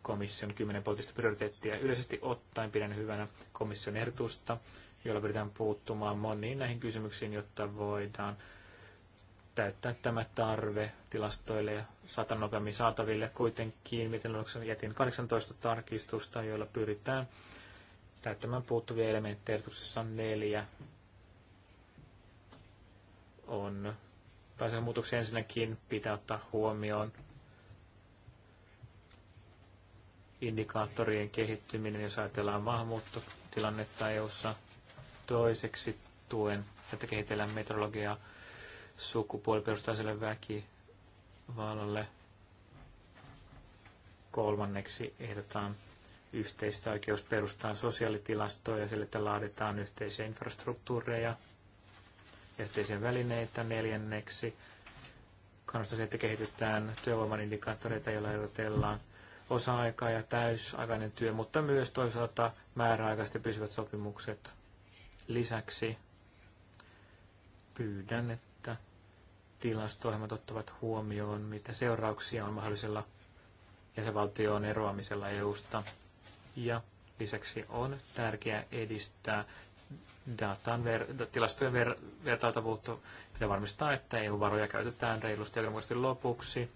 komission kymmenen poliittista prioriteettia. Yleisesti ottaen pidän hyvänä komission ehdotusta, jolla pyritään puuttumaan moniin näihin kysymyksiin, jotta voidaan täyttää tämä tarve tilastoille ja saada nopeammin saataville. Kuitenkin mietinnolloksen jätin 18 tarkistusta, joilla pyritään täyttämään puuttuvia elementtejä. Ehdotuksessa on neljä. On pääsen muutoksia ensinnäkin pitää ottaa huomioon indikaattorien kehittyminen, jos ajatellaan maahanmuuttotilannetta EU-ssa. Toiseksi tuen, että kehitellään metrologiaa sukupuoliperustaiselle väkivallalle. Kolmanneksi ehdotetaan yhteistä oikeusperustaa sosiaalitilastoja ja sille, että laaditaan yhteisiä infrastruktuureja ja yhteisiä välineitä. Neljänneksi kannustaisin, että kehitetään työvoiman indikaattoreita, joilla erotellaan – osa-aika ja täysaikainen työ, mutta myös toisaalta määräaikaiset pysyvät sopimukset. Lisäksi pyydän, että tilastoimat ottavat huomioon, mitä seurauksia on mahdollisella jäsenvaltioon eroamisella EUsta. Ja lisäksi on tärkeää edistää datan ver- tilastojen ver- vertailtavuutta ja varmistaa, että EU-varoja käytetään reilusti ja lopuksi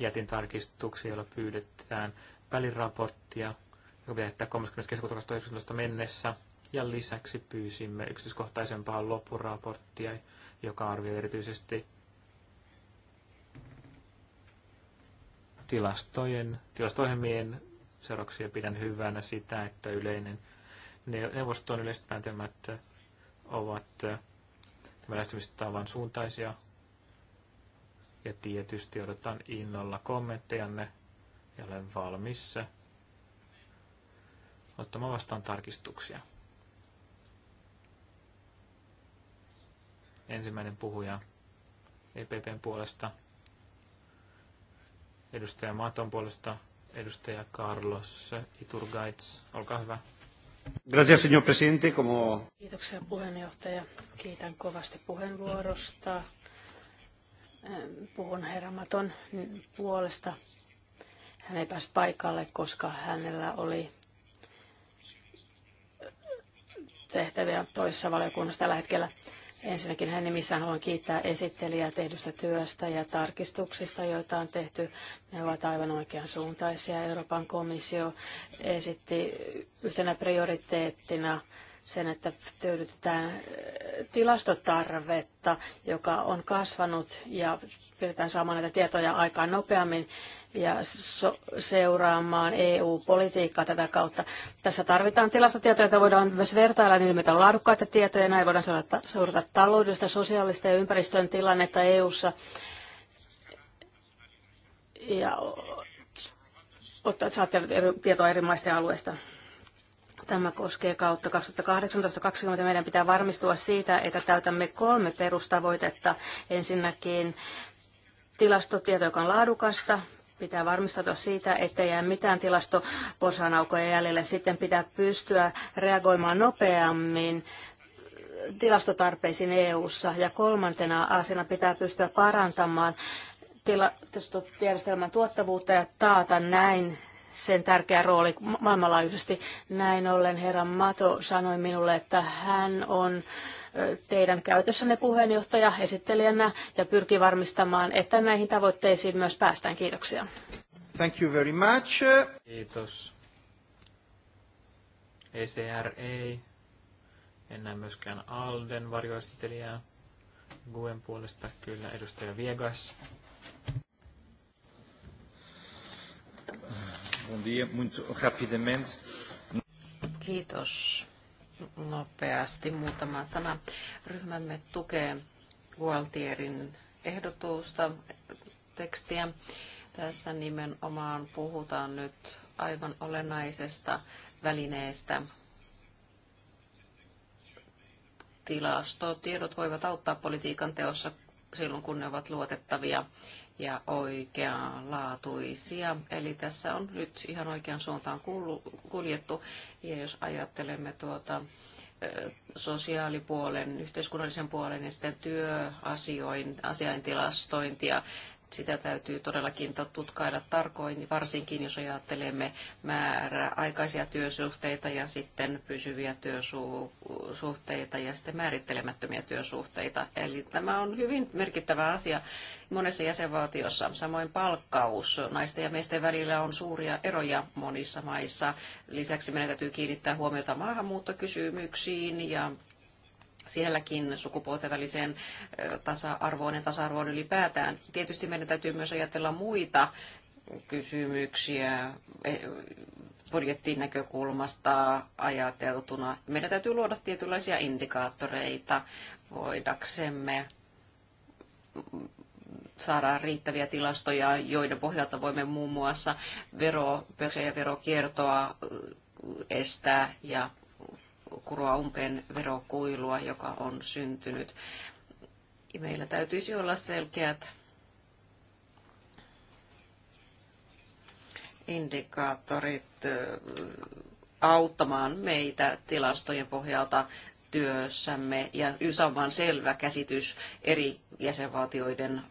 jätin tarkistuksia, joilla pyydetään väliraporttia, joka pitää jättää 30. kesäkuuta 2019 mennessä. Ja lisäksi pyysimme yksityiskohtaisempaa loppuraporttia, joka arvioi erityisesti tilastojen, tilastohjelmien seurauksia pidän hyvänä sitä, että yleinen neuvoston yleiset päätelmät ovat tämän lähestymistavan suuntaisia ja tietysti odotan innolla kommenttejanne ja olen valmis ottamaan vastaan tarkistuksia. Ensimmäinen puhuja EPPn puolesta, edustaja Maton puolesta, edustaja Carlos Iturgaits. Olkaa hyvä. Gracias, señor presidente. Como... Kiitoksia puheenjohtaja. Kiitän kovasti puheenvuorosta Puhun herramaton puolesta. Hän ei päässyt paikalle, koska hänellä oli tehtäviä toisessa valiokunnassa tällä hetkellä. Ensinnäkin hänen nimissään haluan kiittää esittelijää tehdystä työstä ja tarkistuksista, joita on tehty. Ne ovat aivan oikean suuntaisia. Euroopan komissio esitti yhtenä prioriteettina sen, että tyydytetään äh, tilastotarvetta, joka on kasvanut ja pyritään saamaan näitä tietoja aikaan nopeammin ja so- seuraamaan EU-politiikkaa tätä kautta. Tässä tarvitaan tilastotietoja, joita voidaan myös vertailla, niin meitä on laadukkaita tietoja, näin voidaan seurata, seurata taloudellista, sosiaalista ja ympäristön tilannetta EU-ssa. Ja ottaa, saatte tietoa eri maista ja alueista. Tämä koskee kautta 2018-2020. Meidän pitää varmistua siitä, että täytämme kolme perustavoitetta. Ensinnäkin tilastotieto, joka on laadukasta, pitää varmistautua siitä, ettei jää mitään tilastoporsanaukoja jäljelle. Sitten pitää pystyä reagoimaan nopeammin tilastotarpeisiin EU-ssa. Ja kolmantena asiana pitää pystyä parantamaan tilastotiedostelman tuottavuutta ja taata näin sen tärkeä rooli maailmanlaajuisesti. Näin ollen herra Mato sanoi minulle, että hän on teidän käytössänne puheenjohtaja esittelijänä ja pyrkii varmistamaan, että näihin tavoitteisiin myös päästään. Kiitoksia. Thank you very much. Kiitos. ECR ei. En näe myöskään Alden varjoesittelijää. Guen puolesta kyllä edustaja Viegas. Bom dia, Kiitos. Nopeasti muutama sana. Ryhmämme tukee Gualtierin ehdotusta tekstiä. Tässä nimenomaan puhutaan nyt aivan olennaisesta välineestä. Tilastotiedot voivat auttaa politiikan teossa silloin, kun ne ovat luotettavia ja oikeanlaatuisia. Eli tässä on nyt ihan oikean suuntaan kuljettu. Ja jos ajattelemme tuota sosiaalipuolen, yhteiskunnallisen puolen ja sitten työasioin, asiaintilastointia, sitä täytyy todellakin tutkailla tarkoin, varsinkin jos ajattelemme määräaikaisia työsuhteita ja sitten pysyviä työsuhteita ja sitten määrittelemättömiä työsuhteita. Eli tämä on hyvin merkittävä asia monessa jäsenvaltiossa. Samoin palkkaus naisten ja miesten välillä on suuria eroja monissa maissa. Lisäksi meidän täytyy kiinnittää huomiota maahanmuuttokysymyksiin ja sielläkin sukupuolten väliseen tasa-arvoon ja tasa-arvoon ylipäätään. Tietysti meidän täytyy myös ajatella muita kysymyksiä e, budjettiin näkökulmasta ajateltuna. Meidän täytyy luoda tietynlaisia indikaattoreita voidaksemme saada riittäviä tilastoja, joiden pohjalta voimme muun muassa vero, ja verokiertoa estää ja kuroa umpeen verokuilua, joka on syntynyt. Meillä täytyisi olla selkeät indikaattorit auttamaan meitä tilastojen pohjalta työssämme ja ysaamaan selvä käsitys eri jäsenvaltioiden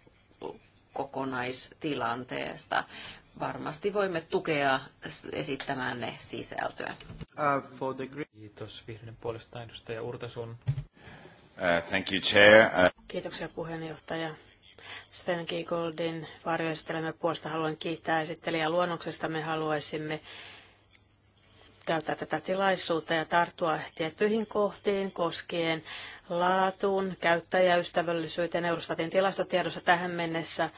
kokonaistilanteesta varmasti voimme tukea esittämäänne sisältöä. Uh, for the... Kiitos vihreän puolesta edustaja Urtasun. Uh, thank you, chair. Uh... Kiitoksia puheenjohtaja. Sven G. Goldin varjoesittelemme puolesta haluan kiittää esittelijä luonnoksesta. Me haluaisimme käyttää tätä tilaisuutta ja tarttua tiettyihin kohtiin koskien laatuun, käyttäjäystävällisyyteen Eurostatin tilastotiedossa tähän mennessä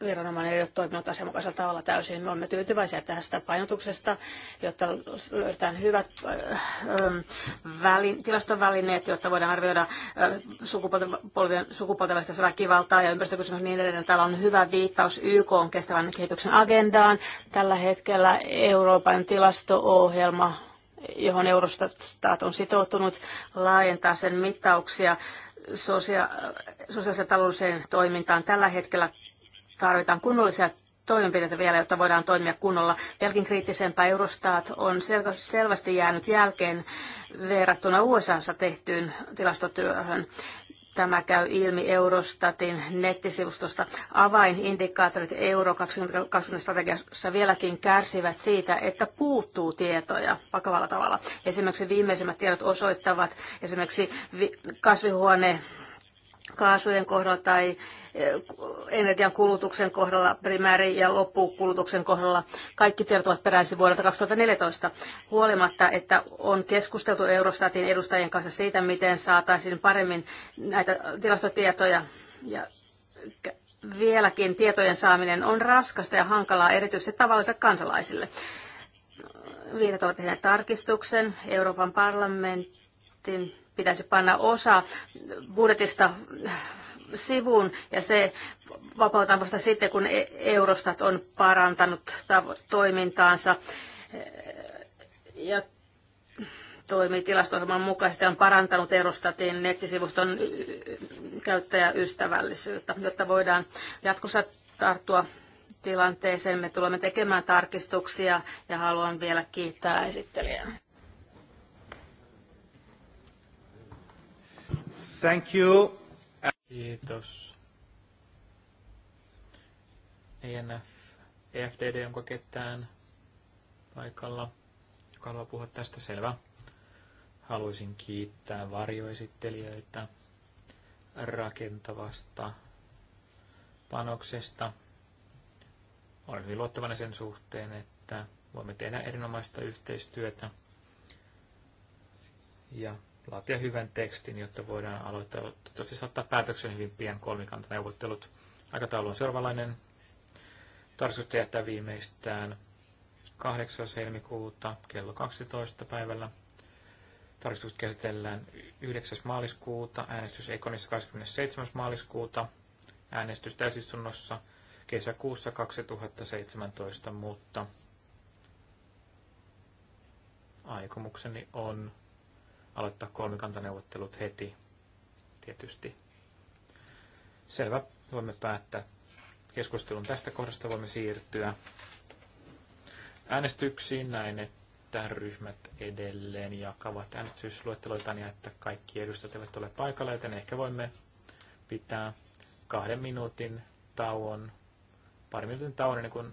viranomainen ei ole toiminut asianmukaisella tavalla täysin. Me olemme tyytyväisiä tästä painotuksesta, jotta löydetään hyvät äh, äh, välin, tilastovälineet, jotta voidaan arvioida äh, sukupuolten, sukupuolten välistä väkivaltaa ja ympäristökysymys niin edelleen. Täällä on hyvä viittaus YK on kestävän kehityksen agendaan. Tällä hetkellä Euroopan tilasto-ohjelma, johon Eurostat on sitoutunut, laajentaa sen mittauksia sosia- sosiaaliseen taloudelliseen toimintaan. Tällä hetkellä tarvitaan kunnollisia toimenpiteitä vielä, jotta voidaan toimia kunnolla. Pelkin kriittisempää Eurostat on sel- selvästi jäänyt jälkeen verrattuna USA tehtyyn tilastotyöhön. Tämä käy ilmi Eurostatin nettisivustosta. Avainindikaattorit Euro 2020 strategiassa vieläkin kärsivät siitä, että puuttuu tietoja vakavalla tavalla. Esimerkiksi viimeisimmät tiedot osoittavat esimerkiksi kasvihuone kaasujen kohdalla tai e, energian kulutuksen kohdalla, primääri- ja loppukulutuksen kohdalla. Kaikki tiedot ovat peräisin vuodelta 2014. Huolimatta, että on keskusteltu Eurostatin edustajien kanssa siitä, miten saataisiin paremmin näitä tilastotietoja ja vieläkin tietojen saaminen on raskasta ja hankalaa erityisesti tavallisille kansalaisille. Vihreät ovat tehneet tarkistuksen Euroopan parlamentin pitäisi panna osa budjetista sivuun ja se vapautetaan vasta sitten, kun e- Eurostat on parantanut toimintaansa ja toimii tilastohjelman mukaisesti on parantanut Eurostatin nettisivuston käyttäjäystävällisyyttä, jotta voidaan jatkossa tarttua tilanteeseen. Me tulemme tekemään tarkistuksia ja haluan vielä kiittää esittelijää. Thank you. Kiitos. ENF, EFDD, onko ketään paikalla, joka haluaa puhua tästä? Selvä. Haluaisin kiittää varjoesittelijöitä rakentavasta panoksesta. Olen hyvin luottavainen sen suhteen, että voimme tehdä erinomaista yhteistyötä. Ja laatia hyvän tekstin, jotta voidaan aloittaa, tosi saattaa päätöksen hyvin pian kolmikantaneuvottelut. Aikataulu on seuraavanlainen. Tarkoitus jättää viimeistään 8. helmikuuta kello 12 päivällä. Tarkistukset käsitellään 9. maaliskuuta, äänestys Ekonissa 27. maaliskuuta, äänestys täysistunnossa kesäkuussa 2017, mutta aikomukseni on aloittaa kolmikantaneuvottelut heti, tietysti. Selvä, voimme päättää keskustelun tästä kohdasta, voimme siirtyä äänestyksiin näin, että ryhmät edelleen jakavat äänestysluetteloitaan että kaikki edustajat eivät ole paikalla, joten ehkä voimme pitää kahden minuutin tauon, pari minuutin tauon ennen kuin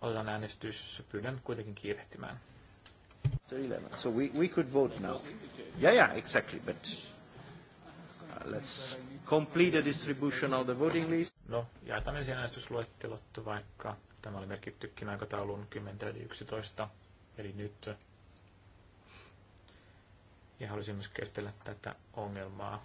otetaan äänestys. Pyydän kuitenkin kiirehtimään. So we, we could vote now. Yeah, yeah, exactly, but uh, let's complete the distribution of the voting list. No, jaetaan ensin äänestysluettelot, vaikka tämä oli merkittykin aikataulun 10.11, eli nyt. Ja haluaisin myös kestellä tätä ongelmaa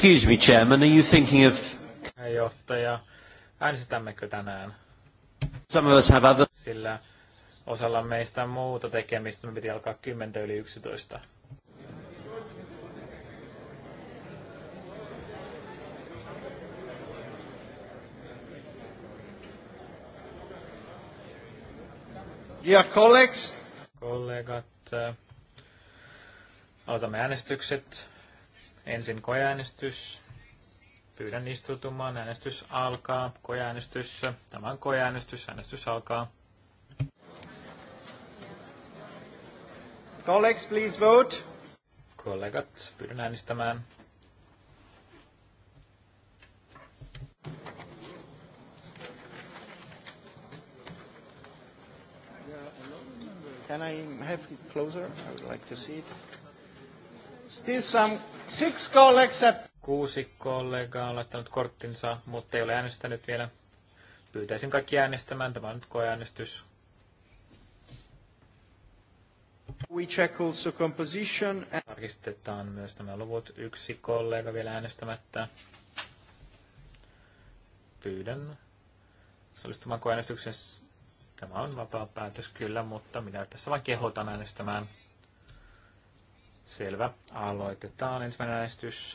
Excuse me, Chairman, are you thinking of... Johtaja, äänestämmekö tänään? Some of us have other... Sillä osalla meistä on muuta tekemistä, me piti alkaa 10 yli 11. Ja colleagues. Kollegat, aloitamme äh, äänestykset. Ensin koeäänestys. Pyydän istutumaan. Äänestys alkaa. Koeäänestys. Tämä on koeäänestys. Äänestys alkaa. Colleagues, please vote. Kollegat, pyydän äänestämään. Can I have it closer? I would like to see it. Still some six colleagues Kuusi kollegaa on laittanut korttinsa, mutta ei ole äänestänyt vielä. Pyytäisin kaikki äänestämään. Tämä on nyt koeäänestys. We check also composition. And... Tarkistetaan myös nämä luvut. Yksi kollega vielä äänestämättä. Pyydän osallistumaan koeäänestykseen. Tämä on vapaa päätös kyllä, mutta minä tässä vain kehotan äänestämään. Selvä. Aloitetaan ensimmäinen äänestys.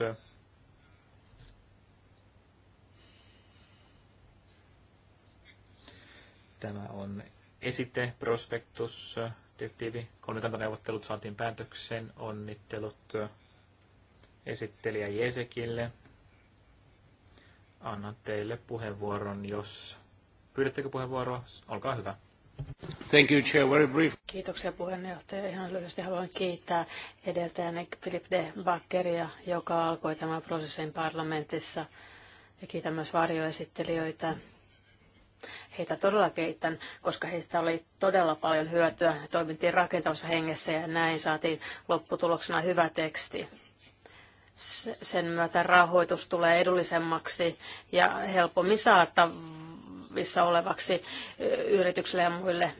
Tämä on esite, prospektus, direktiivi, kolmikantaneuvottelut saatiin päätökseen, onnittelut esittelijä Jesekille. Annan teille puheenvuoron, jos pyydättekö puheenvuoroa, olkaa hyvä. Thank you, Chair. Very brief. Kiitoksia puheenjohtaja. Ihan lyhyesti haluan kiittää edeltäjänne Philip de Backeria, joka alkoi tämän prosessin parlamentissa. Ja kiitän myös varjoesittelijöitä. Heitä todella kiitän, koska heistä oli todella paljon hyötyä. Toimintiin rakentavassa hengessä ja näin saatiin lopputuloksena hyvä teksti sen myötä rahoitus tulee edullisemmaksi ja helpommin saatava saatavissa olevaksi yrityksille ja muille.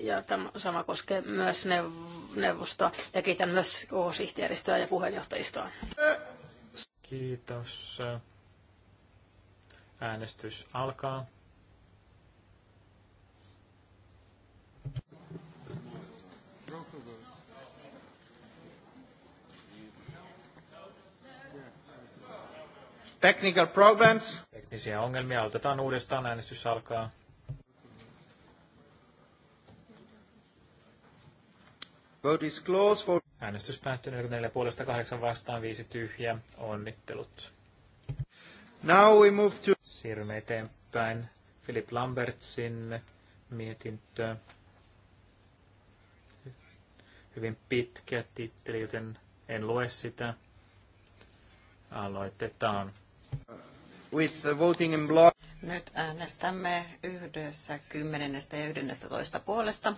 Ja tämä sama koskee myös neuvostoa ja kiitän myös koko sihteeristöä ja puheenjohtajistoa. Kiitos. Äänestys alkaa. Technical problems teknisiä ongelmia. Otetaan uudestaan, äänestys alkaa. Vote is closed for... Äänestys päättyy 44 puolesta 8 vastaan 5 tyhjä. Onnittelut. Now we move to... Siirrymme eteenpäin. Philip Lambertsin mietintö. Hyvin pitkä titteli, joten en lue sitä. Aloitetaan with the voting in block. Nyt äänestämme yhdessä kymmenestä ja yhdennestä toista puolesta.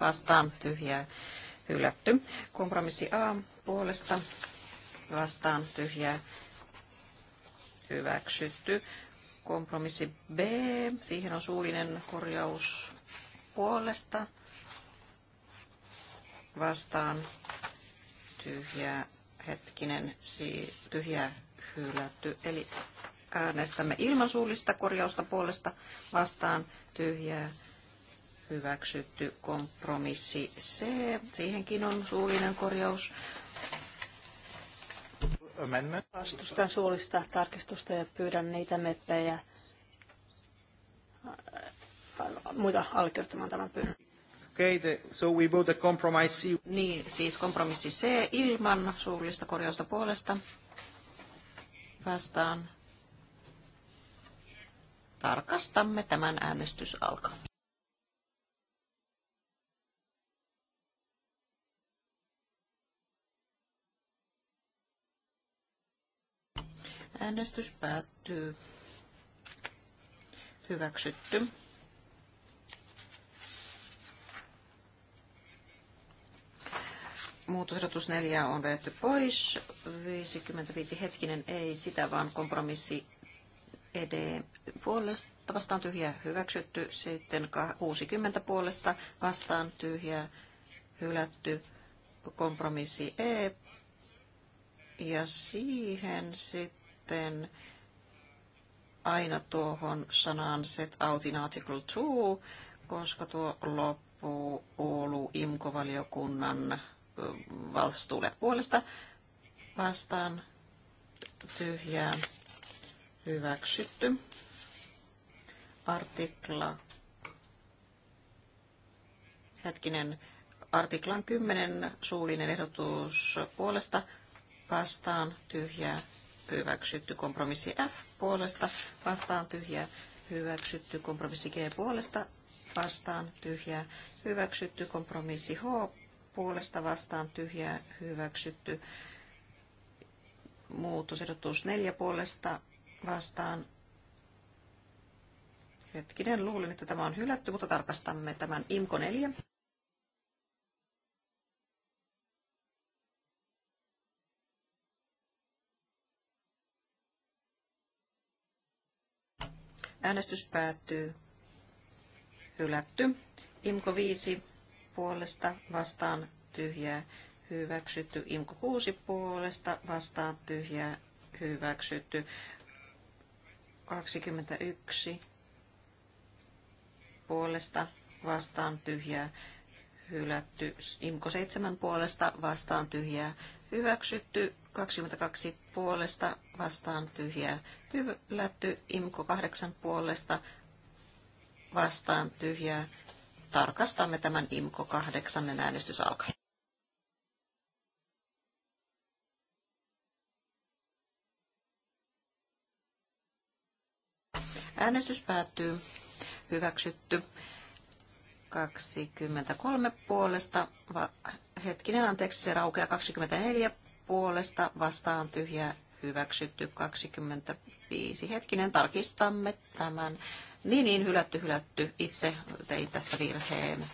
Vastaan tyhjä hylätty. Kompromissi A puolesta. Vastaan tyhjä hyväksytty. Kompromissi B, siihen on suullinen korjaus puolesta. Vastaan tyhjä hetkinen, tyhjä hylätty. Eli äänestämme ilman suullista korjausta puolesta vastaan tyhjää hyväksytty kompromissi C. Siihenkin on suullinen korjaus. Vastustan suullista tarkistusta ja pyydän niitä meppejä äh, muita allekirjoittamaan tämän pyynnön. Okay, the, so we vote the compromise C. Niin, siis kompromissi C ilman suullista korjausta puolesta vastaan tarkastamme tämän äänestys alkaa. Äänestys päättyy. Hyväksytty. Muutosehdotus 4 on vedetty pois. 55 hetkinen ei sitä, vaan kompromissi ED puolesta vastaan tyhjä hyväksytty, sitten 60 puolesta vastaan tyhjä hylätty, kompromissi E ja siihen sitten aina tuohon sanaan set out in article 2, koska tuo loppuu Oulu imkovaliokunnan vastuulle puolesta vastaan tyhjää Hyväksytty. Artikla. Hetkinen. Artiklan 10 suullinen ehdotus puolesta vastaan tyhjää hyväksytty kompromissi F puolesta vastaan tyhjää hyväksytty kompromissi G puolesta vastaan tyhjää hyväksytty kompromissi H puolesta vastaan tyhjää hyväksytty muutosehdotus 4 puolesta vastaan. Hetkinen, luulin, että tämä on hylätty, mutta tarkastamme tämän IMKO 4. Äänestys päättyy. Hylätty. Imko 5 puolesta vastaan tyhjää hyväksytty. Imko 6 puolesta vastaan tyhjää hyväksytty. 21 puolesta vastaan tyhjää hylätty. Imko 7 puolesta vastaan tyhjää hyväksytty. 22 puolesta vastaan tyhjää hylätty. Imko 8 puolesta vastaan tyhjää. Tarkastamme tämän Imko 8 äänestys alkaa. Äänestys päättyy. Hyväksytty. 23 puolesta, va, hetkinen anteeksi, se raukea 24 puolesta, vastaan tyhjä, hyväksytty 25. Hetkinen, tarkistamme tämän. Niin, niin, hylätty, hylätty. Itse tein tässä virheen.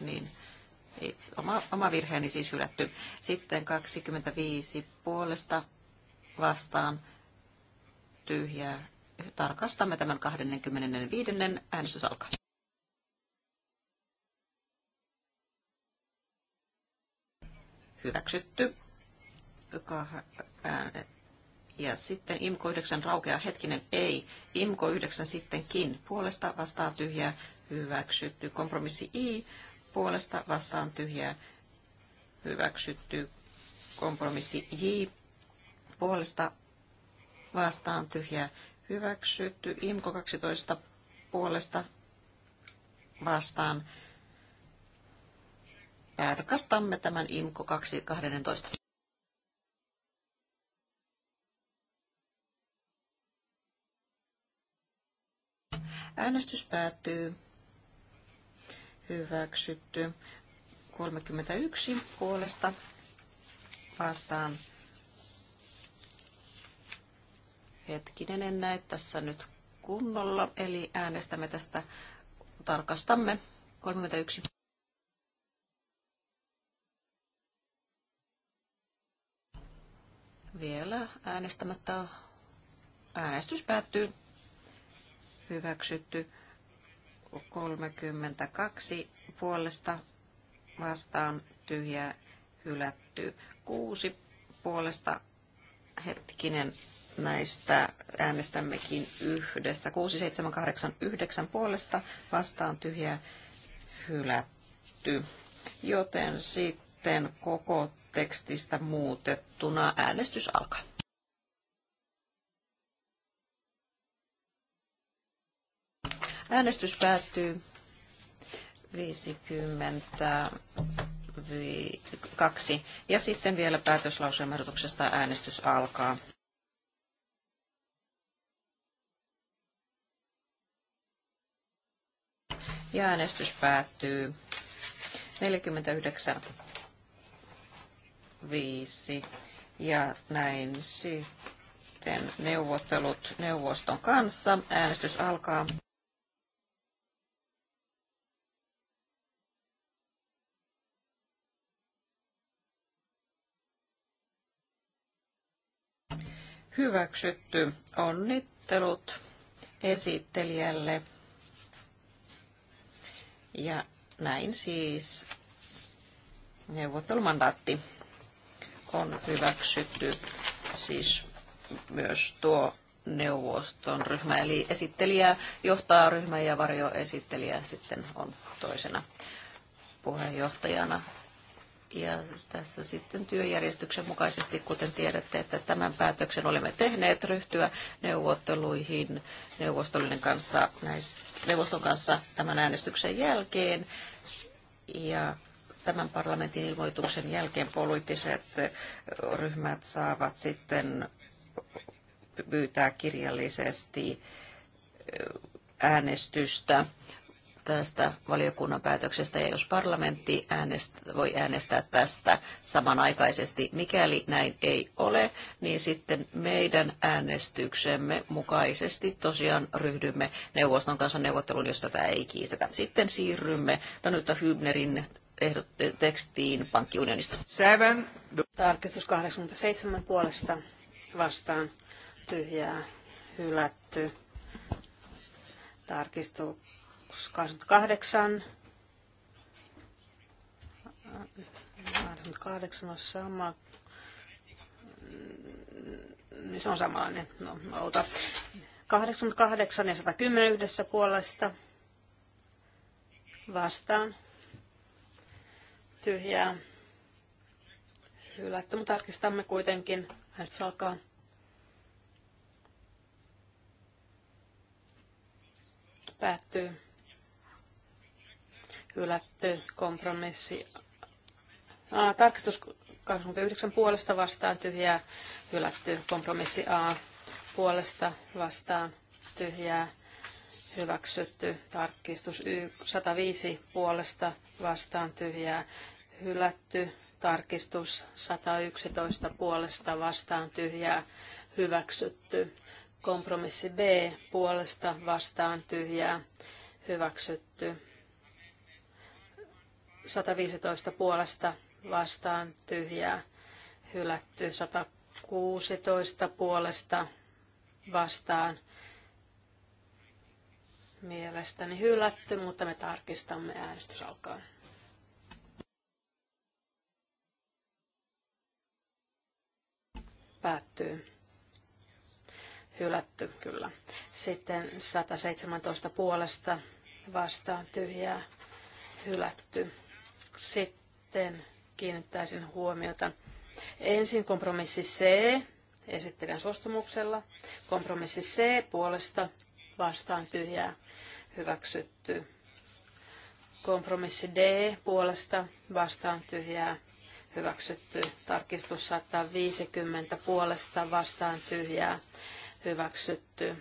Niin, itse, oma, oma virheeni siis hylätty. Sitten 25 puolesta vastaan tyhjää tarkastamme tämän 25. äänestys alkaa. Hyväksytty. Ja sitten IMKO 9 raukeaa hetkinen ei. IMKO 9 sittenkin puolesta vastaan tyhjää hyväksytty. Kompromissi I puolesta vastaan tyhjää hyväksytty. Kompromissi J puolesta vastaan tyhjää hyväksytty. Imko 12 puolesta vastaan. Tarkastamme tämän IMKO 212. Äänestys päättyy. Hyväksytty. 31 puolesta vastaan Hetkinen, en näe tässä nyt kunnolla, eli äänestämme tästä, tarkastamme 31. Vielä äänestämättä äänestys päättyy. Hyväksytty 32 puolesta vastaan tyhjä hylätty 6 puolesta hetkinen näistä äänestämmekin yhdessä. 6, 7, 8, 9 puolesta vastaan tyhjä hylätty. Joten sitten koko tekstistä muutettuna äänestys alkaa. Äänestys päättyy 52. Ja sitten vielä päätöslauseen äänestys alkaa. Ja äänestys päättyy 49 5. Ja näin sitten neuvottelut neuvoston kanssa. Äänestys alkaa. Hyväksytty. Onnittelut esittelijälle. Ja näin siis neuvottelumandaatti on hyväksytty siis myös tuo neuvoston ryhmä, eli esittelijä johtaa ryhmä ja varjoesittelijä sitten on toisena puheenjohtajana. Ja tässä sitten työjärjestyksen mukaisesti, kuten tiedätte, että tämän päätöksen olemme tehneet ryhtyä neuvotteluihin neuvostollinen kanssa, neuvoston kanssa tämän äänestyksen jälkeen. Ja tämän parlamentin ilmoituksen jälkeen poliittiset ryhmät saavat sitten pyytää kirjallisesti äänestystä tästä valiokunnan päätöksestä ja jos parlamentti äänest- voi äänestää tästä samanaikaisesti. Mikäli näin ei ole, niin sitten meidän äänestyksemme mukaisesti tosiaan ryhdymme neuvoston kanssa neuvotteluun, jos tätä ei kiistetä. Sitten siirrymme Danuta Hybnerin tekstiin pankkiunionista. Seven. Tarkistus 87 puolesta vastaan tyhjää hylätty. Tarkistus 28. 88 on sama. Niin se on samanlainen. No, ota. 88 ja 110 yhdessä puolesta vastaan. Tyhjää. Hylätty, mutta tarkistamme kuitenkin. Nyt se alkaa. Päättyy hylätty kompromissi. A, tarkistus 29 puolesta vastaan tyhjää, hylätty kompromissi A puolesta vastaan tyhjää, hyväksytty tarkistus y, 105 puolesta vastaan tyhjää, hylätty tarkistus 111 puolesta vastaan tyhjää, hyväksytty kompromissi B puolesta vastaan tyhjää, hyväksytty 115 puolesta vastaan tyhjää hylätty. 116 puolesta vastaan mielestäni hylätty, mutta me tarkistamme äänestys alkaa. Päättyy. Hylätty, kyllä. Sitten 117 puolesta vastaan tyhjää hylätty. Sitten kiinnittäisin huomiota ensin kompromissi C, esittelen suostumuksella. Kompromissi C puolesta vastaan tyhjää hyväksytty. Kompromissi D puolesta vastaan tyhjää hyväksytty. Tarkistus 150 puolesta vastaan tyhjää hyväksytty.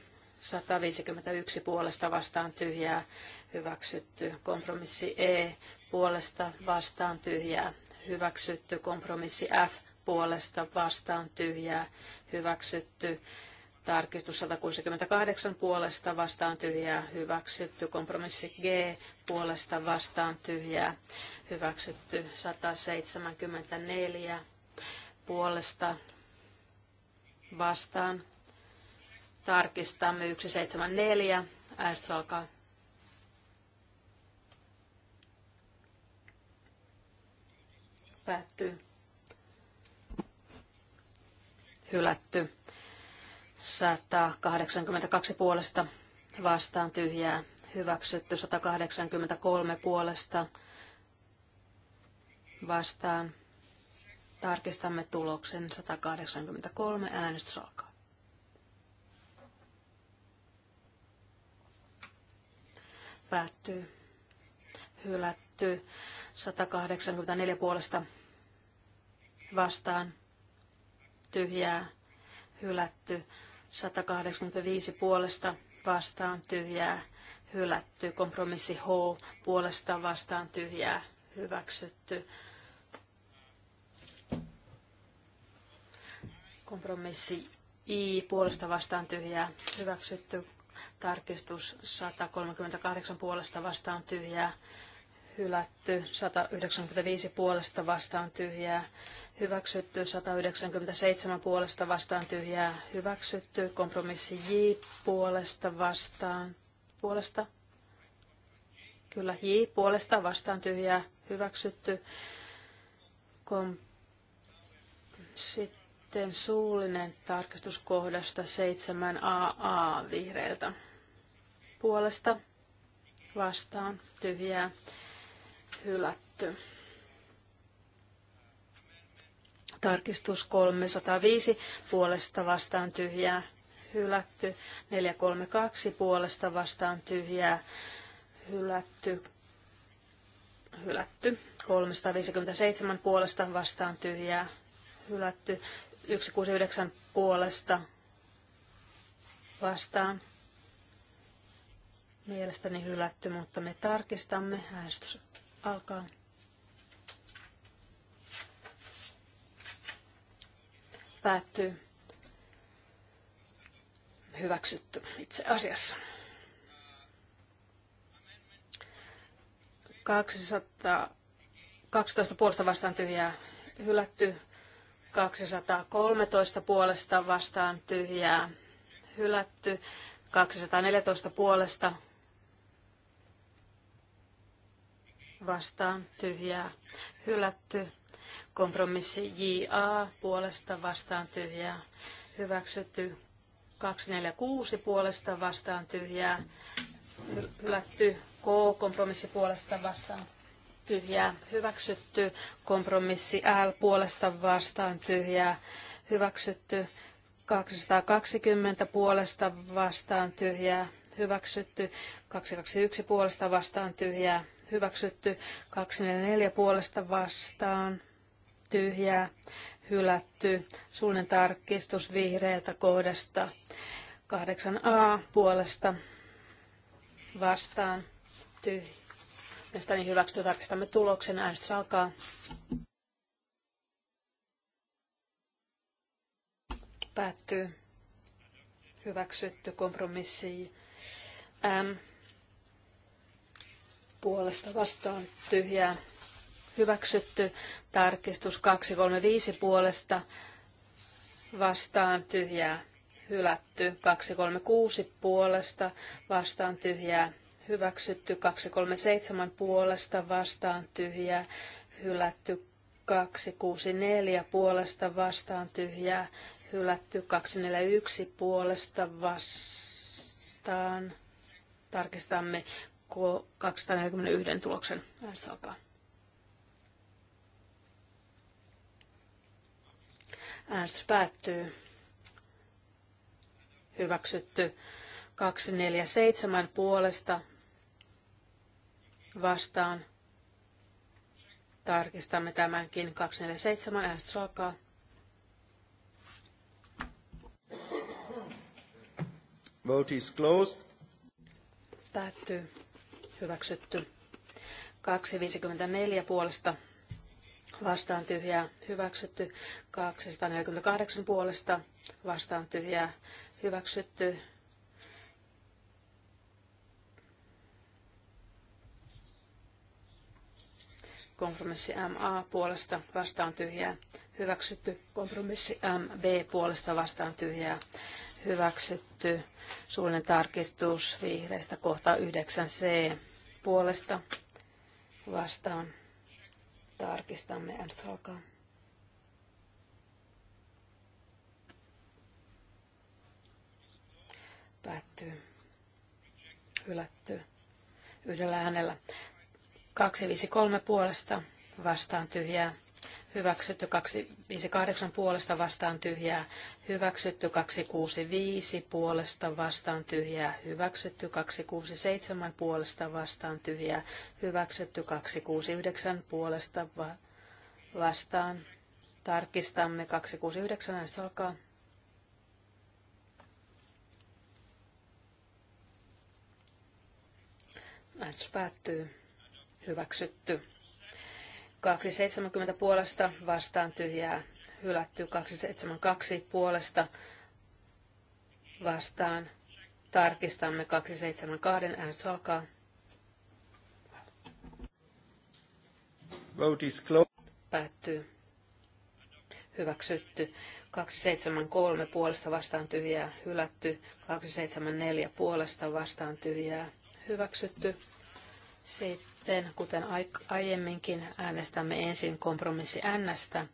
151 puolesta vastaan tyhjää hyväksytty. Kompromissi E puolesta vastaan tyhjää hyväksytty. Kompromissi F puolesta vastaan tyhjää hyväksytty. Tarkistus 168 puolesta vastaan tyhjää hyväksytty. Kompromissi G puolesta vastaan tyhjää hyväksytty. 174 puolesta vastaan Tarkistamme 174. Äänestys alkaa. Päättyy. Hylätty. 182 puolesta vastaan tyhjää. Hyväksytty 183 puolesta vastaan. Tarkistamme tuloksen 183. Äänestys alkaa. päättyy. Hylätty 184 puolesta vastaan. Tyhjää. Hylätty 185 puolesta vastaan. Tyhjää. Hylätty. Kompromissi H puolesta vastaan. Tyhjää. Hyväksytty. Kompromissi I puolesta vastaan tyhjää hyväksytty. Tarkistus 138 puolesta vastaan tyhjää. Hylätty 195 puolesta vastaan tyhjää. Hyväksytty 197 puolesta vastaan tyhjää. Hyväksytty kompromissi J puolesta vastaan. Puolesta. Kyllä J puolesta vastaan tyhjää. Hyväksytty. Kom... Sitten suullinen tarkastus kohdasta 7aa vihreiltä. Puolesta vastaan tyhjää hylätty. Tarkistus 305 puolesta vastaan tyhjää hylätty. 432 puolesta vastaan tyhjää hylätty. Hylätty. 357 puolesta vastaan tyhjää hylätty. 169 puolesta vastaan. Mielestäni hylätty, mutta me tarkistamme. Äänestys alkaa. Päättyy. Hyväksytty itse asiassa. 212 puolesta vastaan tyhjää hylätty, 213 puolesta vastaan tyhjää hylätty. 214 puolesta vastaan tyhjää hylätty. Kompromissi JA puolesta vastaan tyhjää hyväksytty. 246 puolesta vastaan tyhjää hylätty. K kompromissi puolesta vastaan tyhjää hyväksytty, kompromissi L puolesta vastaan tyhjää hyväksytty, 220 puolesta vastaan tyhjää hyväksytty, 221 puolesta vastaan tyhjää hyväksytty, 244 puolesta vastaan tyhjää hylätty, suunnan tarkistus vihreältä kohdasta 8a puolesta vastaan tyhjää Mielestäni hyväksytty tarkistamme tuloksen. Äänestys alkaa. Päättyy. Hyväksytty kompromissi. Ähm. Puolesta vastaan tyhjää. Hyväksytty tarkistus 235 puolesta vastaan tyhjää. Hylätty 236 puolesta vastaan tyhjää hyväksytty 237 puolesta vastaan tyhjää, hylätty 264 puolesta vastaan tyhjää, hylätty 241 puolesta vastaan. Tarkistamme 241 tuloksen. Äänestys alkaa. Äänestys päättyy. Hyväksytty 247 puolesta vastaan. Tarkistamme tämänkin. 247 äänestys Vote is closed. Päättyy. Hyväksytty. 254 puolesta vastaan tyhjää hyväksytty, 248 puolesta vastaan tyhjää hyväksytty, Kompromissi MA puolesta vastaan tyhjää. Hyväksytty. Kompromissi MB puolesta vastaan tyhjää. Hyväksytty. Suullinen tarkistus vihreistä kohta 9C puolesta vastaan. Tarkistamme. Äänestys alkaa. Päättyy. Hylätty. Yhdellä äänellä. 253 puolesta vastaan tyhjää hyväksytty 258 puolesta vastaan tyhjää, hyväksytty 265 puolesta vastaan tyhjää, hyväksytty 267 puolesta vastaan tyhjää, hyväksytty 269 puolesta va- vastaan. Tarkistamme 269, jos alkaa. Äänestys päättyy hyväksytty. 270 puolesta vastaan tyhjää hylätty. 272 puolesta vastaan. Tarkistamme 272. Äänestys alkaa. Vote is closed. Päättyy. Hyväksytty. 273 puolesta vastaan tyhjää hylätty. 274 puolesta vastaan tyhjää hyväksytty. Sitten sitten, kuten aiemminkin äänestämme ensin kompromissi Nstä.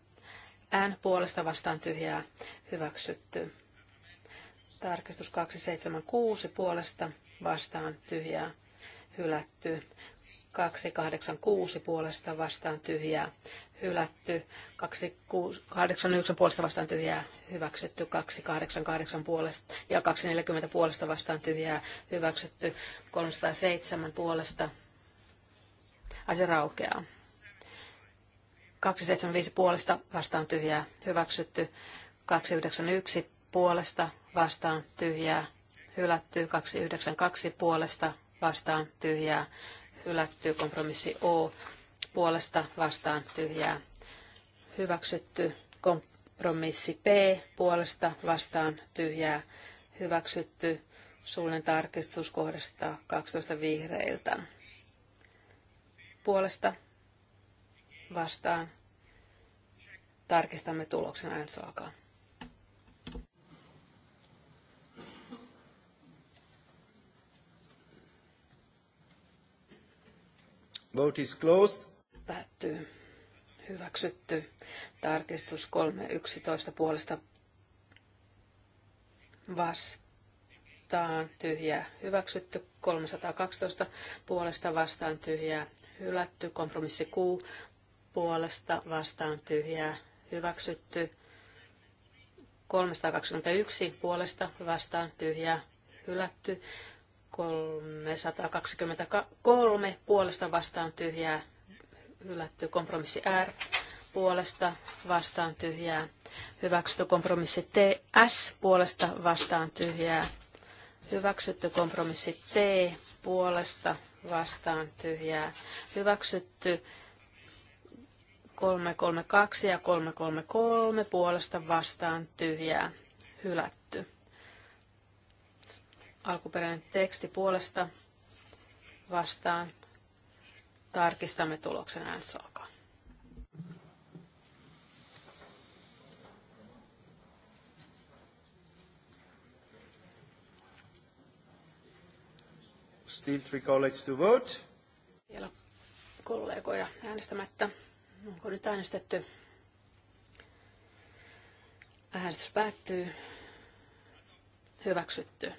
N puolesta vastaan tyhjää hyväksytty. Tarkistus 276 puolesta vastaan tyhjää hylätty. 286 puolesta vastaan tyhjää hylätty. 289 puolesta vastaan tyhjää hyväksytty. 288 puolesta ja 240 puolesta vastaan tyhjää hyväksytty. 307 puolesta asia raukeaa. 275 puolesta vastaan tyhjää hyväksytty. 291 puolesta vastaan tyhjää hylätty. 292 puolesta vastaan tyhjää hylätty. Kompromissi O puolesta vastaan tyhjää hyväksytty. Kompromissi P puolesta vastaan tyhjää hyväksytty. Suullinen tarkistus kohdasta 12 vihreiltä puolesta vastaan. Tarkistamme tuloksen äänestys alkaa. Vote is closed. Päättyy. Hyväksytty. Tarkistus 3.11 puolesta vastaan tyhjää. Hyväksytty 312 puolesta vastaan tyhjää hylätty, kompromissi Q puolesta vastaan tyhjää hyväksytty, 321 puolesta vastaan tyhjää hylätty, 323 puolesta vastaan tyhjää hylätty, kompromissi R puolesta vastaan tyhjää hyväksytty, kompromissi TS puolesta vastaan tyhjää hyväksytty, kompromissi T puolesta vastaan tyhjää hyväksytty. 332 ja 333 puolesta vastaan tyhjää hylätty. Alkuperäinen teksti puolesta vastaan. Tarkistamme tuloksen äänestys Still three colleagues to vote. Vielä kollegoja äänestämättä. Onko nyt äänestetty? Äänestys päättyy. Hyväksytty.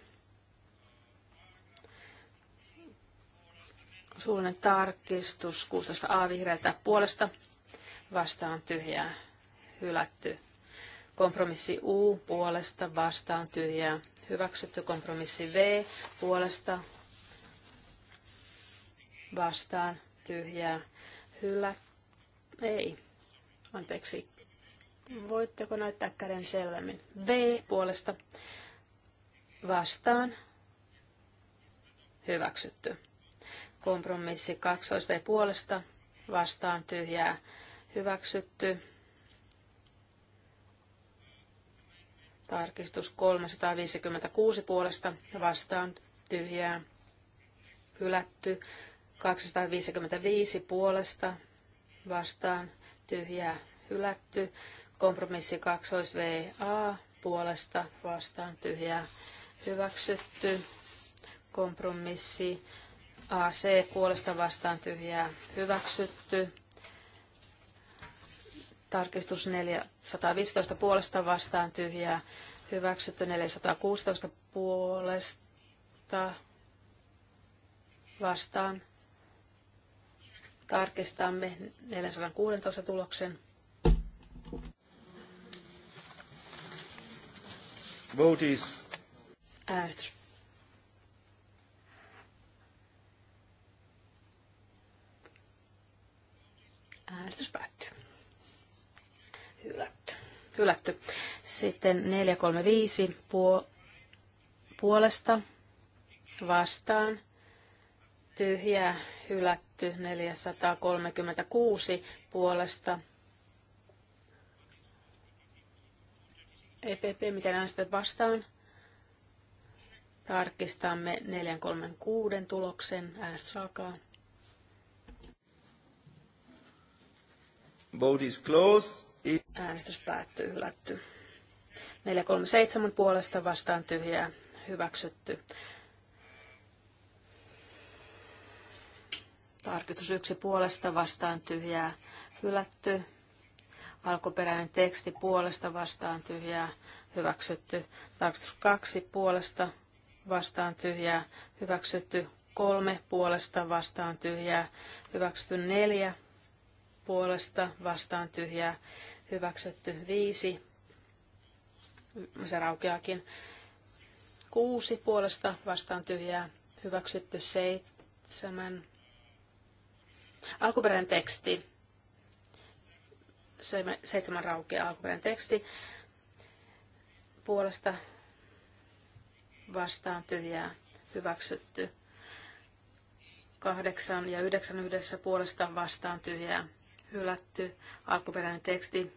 Suullinen tarkistus 16a vihreältä puolesta vastaan tyhjää. Hylätty. Kompromissi U puolesta vastaan tyhjää. Hyväksytty kompromissi V puolesta vastaan tyhjää hyllä. Ei. Anteeksi. Voitteko näyttää käden selvemmin? V puolesta vastaan hyväksytty. Kompromissi 2 V puolesta vastaan tyhjää hyväksytty. Tarkistus 356 puolesta vastaan tyhjää hylätty. 255 puolesta vastaan tyhjää hylätty. Kompromissi 2 VA puolesta vastaan tyhjää hyväksytty. Kompromissi AC puolesta vastaan tyhjää hyväksytty. Tarkistus 415 puolesta vastaan tyhjää hyväksytty. 416 puolesta vastaan Tarkistamme 416 tuloksen. Vote is... Äänestys äänestys päättyy. Hylätty. Hylätty. Sitten 435 puo- puolesta vastaan tyhjää hylätty 436 puolesta. EPP, miten äänestät vastaan? Tarkistamme 436 tuloksen. Äänestys alkaa. Vote is closed. It... Äänestys päättyy, hylätty. 437 puolesta vastaan tyhjää, hyväksytty. Tarkistus yksi puolesta vastaan tyhjää hylätty. Alkuperäinen teksti puolesta vastaan tyhjää hyväksytty. Tarkistus kaksi puolesta vastaan tyhjää hyväksytty. Kolme puolesta vastaan tyhjää hyväksytty. Neljä puolesta vastaan tyhjää hyväksytty. Viisi. Se raukeakin. Kuusi puolesta vastaan tyhjää hyväksytty. Seitsemän Alkuperäinen teksti, seitsemän raukea alkuperäinen teksti, puolesta vastaan tyhjää hyväksytty. Kahdeksan ja yhdeksän yhdessä puolesta vastaan tyhjää hylätty. Alkuperäinen teksti,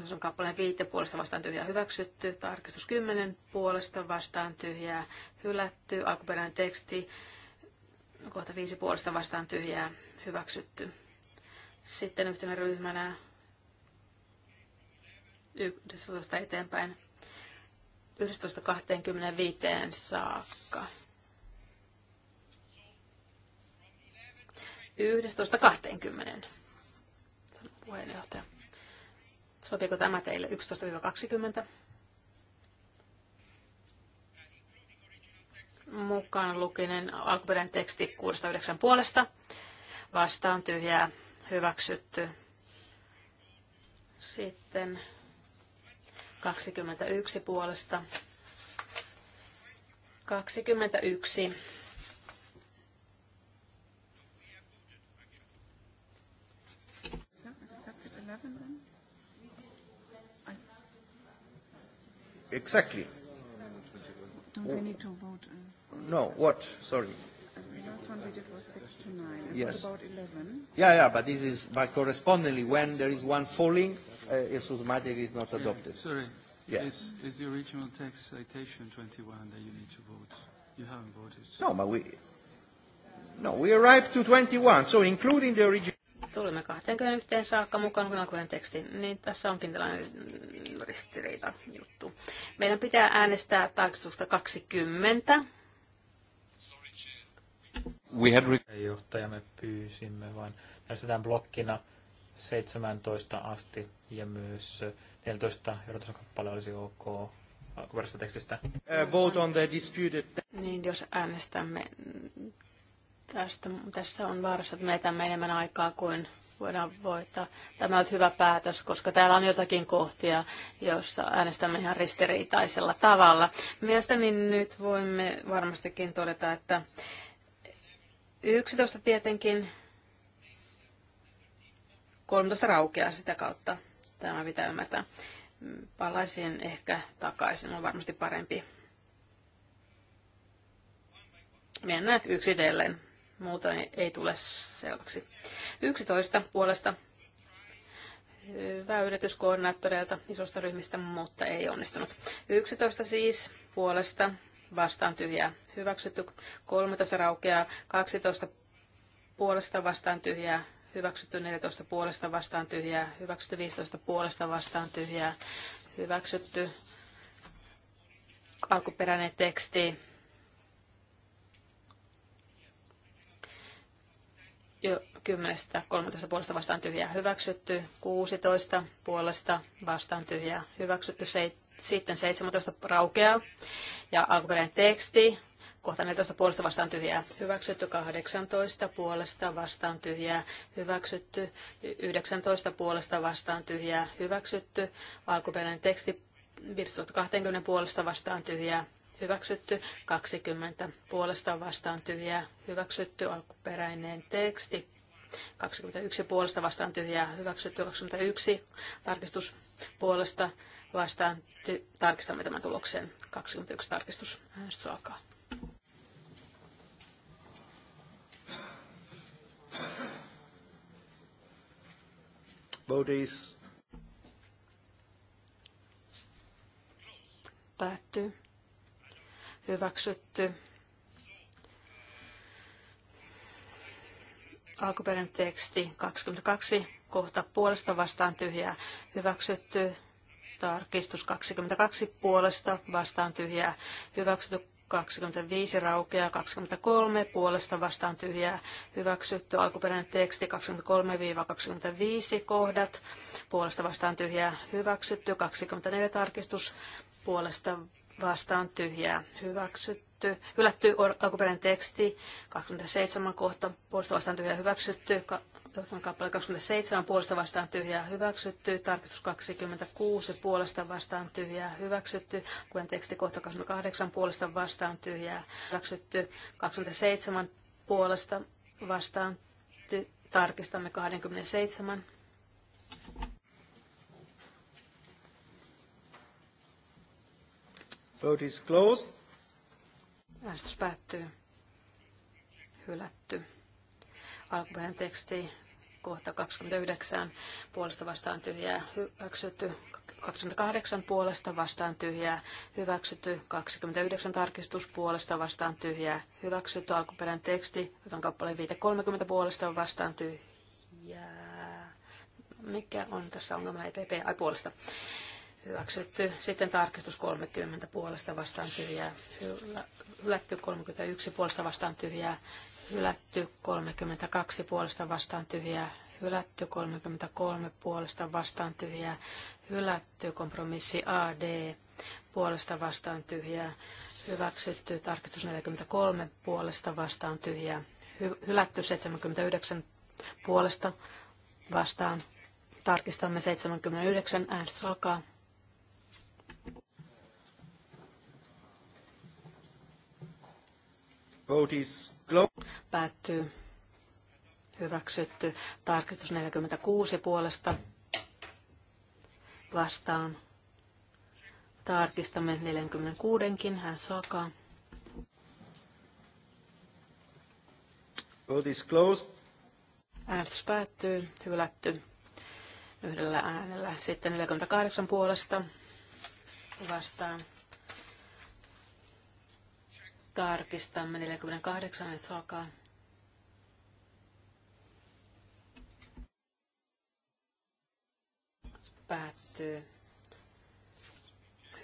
jos on kappaleen viite puolesta vastaan tyhjää hyväksytty. Tarkistus kymmenen puolesta vastaan tyhjää hylätty. Alkuperäinen teksti, kohta viisi puolesta vastaan tyhjää hyväksytty. Sitten yhtenä ryhmänä 11 eteenpäin 11.25 saakka. 11.20, sanoo puheenjohtaja. Sopiiko tämä teille 11-20? Mukaan lukinen alkuperäinen teksti 69 puolesta vastaan tyhjää hyväksytty. Sitten 21 puolesta. 21. Exactly. Don't we need to vote? No, what? Sorry last one we did was 6 to 9. And yes. What about 11? Yeah, yeah, but this is, but correspondingly, when there is one falling, uh, it's automatic, it's not adopted. Yeah, sorry. Yes. Is, is the original text citation 21 that you need to vote? You haven't voted. So. No, but we, no, we arrived to 21, so including the original. Tulemme 21 saakka mukaan kun teksti, niin tässä onkin tällainen ristiriita juttu. Meidän pitää äänestää tarkistusta 20 we had... Johtaja, me pyysimme vain äänestetään blokkina 17 asti ja myös 14 johdatuskappale olisi ok alkuperäisestä tekstistä. Uh, vote on the disputed... Niin, jos äänestämme tästä, tässä on vaarassa, että menetämme enemmän aikaa kuin voidaan voittaa. Tämä on hyvä päätös, koska täällä on jotakin kohtia, joissa äänestämme ihan ristiriitaisella tavalla. Mielestäni nyt voimme varmastikin todeta, että 11 tietenkin. 13 raukeaa sitä kautta. Tämä pitää ymmärtää. Palaisin ehkä takaisin, on varmasti parempi. Mennään yksitellen. muuta ei tule selväksi. 11 puolesta hyvä yritys koordinaattoreilta isosta ryhmistä, mutta ei onnistunut. 11 siis puolesta vastaan tyhjää hyväksytty, 13 raukeaa, 12 puolesta vastaan tyhjää hyväksytty, 14 puolesta vastaan tyhjää hyväksytty, 15 puolesta vastaan tyhjää hyväksytty, alkuperäinen teksti. Jo 10-13 puolesta vastaan tyhjää hyväksytty, 16 puolesta vastaan tyhjää hyväksytty, 7 sitten 17 raukeaa ja alkuperäinen teksti. Kohta 14 puolesta vastaan tyhjää. Hyväksytty 18 puolesta vastaan tyhjää. Hyväksytty 19 puolesta vastaan tyhjää. Hyväksytty alkuperäinen teksti 15.20 puolesta vastaan tyhjää hyväksytty, 20 puolesta vastaan tyhjää, hyväksytty, alkuperäinen teksti, 21 puolesta vastaan tyhjää, hyväksytty, 21 tarkistus puolesta vastaan ty- tarkistamme tämän tuloksen. 21 tarkistus. Äänestys alkaa. Bodies. Päättyy. Hyväksytty. Alkuperäinen teksti 22 kohta puolesta vastaan tyhjää hyväksytty arkistus 22 puolesta vastaan tyhjää. Hyväksytty 25 raukeaa, 23 puolesta vastaan tyhjää hyväksytty, alkuperäinen teksti 23-25 kohdat, puolesta vastaan tyhjää hyväksytty, 24 tarkistus, puolesta vastaan tyhjää hyväksytty, hylätty alkuperäinen teksti, 27 kohta, puolesta vastaan tyhjää hyväksytty, Tuossa kappale 27 puolesta vastaan tyhjää hyväksytty, tarkistus 26 puolesta vastaan tyhjää hyväksytty, kuten teksti kohta 28 puolesta vastaan tyhjää hyväksytty, 27 puolesta vastaan ty- tarkistamme 27. Vote is closed. Äänestys päättyy. Hylätty alkuperäinen teksti kohta 29 puolesta vastaan tyhjää hyväksytty, 28 puolesta vastaan tyhjää hyväksytty, 29 tarkistus puolesta vastaan tyhjää hyväksytty, alkuperäinen teksti, otan kappaleen viite 30 puolesta vastaan tyhjää. Mikä on tässä ongelma EPP? Ai puolesta hyväksytty. Sitten tarkistus 30 puolesta vastaan tyhjää, hylätty 31 puolesta vastaan tyhjää, hylätty 32 puolesta vastaan tyhjää, hylätty 33 puolesta vastaan tyhjää, hylätty kompromissi AD puolesta vastaan tyhjää, hyväksytty tarkistus 43 puolesta vastaan tyhjää, hy- hylätty 79 puolesta vastaan. Tarkistamme 79, äänestys alkaa. Vote is Päättyy. Hyväksytty. Tarkistus 46 puolesta. Vastaan. Tarkistamme 46kin. Hän saa. Vote is closed. Äänestys päättyy. Hylätty. Yhdellä äänellä. Sitten 48 puolesta. Vastaan Tarkistamme 48, jos alkaa. Päättyy.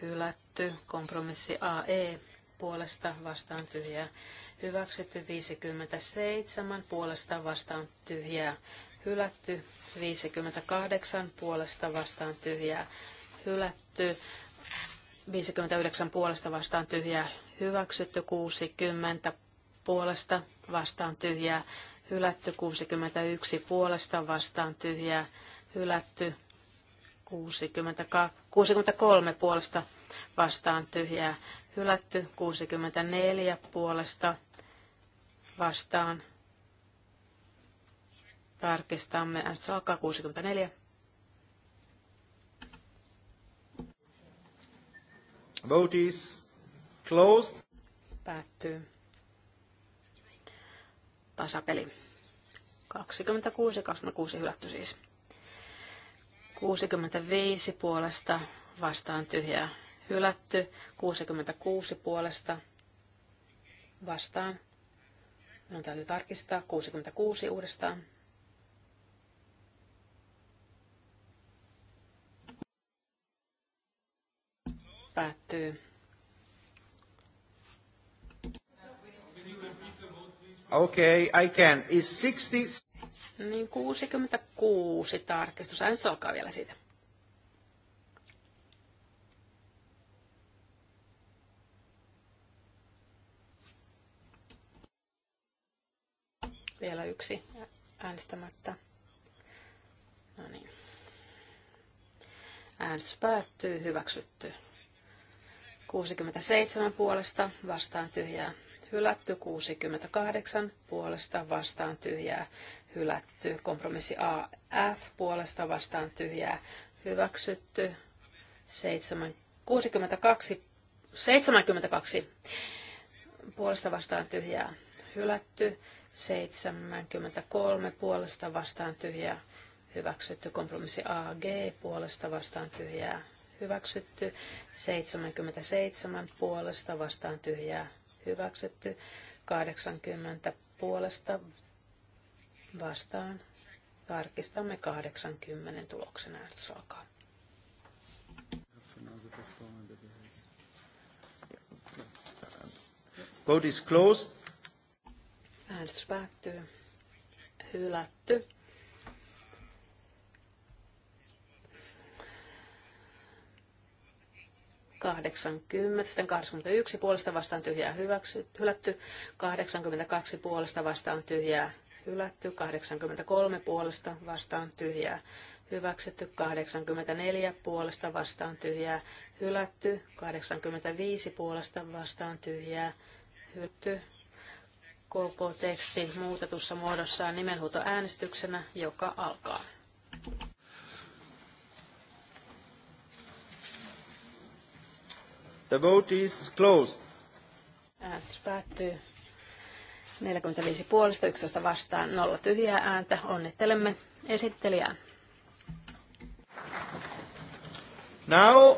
Hylätty. Kompromissi AE. Puolesta vastaan tyhjää. Hyväksytty 57. Puolesta vastaan tyhjää. Hylätty 58. Puolesta vastaan tyhjää. Hylätty 59 puolesta vastaan tyhjää hyväksytty, 60 puolesta vastaan tyhjää hylätty, 61 puolesta vastaan tyhjää hylätty, 62, 63 puolesta vastaan tyhjää hylätty, 64 puolesta vastaan tarkistamme, että alkaa 64. Vote is closed. Päättyy. Tasapeli. 26-26 hylätty siis. 65 puolesta vastaan tyhjää hylätty. 66 puolesta vastaan. Minun täytyy tarkistaa. 66 uudestaan. päättyy. Okei, okay, I can. Is 60... Niin 66 tarkistus. Äänestys alkaa vielä siitä. Vielä yksi äänestämättä. No niin. Äänestys päättyy. Hyväksytty. 67 puolesta vastaan tyhjää hylätty, 68 puolesta vastaan tyhjää hylätty, kompromissi AF puolesta vastaan tyhjää hyväksytty, 7, 62, 72 puolesta vastaan tyhjää hylätty, 73 puolesta vastaan tyhjää hyväksytty, kompromissi AG puolesta vastaan tyhjää hyväksytty, 77 puolesta vastaan tyhjää hyväksytty, 80 puolesta vastaan. Tarkistamme 80 tuloksen äänestysalkaa. Vote is closed. Äänestys päättyy. Hylätty. 80, sitten 81 puolesta vastaan tyhjää hyväksy, hylätty, 82 puolesta vastaan tyhjää hylätty, 83 puolesta vastaan tyhjää hyväksytty, 84 puolesta vastaan tyhjää hylätty, 85 puolesta vastaan tyhjää hylätty. Koko teksti muutetussa muodossaan nimenhuutoäänestyksenä, joka alkaa. The vote is closed. Äänestys päättyy. 45 puolesta, 11 vastaan, 0 tyhjää ääntä. Onnittelemme esittelijää. Now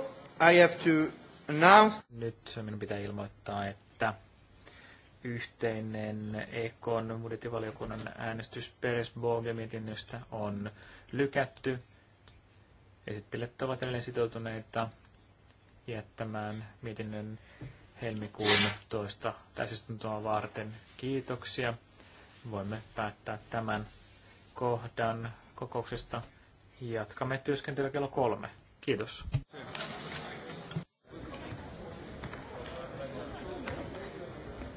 I have to announce... Nyt minun pitää ilmoittaa, että yhteinen Ekon budjettivaliokunnan äänestys Peres mietinnöstä on lykätty. Esittelijät ovat edelleen sitoutuneita jättämään mietinnön helmikuun toista täysistuntoa varten. Kiitoksia. Voimme päättää tämän kohdan kokouksesta. Jatkamme työskentelyä kello kolme. Kiitos.